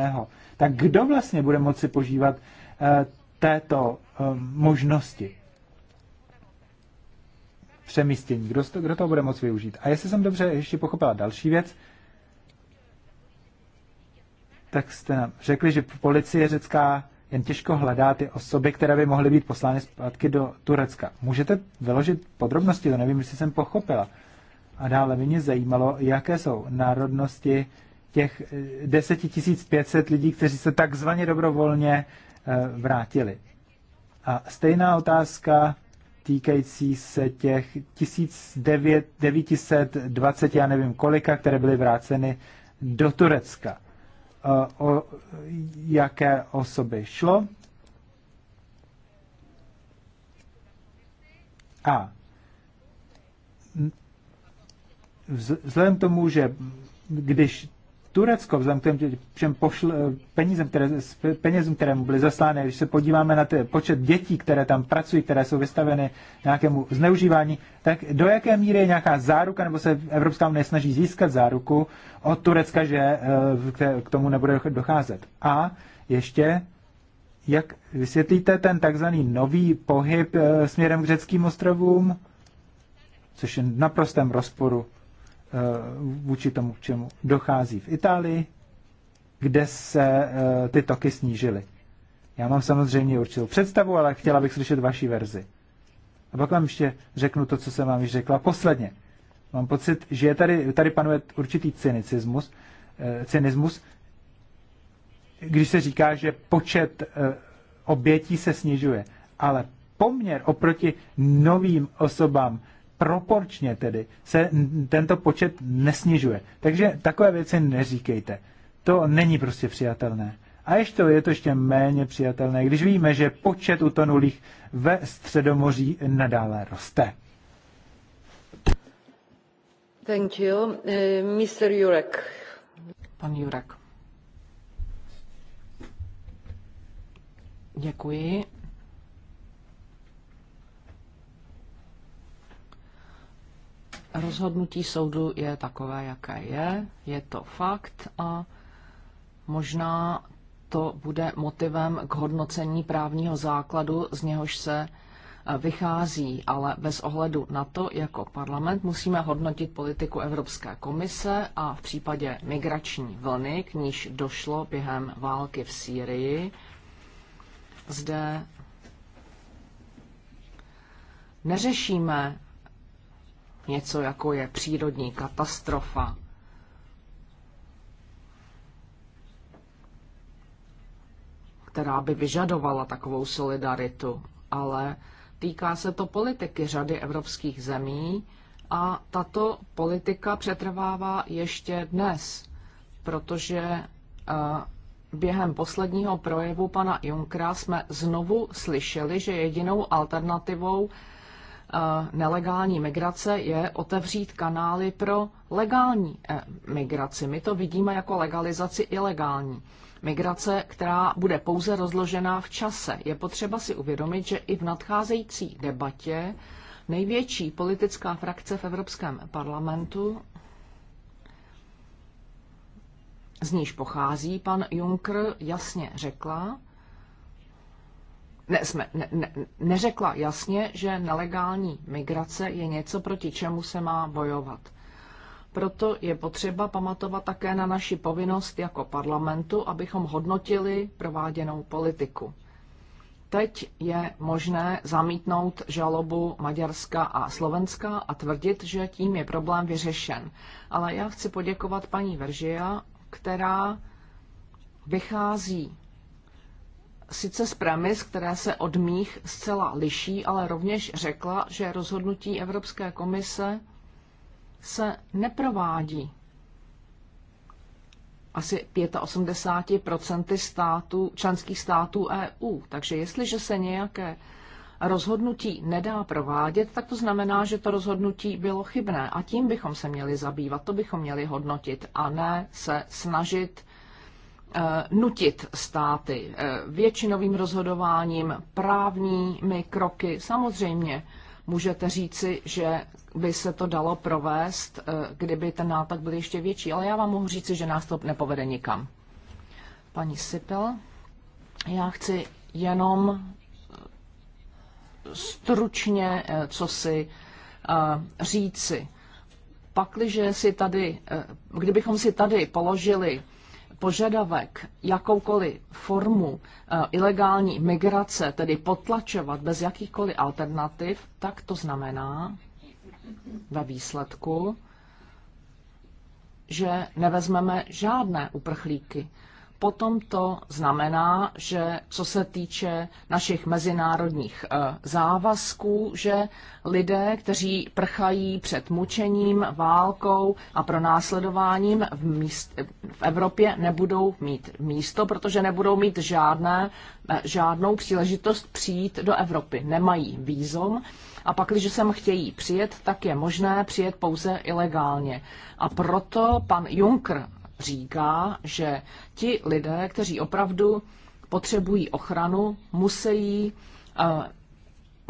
tak kdo vlastně bude moci požívat eh, této možnosti? přemístění. Kdo to, kdo to bude moct využít? A jestli jsem dobře ještě pochopila další věc, tak jste nám řekli, že policie řecká jen těžko hledá ty osoby, které by mohly být poslány zpátky do Turecka. Můžete vyložit podrobnosti, to nevím, jestli jsem pochopila. A dále mě zajímalo, jaké jsou národnosti těch 10 eh, 500 lidí, kteří se takzvaně dobrovolně eh, vrátili. A stejná otázka týkající se těch 1920, já nevím kolika, které byly vráceny do Turecka. O jaké osoby šlo? A vzhledem tomu, že když Turecko, vzhledem k těm, těm pošle, penízem, které, penězům, které mu byly zaslány, když se podíváme na počet dětí, které tam pracují, které jsou vystaveny nějakému zneužívání, tak do jaké míry je nějaká záruka, nebo se Evropská unie snaží získat záruku od Turecka, že eh, k tomu nebude docházet. A ještě, jak vysvětlíte ten takzvaný nový pohyb eh, směrem k řeckým ostrovům, což je naprostém rozporu Eh, vůči tomu, k čemu dochází v Itálii, kde se eh, ty toky snížily. Já mám samozřejmě určitou představu, ale chtěla bych slyšet vaši verzi. A pak vám ještě řeknu to, co jsem vám již řekla posledně. Mám pocit, že je tady, tady panuje určitý cynicismus, eh, cynismus, když se říká, že počet obětí se snižuje, ale poměr oproti novým osobám proporčně tedy se tento počet nesnižuje. Takže takové věci neříkejte. To není prostě přijatelné. A ještě je to ještě méně přijatelné, když víme, že počet utonulých ve Středomoří nadále roste. Thank you. Uh, eh, Mr. Jurek. Pan Jurek. Děkuji. Rozhodnutí soudu je takové, jaké je, je to fakt a možná to bude motivem k hodnocení právního základu, z něhož se e, vychází, ale bez ohledu na to, jako parlament musíme hodnotit politiku Evropské komise a v případě migrační vlny, k níž došlo během války v Sýrii, zde neřešíme něco jako je přírodní katastrofa. která by vyžadovala takovou solidaritu, ale týká se to politiky řady evropských zemí a tato politika přetrvává ještě dnes, protože eh, během posledního projevu pana Junkra jsme znovu slyšeli, že jedinou alternativou nelegální migrace je otevřít kanály pro legální eh, migraci. My to vidíme jako legalizaci ilegální. Migrace, která bude pouze rozložená v čase. Je potřeba si uvědomit, že i v nadcházející debatě největší politická frakce v Evropském parlamentu, z níž pochází pan Juncker, jasně řekla, ne, jsme, ne, ne, neřekla jasně, že nelegální migrace je něco, proti čemu se má bojovat. Proto je potřeba pamatovat také na naši povinnost jako parlamentu, abychom hodnotili prováděnou politiku. Teď je možné zamítnout žalobu Maďarska a Slovenska a tvrdit, že tím je problém vyřešen. Ale já chci poděkovat paní Veržia, která vychází sice z premis, které se od mých zcela liší, ale rovněž řekla, že rozhodnutí Evropské komise se neprovádí. Asi 85% států, členských států EU. Takže jestliže se nějaké rozhodnutí nedá provádět, tak to znamená, že to rozhodnutí bylo chybné. A tím bychom se měli zabývat, to bychom měli hodnotit a ne se snažit Eh, nutit státy eh, většinovým rozhodováním, právními kroky. Samozřejmě můžete říci, že by se to dalo provést, eh, kdyby ten nátlak byl ještě větší, ale já vám mohu říci, že nás to nepovede nikam. Paní Sipel, já chci jenom stručně co si říci. Pakliže si tady, kdybychom si tady položili požadavek jakoukoliv formu eh, ilegální migrace, tedy potlačovat bez jakýchkoliv alternativ, tak to znamená ve výsledku, že nevezmeme žádné uprchlíky potom to znamená, že co se týče našich mezinárodních eh, závazků, že lidé, kteří prchají před mučením, válkou a pronásledováním v, míst, v Evropě, nebudou mít místo, protože nebudou mít žádné, eh, žádnou příležitost přijít do Evropy. Nemají vízum a pak, když sem chtějí přijet, tak je možné přijet pouze ilegálně. A proto pan Juncker říká, že ti lidé, kteří opravdu potřebují ochranu, musí eh,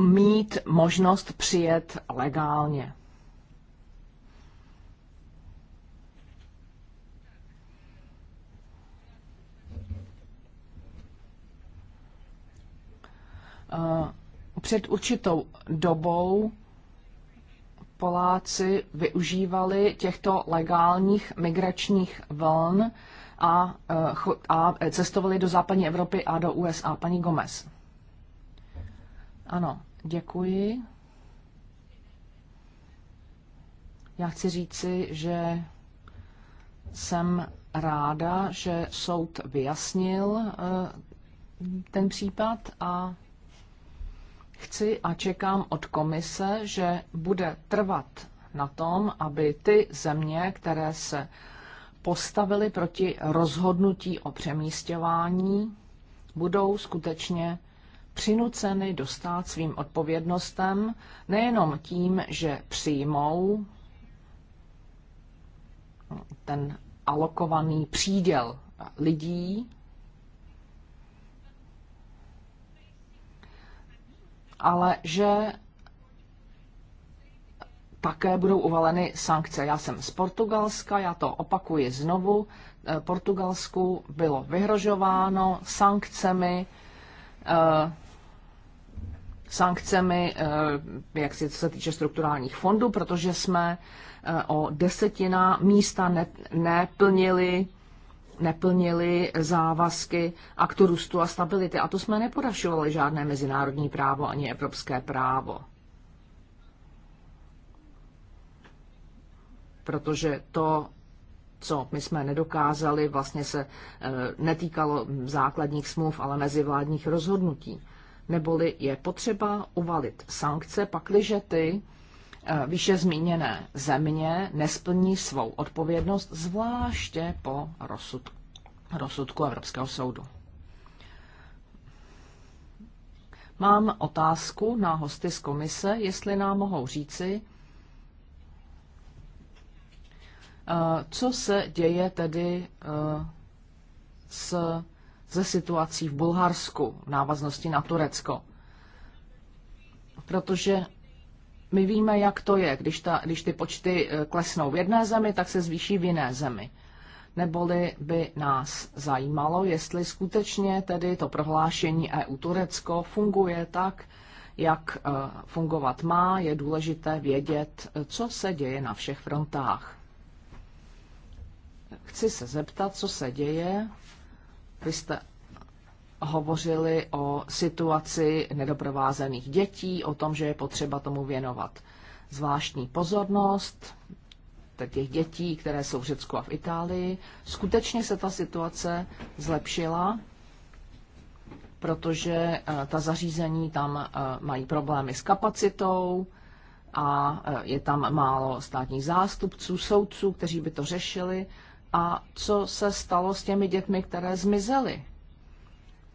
mít možnost přijet legálně. Eh, před určitou dobou Poláci využívali těchto legálních migračních vln a, e, a cestovali do západní Evropy a do USA. Paní Gomez. Ano, děkuji. Já chci říci, že jsem ráda, že soud vyjasnil e, ten případ a Chci a čekám od komise, že bude trvat na tom, aby ty země, které se postavily proti rozhodnutí o přemístěvání, budou skutečně přinuceny dostat svým odpovědnostem nejenom tím, že přijmou ten alokovaný příděl lidí, ale že také budou uvaleny sankce. Já jsem z Portugalska, já to opakuji znovu. Eh, Portugalsku bylo vyhrožováno sankcemi, eh, sankcemi, eh, jak si, se týče strukturálních fondů, protože jsme o desetina místa neplnili neplnili závazky aktu růstu a stability. A to jsme nepodašovali žádné mezinárodní právo ani evropské právo. Protože to, co my jsme nedokázali, vlastně se eh, netýkalo základních smluv, ale mezivládních rozhodnutí. Neboli je potřeba uvalit sankce, pakliže ty výše zmíněné země nesplní svou odpovědnost, zvláště po rozsudku, rozsudku Evropského soudu. Mám otázku na hosty z komise, jestli nám mohou říci, eh, co se děje tedy eh, se ze situací v Bulharsku v návaznosti na Turecko. Protože my víme, jak to je. Když, ta, když ty počty eh, klesnou v jedné zemi, tak se zvýší v jiné zemi. Neboli by nás zajímalo, jestli skutečně tedy to prohlášení EU Turecko funguje tak, jak eh, fungovat má, je důležité vědět, eh, co se děje na všech frontách. Chci se zeptat, co se děje. Vy jste hovořili o situaci nedoprovázených dětí, o tom, že je potřeba tomu věnovat zvláštní pozornost, těch dětí, které jsou v Řecku a v Itálii. Skutečně se ta situace zlepšila, protože eh, ta zařízení tam eh, mají problémy s kapacitou a eh, je tam málo státních zástupců, soudců, kteří by to řešili. A co se stalo s těmi dětmi, které zmizely?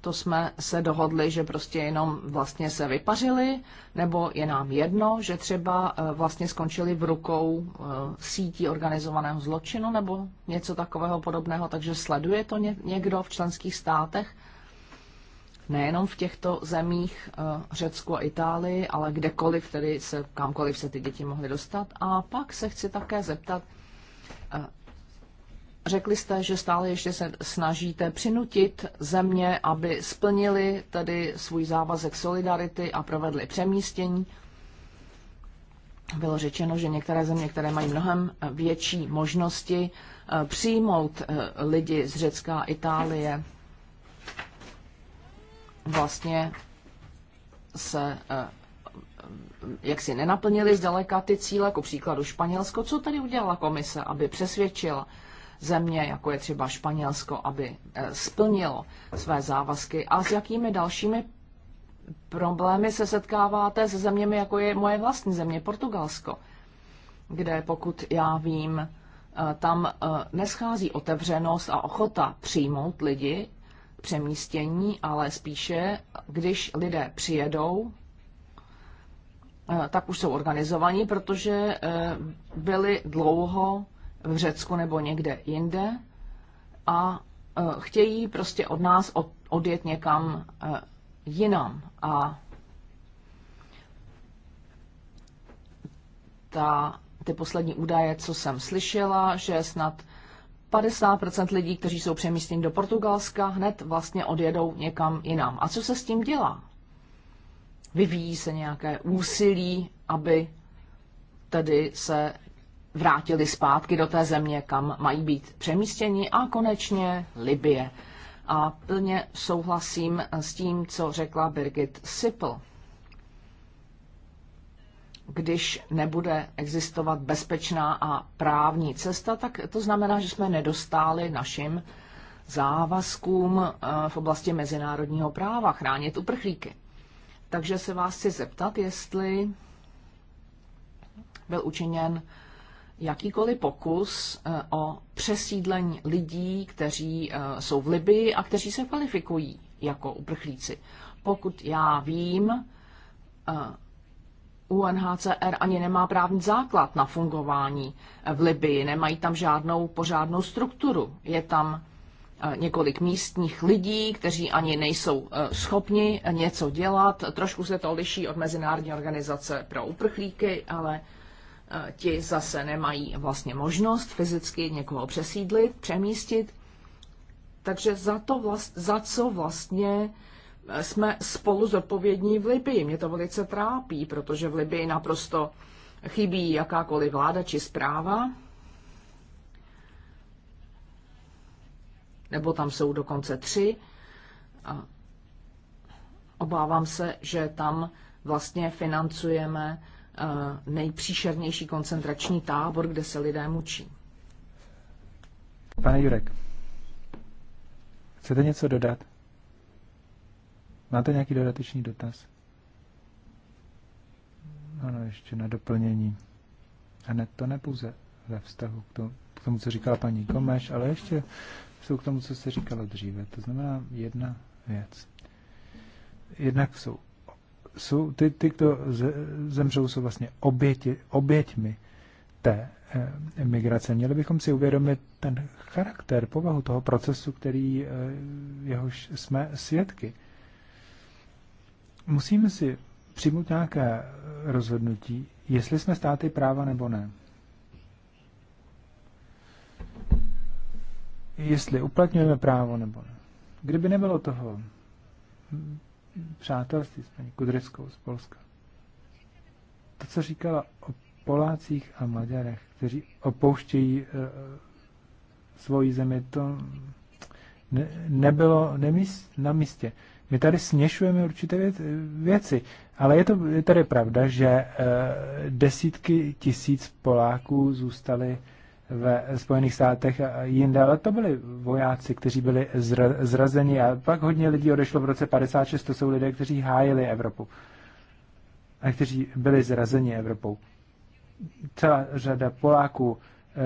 to jsme se dohodli, že prostě jenom vlastně se vypařili, nebo je nám jedno, že třeba e, vlastně skončili v rukou e, sítí organizovaného zločinu nebo něco takového podobného, takže sleduje to někdo v členských státech, nejenom v těchto zemích, e, Řecku a Itálii, ale kdekoliv, tedy se, kamkoliv se ty děti mohly dostat. A pak se chci také zeptat, Řekli jste, že stále ještě se snažíte přinutit země, aby splnili tedy svůj závazek solidarity a provedli přemístění. Bylo řečeno, že některé země, které mají mnohem větší možnosti eh, přijmout eh, lidi z Řecka a Itálie, vlastně se eh, jak si nenaplnili zdaleka ty cíle, jako příkladu Španělsko. Co tady udělala komise, aby přesvědčila země, jako je třeba Španělsko, aby eh, splnilo své závazky a s jakými dalšími problémy se setkáváte se zeměmi, jako je moje vlastní země, Portugalsko, kde, pokud já vím, eh, tam eh, neschází otevřenost a ochota přijmout lidi, přemístění, ale spíše, když lidé přijedou, tak už jsou organizovaní, protože byli dlouho v Řecku nebo někde jinde a e, chtějí prostě od nás odjet někam e, jinam. A ta, ty poslední údaje, co jsem slyšela, že snad 50% lidí, kteří jsou přemístěni do Portugalska, hned vlastně odjedou někam jinam. A co se s tím dělá? Vyvíjí se nějaké úsilí, aby tedy se vrátili zpátky do té země, kam mají být přemístěni a konečně Libie. A plně souhlasím s tím, co řekla Birgit Sipl. Když nebude existovat bezpečná a právní cesta, tak to znamená, že jsme nedostáli našim závazkům eh, v oblasti mezinárodního práva chránit uprchlíky. Takže se vás chci zeptat, jestli byl učiněn jakýkoliv pokus eh, o přesídlení lidí, kteří eh, jsou v Libii a kteří se kvalifikují jako uprchlíci. Pokud já vím, eh, UNHCR ani nemá právní základ na fungování v Libii, nemají tam žádnou pořádnou strukturu. Je tam několik místních lidí, kteří ani nejsou schopni něco dělat. Trošku se to liší od Mezinárodní organizace pro uprchlíky, ale ti zase nemají vlastně možnost fyzicky někoho přesídlit, přemístit. Takže za, to vlast, za co vlastně eh, jsme spolu zodpovědní v Libii. Mě to velice trápí, protože v Libii naprosto chybí jakákoliv vláda či zpráva. Nebo tam jsou dokonce tři. A obávám se, že tam vlastně financujeme Eh, nejpříšernější koncentrační tábor, kde se lidé mučí. Pane Jurek, chcete něco dodat? Máte nějaký dodatečný dotaz? Ano, no, ještě na doplnění. A ne, to nepouze ve vztahu k tomu, k tomu, co říkala paní Gomeš, ale ještě jsou k tomu, co se říkalo dříve. To znamená jedna věc. Jednak jsou jsou, ty, ty, kdo zemřou, jsou vlastně oběti, oběťmi té eh, migrace. Měli bychom si uvědomit ten charakter, povahu toho procesu, který eh, jehož jsme svědky. Musíme si přijmout nějaké rozhodnutí, jestli jsme státy práva nebo ne. Jestli uplatňujeme právo nebo ne. Kdyby nebylo toho přátelství s paní Kudreckou z Polska. To, co říkala o Polácích a Maďarech, kteří opouštějí e, svoji zemi, to ne, nebylo nemys, na místě. My tady směšujeme určité věc, věci, ale je, to, je tady pravda, že e, desítky tisíc Poláků zůstali ve Spojených státech a jinde, ale to byli vojáci, kteří byli zra, zrazeni a pak hodně lidí odešlo v roce 56, to jsou lidé, kteří hájili Evropu a kteří byli zrazeni Evropou. Celá řada Poláků eh,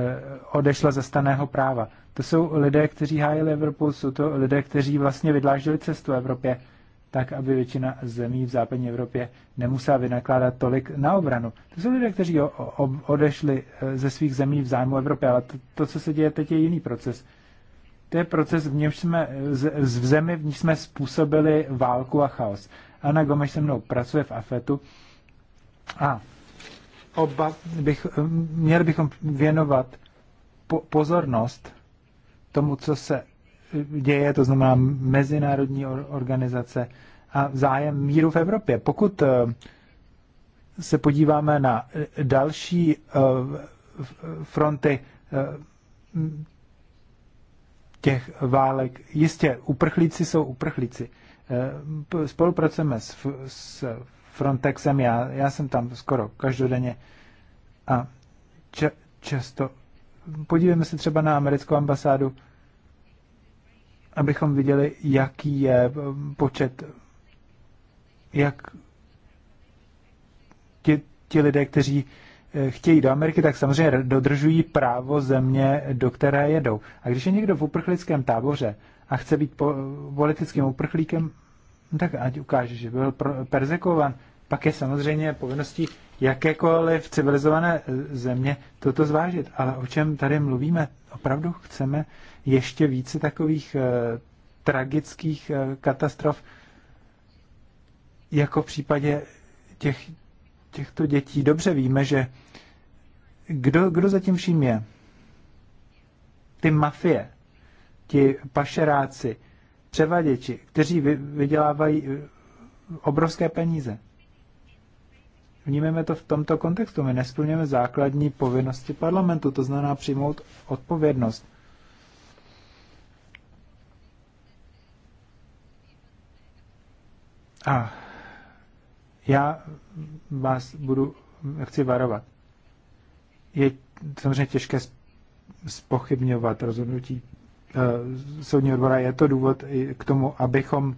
odešla ze staného práva. To jsou lidé, kteří hájili Evropu, jsou to lidé, kteří vlastně vydláždili cestu Evropě tak aby většina zemí v západní Evropě nemusela vynakládat tolik na obranu. To jsou lidé, kteří odešli eh, ze svých zemí v zájmu Evropy, ale to, to co se děje teď, je jiný proces. To je proces, v němž jsme, v eh, zemi, v níž jsme způsobili válku a chaos. Anna Gomeš se mnou pracuje v AFETu a oba bych, eh, měli bychom věnovat pozornost tomu, co se děje, to znamená mezinárodní organizace a zájem míru v Evropě. Pokud eh, se podíváme na eh, další eh, fronty těch válek, jistě uprchlíci jsou uprchlíci. Spolupracujeme s, Frontexem, já, já jsem tam skoro každodenně a často podívejme se třeba na americkou ambasádu abychom viděli, jaký je um, počet, jak ti, ti lidé, kteří eh, chtějí do Ameriky, tak samozřejmě dodržují právo země, do které jedou. A když je někdo v uprchlickém táboře a chce být po, politickým uprchlíkem, tak ať ukáže, že byl perzekovan, pak je samozřejmě povinností jakékoliv civilizované eh, země toto zvážit. Ale o čem tady mluvíme? Opravdu chceme ještě více takových eh, tragických eh, katastrof, jako v případě těch, těchto dětí. Dobře víme, že kdo, kdo zatím vším je? Ty mafie, ti pašeráci, převaděči, kteří vydělávají obrovské peníze. Vnímeme to v tomto kontextu. My nesplňujeme základní povinnosti parlamentu, to znamená přijmout odpovědnost. A já vás budu, chci varovat. Je samozřejmě těžké spochybňovat rozhodnutí eh, soudního dvora. Je to důvod k tomu, abychom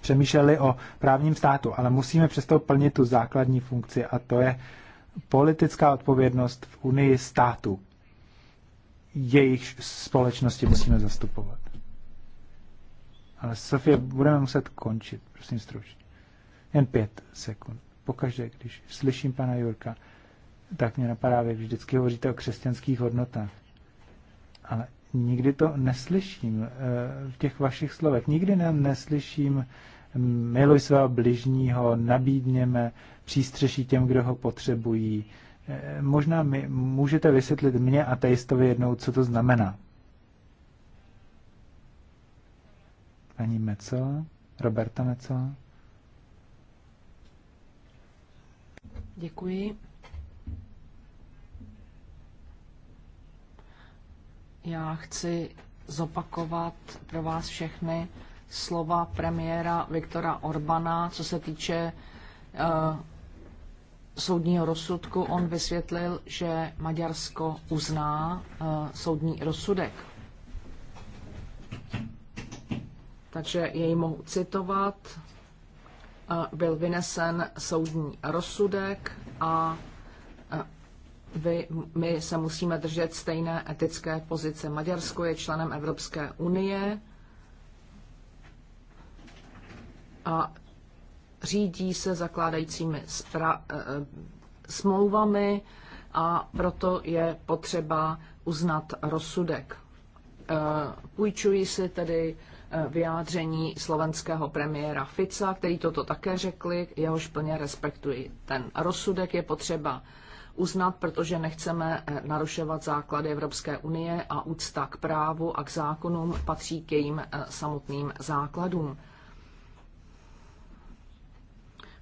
přemýšleli o právním státu, ale musíme přesto plnit tu základní funkci a to je politická odpovědnost v Unii států. Jejich společnosti musíme zastupovat. Ale Sofie, budeme muset končit, prosím stručně. Jen pět sekund. Pokaždé, když slyším pana Jurka, tak mě napadá, jak vždycky hovoříte o křesťanských hodnotách. Ale Nikdy to neslyším eh, v těch vašich slovech. Nikdy nám neslyším mm, miluj svého bližního, nabídněme přístřeší těm, kdo ho potřebují. Eh, možná mi, můžete vysvětlit mě a teistovi jednou, co to znamená. Paní Mecola, Roberta Mecola. Děkuji. Já chci zopakovat pro vás všechny slova premiéra Viktora Orbana, co se týče uh, soudního rozsudku. On vysvětlil, že Maďarsko uzná uh, soudní rozsudek. Takže jej mohu citovat. Uh, byl vynesen soudní rozsudek a vy, my se musíme držet stejné etické pozice. Maďarsko je členem Evropské unie a řídí se zakládajícími spra- eh, eh, smlouvami a proto je potřeba uznat rozsudek. Eh, půjčuji si tedy vyjádření slovenského premiéra Fica, který toto také řekli, jehož plně respektuji. Ten rozsudek je potřeba uznat, protože nechceme eh, narušovat základy Evropské unie a úcta k právu a k zákonům patří k jejím eh, samotným základům.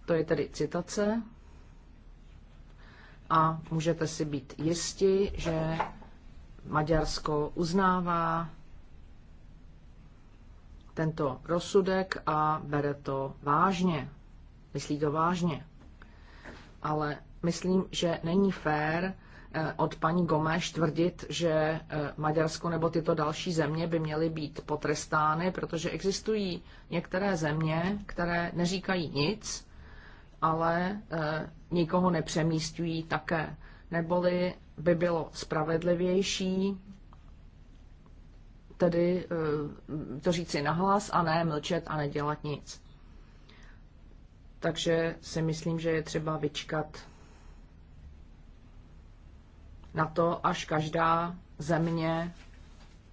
To je tedy citace a můžete si být jisti, že Maďarsko uznává tento rozsudek a bere to vážně. Myslí to vážně. Ale myslím, že není fér eh, od paní Gomeš tvrdit, že eh, Maďarsko nebo tyto další země by měly být potrestány, protože existují některé země, které neříkají nic, ale eh, nikoho nepřemístují také. Neboli by bylo spravedlivější tedy to říci nahlas a ne mlčet a nedělat nic. Takže si myslím, že je třeba vyčkat na to, až každá země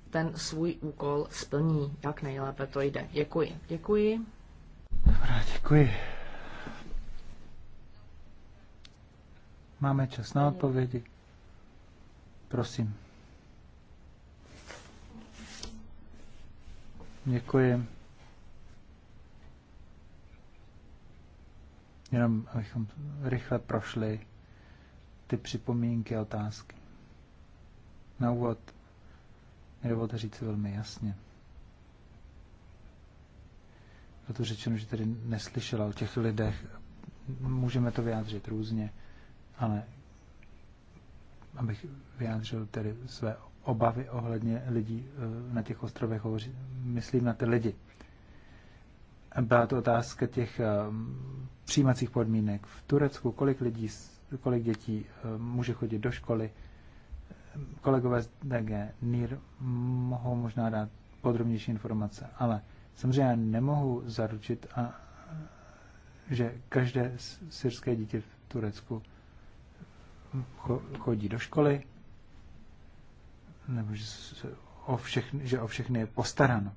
ten svůj úkol splní, jak nejlépe to jde. Děkuji. Děkuji. Dobrá, děkuji. Máme čas na odpovědi. Prosím. Děkuji. Jenom abychom rychle prošli ty připomínky a otázky. Na úvod mi dovolte říct velmi jasně. Bylo to řečeno, že tady neslyšela o těch lidech. Můžeme to vyjádřit různě, ale abych vyjádřil tedy své obavy ohledně lidí eh, na těch ostrovech, hovoří, myslím na ty lidi. Byla to otázka těch eh, přijímacích podmínek. V Turecku kolik lidí kolik dětí eh, může chodit do školy. Kolegové z DG NIR mohou možná dát podrobnější informace, ale samozřejmě já nemohu zaručit, a, že každé syrské dítě v Turecku chodí do školy, nebo že o všechny, že o všechny je postaráno.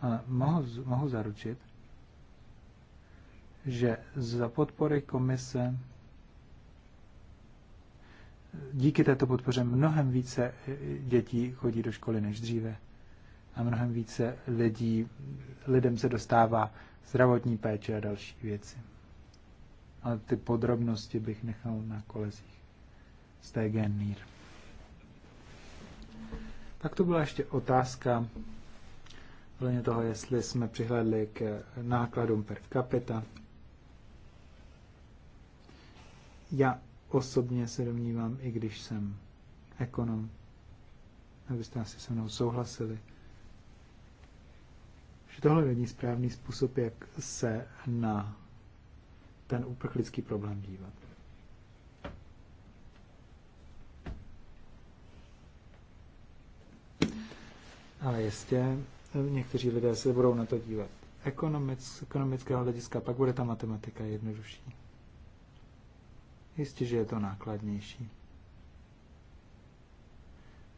Ale mohu, mohu zaručit, že za podpory komise díky této podpoře mnohem více eh, dětí chodí do školy než dříve a mnohem více lidí, lidem se dostává zdravotní péče a další věci. Ale ty podrobnosti bych nechal na kolezích. té Nír. Tak to byla ještě otázka ohledně toho, jestli jsme přihledli k nákladům per capita. Já osobně se domnívám, i když jsem ekonom, abyste asi se mnou souhlasili, že tohle není správný způsob, jak se na ten uprchlický problém dívat. Ale jistě, někteří lidé se budou na to dívat ekonomic, ekonomického hlediska, pak bude ta matematika jednodušší. Jistě, že je to nákladnější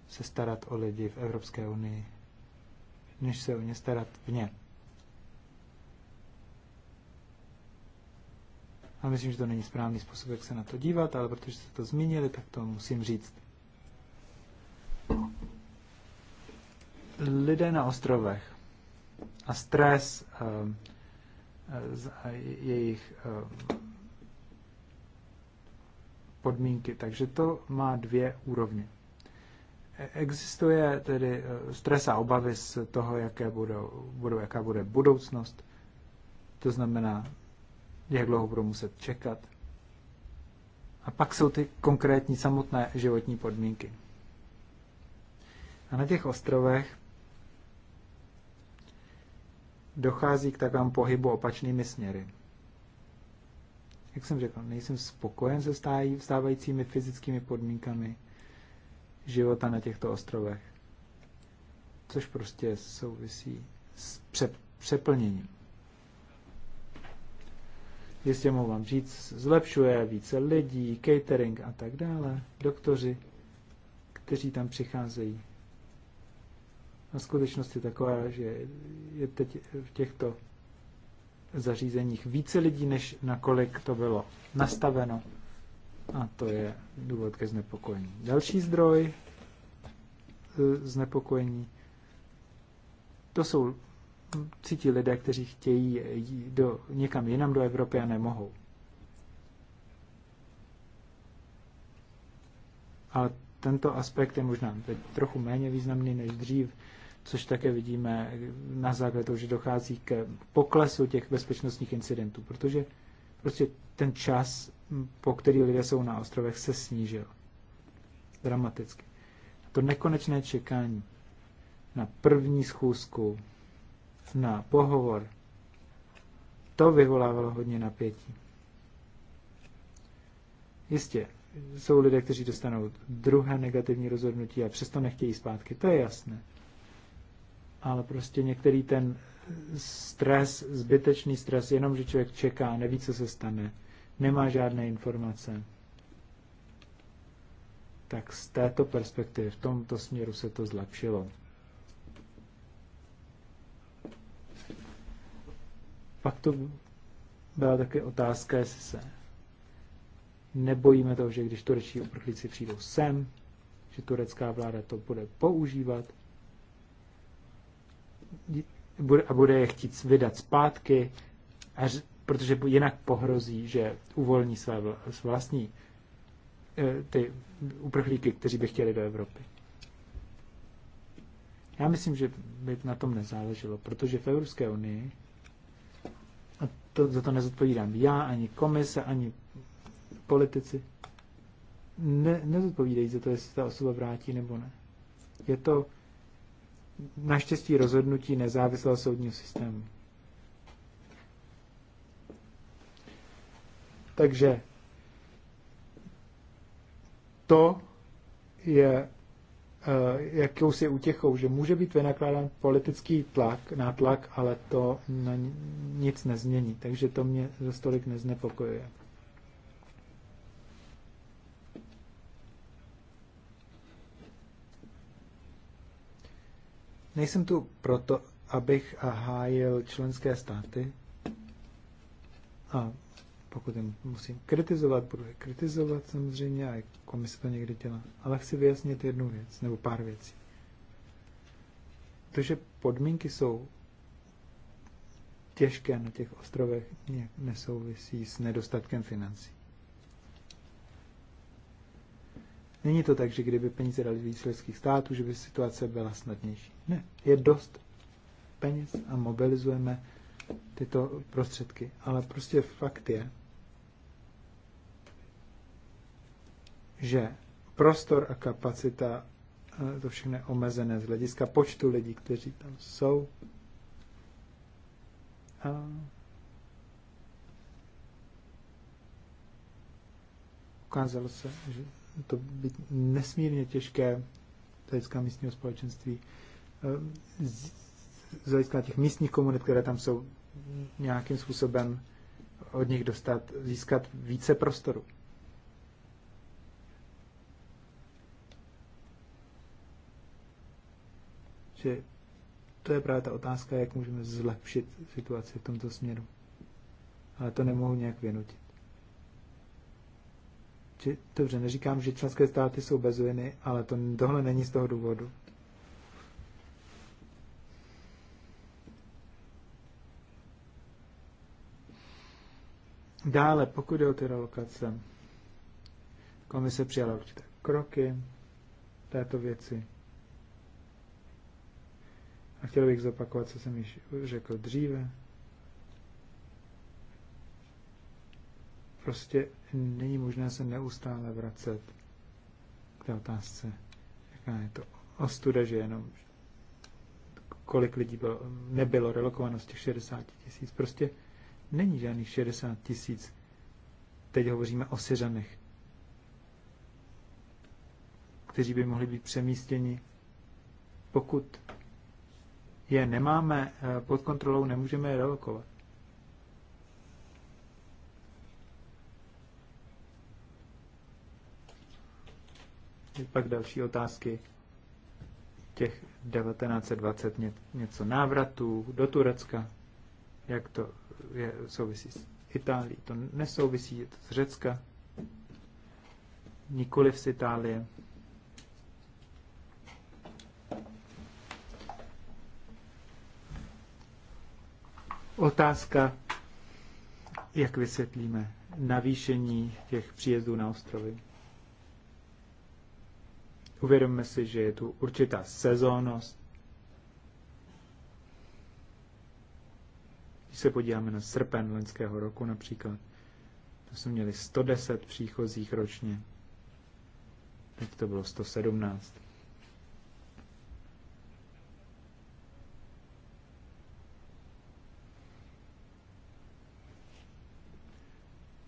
se starat o lidi v Evropské unii, než se o ně starat vně. A myslím, že to není správný způsob, jak se na to dívat, ale protože jste to zmínili, tak to musím říct. Lidé na ostrovech a stres a, eh, eh, jejich eh, podmínky. Takže to má dvě úrovně. E, existuje tedy e, stres a obavy z toho, jaké budou, budou, jaká bude budoucnost, to znamená, jak dlouho budou muset čekat. A pak jsou ty konkrétní samotné životní podmínky. A na těch ostrovech dochází k takovému pohybu opačnými směry jak jsem řekl, nejsem spokojen se stájí, stávajícími fyzickými podmínkami života na těchto ostrovech, což prostě souvisí s přeplněním. Jistě mohu vám říct, zlepšuje více lidí, catering a tak dále, doktoři, kteří tam přicházejí. A skutečnost je taková, že je teď v těchto zařízeních více lidí, než nakolik to bylo nastaveno. A to je důvod ke znepokojení. Další zdroj e, znepokojení to jsou cítí lidé, kteří chtějí jít do, někam jinam do Evropy a nemohou. Ale tento aspekt je možná teď trochu méně významný než dřív což také vidíme na základě toho, že dochází k poklesu těch bezpečnostních incidentů, protože prostě ten čas, po který lidé jsou na ostrovech, se snížil dramaticky. To nekonečné čekání na první schůzku, na pohovor, to vyvolávalo hodně napětí. Jistě, jsou lidé, kteří dostanou druhé negativní rozhodnutí a přesto nechtějí zpátky, to je jasné ale prostě některý ten stres, zbytečný stres, jenom že člověk čeká, neví, co se stane, nemá žádné informace. Tak z této perspektivy, v tomto směru se to zlepšilo. Pak to byla také otázka, jestli se nebojíme toho, že když turečtí uprchlíci přijdou sem, že turecká vláda to bude používat a bude je chtít vydat zpátky, až, protože jinak pohrozí, že uvolní své vlastní eh, ty uprchlíky, kteří by chtěli do Evropy. Já myslím, že by na tom nezáleželo, protože v Evropské unii, a to, za to nezodpovídám já, ani komise, ani politici, ne, nezodpovídají za to, jestli ta osoba vrátí nebo ne. Je to naštěstí rozhodnutí nezávislého soudního systému. Takže to je eh, jakousi útěchou, že může být vynakládán politický tlak, nátlak, ale to na nic nezmění. Takže to mě za tolik neznepokojuje. Nejsem tu proto, abych hájil členské státy. A pokud jim musím kritizovat, budu je kritizovat samozřejmě, a komise to někdy dělá. Ale chci vyjasnit jednu věc, nebo pár věcí. To, že podmínky jsou těžké na těch ostrovech, nesouvisí s nedostatkem financí. Není to tak, že kdyby peníze dali víc lidských států, že by situace byla snadnější. Ne, je dost peněz a mobilizujeme tyto prostředky. Ale prostě fakt je, že prostor a kapacita, eh, to všechno je omezené z hlediska počtu lidí, kteří tam jsou. A ukázalo se, že to být nesmírně těžké z hlediska místního společenství, eh, z hlediska těch místních komunit, které tam jsou, nějakým způsobem od nich dostat, získat více prostoru. Že to je právě ta otázka, jak můžeme zlepšit situaci v tomto směru. Ale to nemohu nějak vynutit či, dobře, neříkám, že členské státy jsou bez viny, ale to, tohle není z toho důvodu. Dále, pokud jde o ty relokace, komise přijala určité kroky této věci. A chtěl bych zopakovat, co jsem již řekl dříve. prostě není možné se neustále vracet k té otázce, jaká je to ostuda, že jenom kolik lidí bylo, nebylo relokováno z těch 60 tisíc. Prostě není žádných 60 tisíc. Teď hovoříme o Syřanech, kteří by mohli být přemístěni. Pokud je nemáme eh, pod kontrolou, nemůžeme je relokovat. Pak další otázky těch 1920 něco návratů do Turecka, jak to je, souvisí s Itálií, to nesouvisí, je to z Řecka, nikoli z Itálie. Otázka, jak vysvětlíme navýšení těch příjezdů na ostrovy. Uvědomme si, že je tu určitá sezónnost. Když se podíváme na srpen loňského roku například, to jsme měli 110 příchozích ročně. Teď to bylo 117.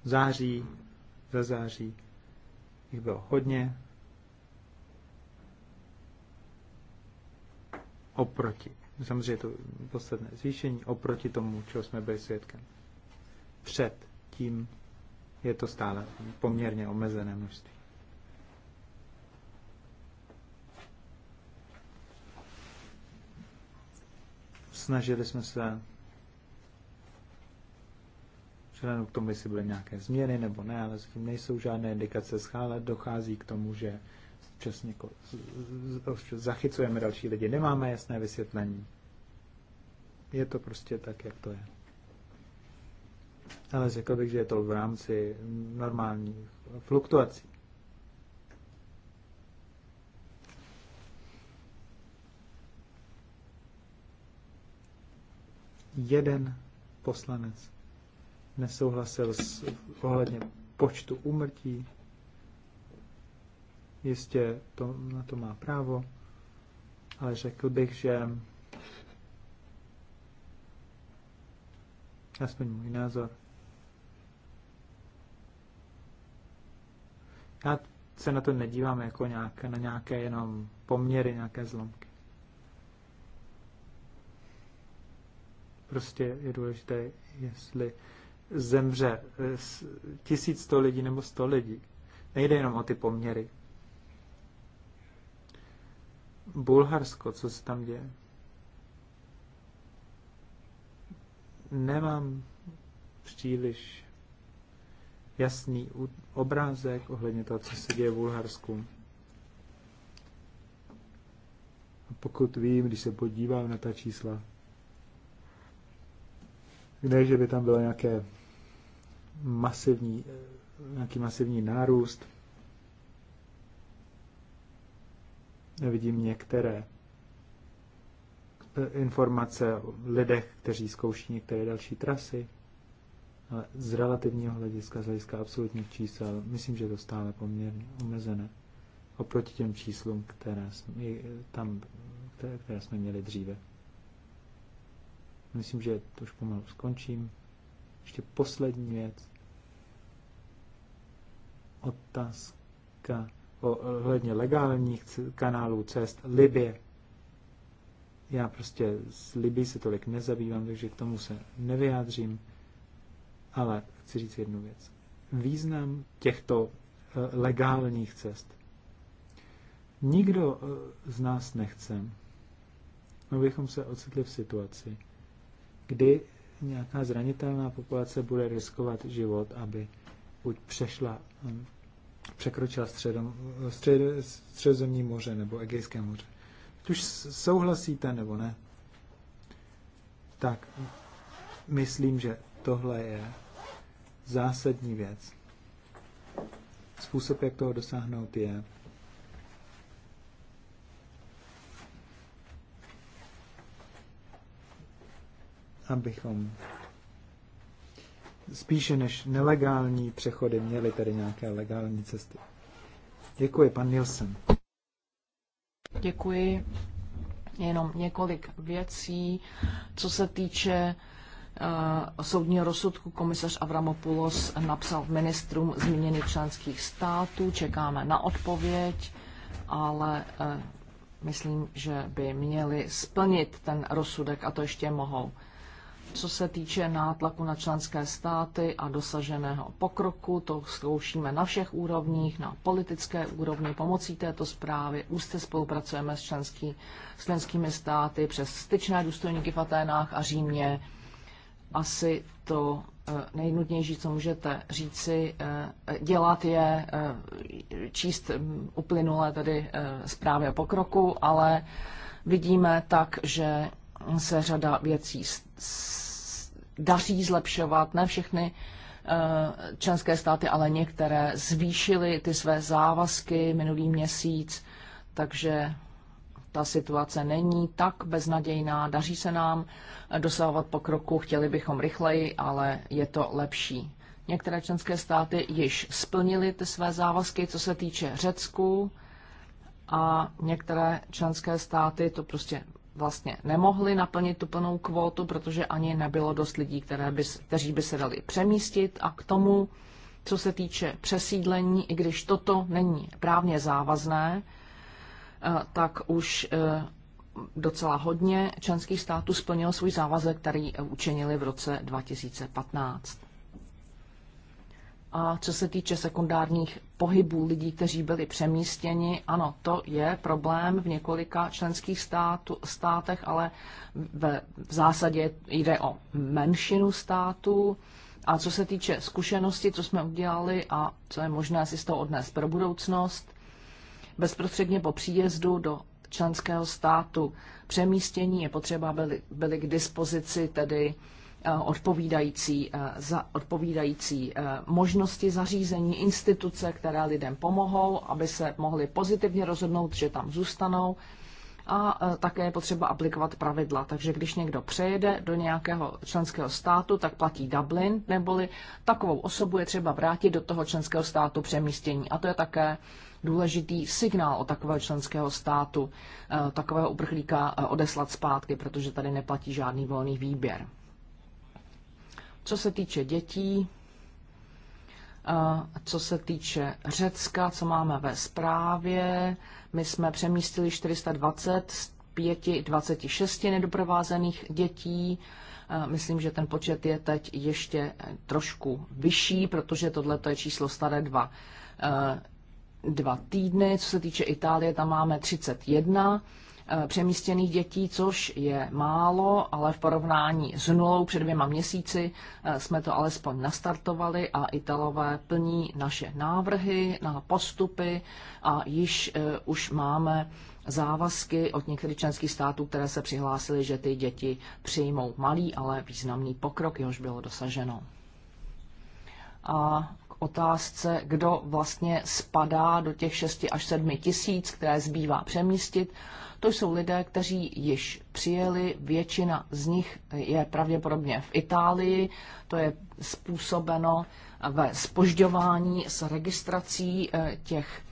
V září, za září jich bylo hodně, oproti, samozřejmě to posledné zvýšení oproti tomu, čeho jsme byli svědkem. Před tím je to stále poměrně omezené množství. Snažili jsme se vzhledem k tomu, jestli byly nějaké změny nebo ne, ale zatím nejsou žádné indikace schále, dochází k tomu, že přesně někoho prostě zachycujeme další lidi, nemáme jasné vysvětlení. Je to prostě tak, jak to je. Ale řekl bych, že je to v rámci normální fluktuací. Jeden poslanec nesouhlasil s, ohledně počtu úmrtí Jistě to, na to má právo, ale řekl bych, že aspoň můj názor. Já se na to nedívám jako nějak, na nějaké jenom poměry, nějaké zlomky. Prostě je důležité, jestli zemře 1100 eh, lidí nebo 100 lidí. Nejde jenom o ty poměry. Bulharsko, co se tam děje. Nemám příliš jasný obrázek ohledně toho, co se děje v Bulharsku. A pokud vím, když se podívám na ta čísla, ne, že by tam bylo nějaké masivní, nějaký masivní nárůst, vidím některé informace o lidech, kteří zkouší některé další trasy, ale z relativního hlediska, z hlediska absolutních čísel, myslím, že je to stále poměrně omezené oproti těm číslům, které jsme, tam, které, které jsme měli dříve. Myslím, že to už pomalu skončím. Ještě poslední věc. Otázka ohledně legálních kanálů cest Libie. Já prostě s Libí se tolik nezabývám, takže k tomu se nevyjádřím, ale chci říct jednu věc. Význam těchto eh, legálních cest. Nikdo eh, z nás nechce, abychom se ocitli v situaci, kdy nějaká zranitelná populace bude riskovat život, aby buď přešla hm, překročila středom, střed, středozemní moře nebo Egejské moře. už souhlasíte nebo ne? Tak, myslím, že tohle je zásadní věc. Způsob, jak toho dosáhnout, je abychom spíše než nelegální přechody měly tedy nějaké legální cesty. Děkuji, pan Nielsen. Děkuji. Jenom několik věcí, co se týče uh, soudního rozsudku komisař Avramopoulos napsal ministrům zmíněných členských států. Čekáme na odpověď, ale uh, myslím, že by měli splnit ten rozsudek a to ještě mohou co se týče nátlaku na členské státy a dosaženého pokroku, to zkoušíme na všech úrovních, na politické úrovni pomocí této zprávy. Úzce spolupracujeme s, členský, s členskými státy přes styčné důstojníky v Aténách a Římě. Asi to eh, nejnutnější, co můžete říci, eh, dělat je eh, číst hm, uplynulé tedy zprávy o pokroku, ale vidíme tak, že se řada věcí daří zlepšovat. Ne všechny eh, členské státy, ale některé zvýšily ty své závazky minulý měsíc, takže ta situace není tak beznadějná, daří se nám dosahovat pokroku, chtěli bychom rychleji, ale je to lepší. Některé členské státy již splnily ty své závazky, co se týče Řecku, a některé členské státy to prostě vlastně nemohli naplnit tu plnou kvótu, protože ani nebylo dost lidí, které by, kteří by se dali přemístit. A k tomu, co se týče přesídlení, i když toto není právně závazné, eh, tak už eh, docela hodně členských států splnilo svůj závazek, který eh, učinili v roce 2015. A co se týče sekundárních pohybů lidí, kteří byli přemístěni, ano, to je problém v několika členských státu, státech, ale v, v zásadě jde o menšinu států. A co se týče zkušenosti, co jsme udělali a co je možné si z toho odnést pro budoucnost, bezprostředně po příjezdu do členského státu přemístění je potřeba, byly, byly k dispozici tedy Eh, odpovídající, eh, za, odpovídající eh, možnosti zařízení, instituce, které lidem pomohou, aby se mohli pozitivně rozhodnout, že tam zůstanou. A také je potřeba aplikovat pravidla. Takže když někdo přejede do nějakého členského státu, tak platí Dublin, neboli takovou osobu je třeba vrátit do toho členského státu přemístění. A to je také důležitý signál o takového členského státu, takového uprchlíka odeslat zpátky, protože tady neplatí žádný volný výběr. Co se týče dětí, co se týče Řecka, co máme ve zprávě, my jsme přemístili 420 z 5 26 nedoprovázených dětí. Myslím, že ten počet je teď ještě trošku vyšší, protože tohle je číslo staré dva, dva týdny. Co se týče Itálie, tam máme 31 Eh, přemístěných dětí, což je málo, ale v porovnání s nulou před dvěma měsíci eh, jsme to alespoň nastartovali a Italové plní naše návrhy na postupy a již eh, už máme závazky od některých členských států, které se přihlásily, že ty děti přijmou malý, ale významný pokrok, jehož bylo dosaženo. A k otázce, kdo vlastně spadá do těch 6 až 7 tisíc, které zbývá přemístit, to jsou lidé, kteří již přijeli, většina z nich je pravděpodobně v Itálii, to je způsobeno ve spožďování s registrací eh, těch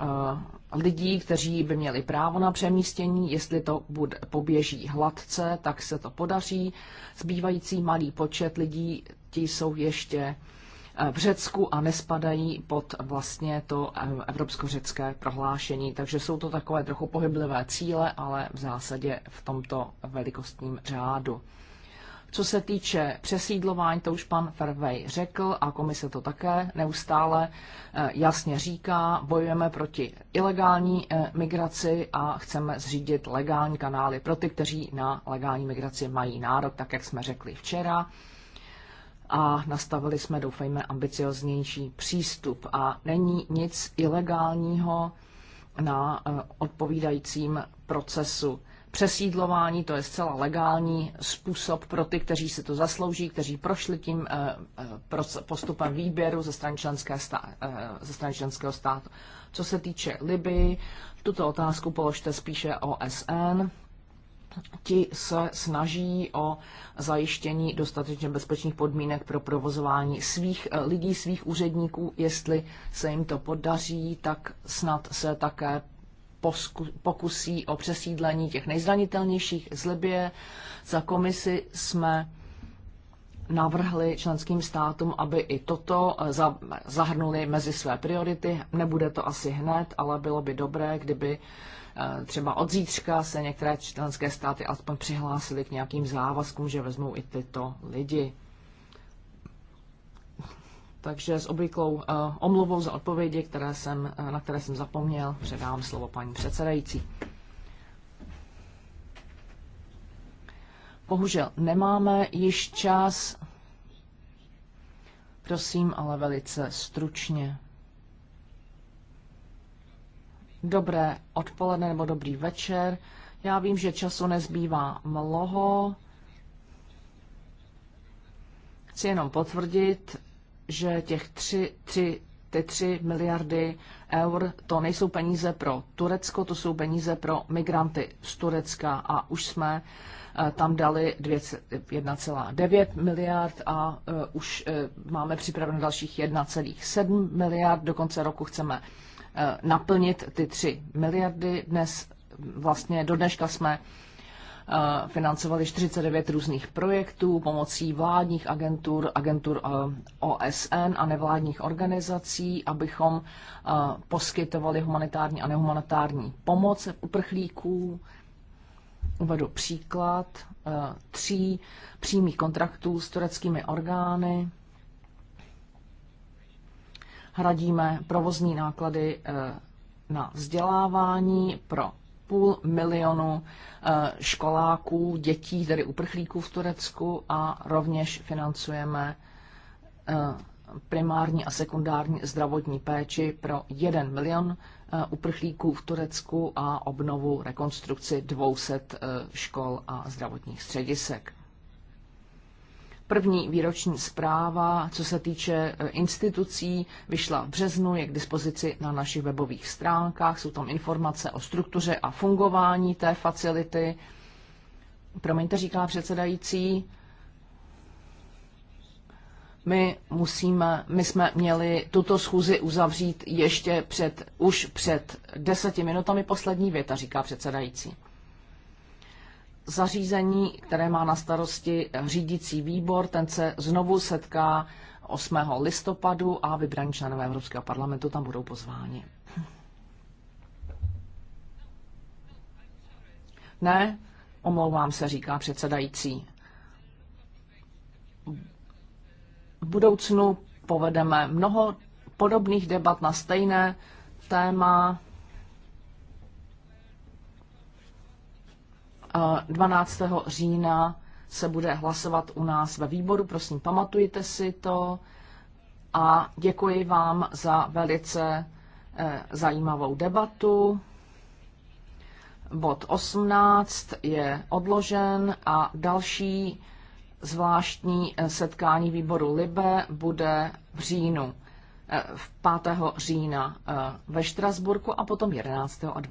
eh, lidí, kteří by měli právo na přemístění. Jestli to bude, poběží hladce, tak se to podaří. Zbývající malý počet lidí, ti jsou ještě v Řecku a nespadají pod vlastně to eh, evropsko-řecké prohlášení. Takže jsou to takové trochu pohyblivé cíle, ale v zásadě v tomto velikostním řádu. Co se týče přesídlování, to už pan Fervej řekl a komise to také neustále eh, jasně říká. Bojujeme proti ilegální eh, migraci a chceme zřídit legální kanály pro ty, kteří na legální migraci mají nárok, tak jak jsme řekli včera a nastavili jsme, doufejme, ambicioznější přístup. A není nic ilegálního na e, odpovídajícím procesu přesídlování, to je zcela legální způsob pro ty, kteří si to zaslouží, kteří prošli tím e, e, postupem výběru ze strany, členské stá, ze strany členského státu. Co se týče Liby, tuto otázku položte spíše OSN ti se snaží o zajištění dostatečně bezpečných podmínek pro provozování svých eh, lidí, svých úředníků. Jestli se jim to podaří, tak snad se také pokusí o přesídlení těch nejzranitelnějších z Libie. Za komisi jsme navrhli členským státům, aby i toto eh, zahrnuli mezi své priority. Nebude to asi hned, ale bylo by dobré, kdyby Eh, třeba od zítřka se některé členské státy alespoň přihlásily k nějakým závazkům, že vezmou i tyto lidi. Takže s obvyklou eh, omluvou za odpovědi, které jsem, eh, na které jsem zapomněl, předám slovo paní předsedající. Bohužel nemáme již čas. Prosím, ale velice stručně. Dobré odpoledne nebo dobrý večer. Já vím, že času nezbývá mnoho. Chci jenom potvrdit, že těch tři, tři, ty tři miliardy eur to nejsou peníze pro Turecko, to jsou peníze pro migranty z Turecka a už jsme eh, tam dali 1,9 miliard a eh, už eh, máme připraveno dalších 1,7 miliard. Do konce roku chceme Eh, naplnit ty 3 miliardy. Dnes vlastně do dneška jsme eh, financovali 49 různých projektů pomocí vládních agentur, agentur eh, OSN a nevládních organizací, abychom poskytovali humanitární a nehumanitární pomoc uprchlíků. Uvedu příklad tří přímých kontraktů s tureckými orgány hradíme provozní náklady eh, na vzdělávání pro půl milionu eh, školáků, dětí, tedy uprchlíků v Turecku a rovněž financujeme eh, primární a sekundární zdravotní péči pro 1 milion uprchlíků v Turecku a obnovu rekonstrukci 200 škol a zdravotních středisek. První výroční zpráva, co se týče e, institucí, vyšla v březnu, je k dispozici na našich webových stránkách. Jsou tam informace o struktuře a fungování té facility. Promiňte, říká předsedající, my musíme, my jsme měli tuto schůzi uzavřít ještě před, už před deseti minutami poslední věta, říká předsedající zařízení, které má na starosti řídící výbor, ten se znovu setká 8. listopadu a vybraní členové Evropského parlamentu tam budou pozváni. Ne, omlouvám se, říká předsedající. V budoucnu povedeme mnoho podobných debat na stejné téma 12. října se bude hlasovat u nás ve výboru. Prosím, pamatujte si to a děkuji vám za velice eh, zajímavou debatu. Bod 18 je odložen a další zvláštní eh, setkání výboru Libe bude v říjnu, eh, v 5. října ve Štrasburku a potom 11. a 12.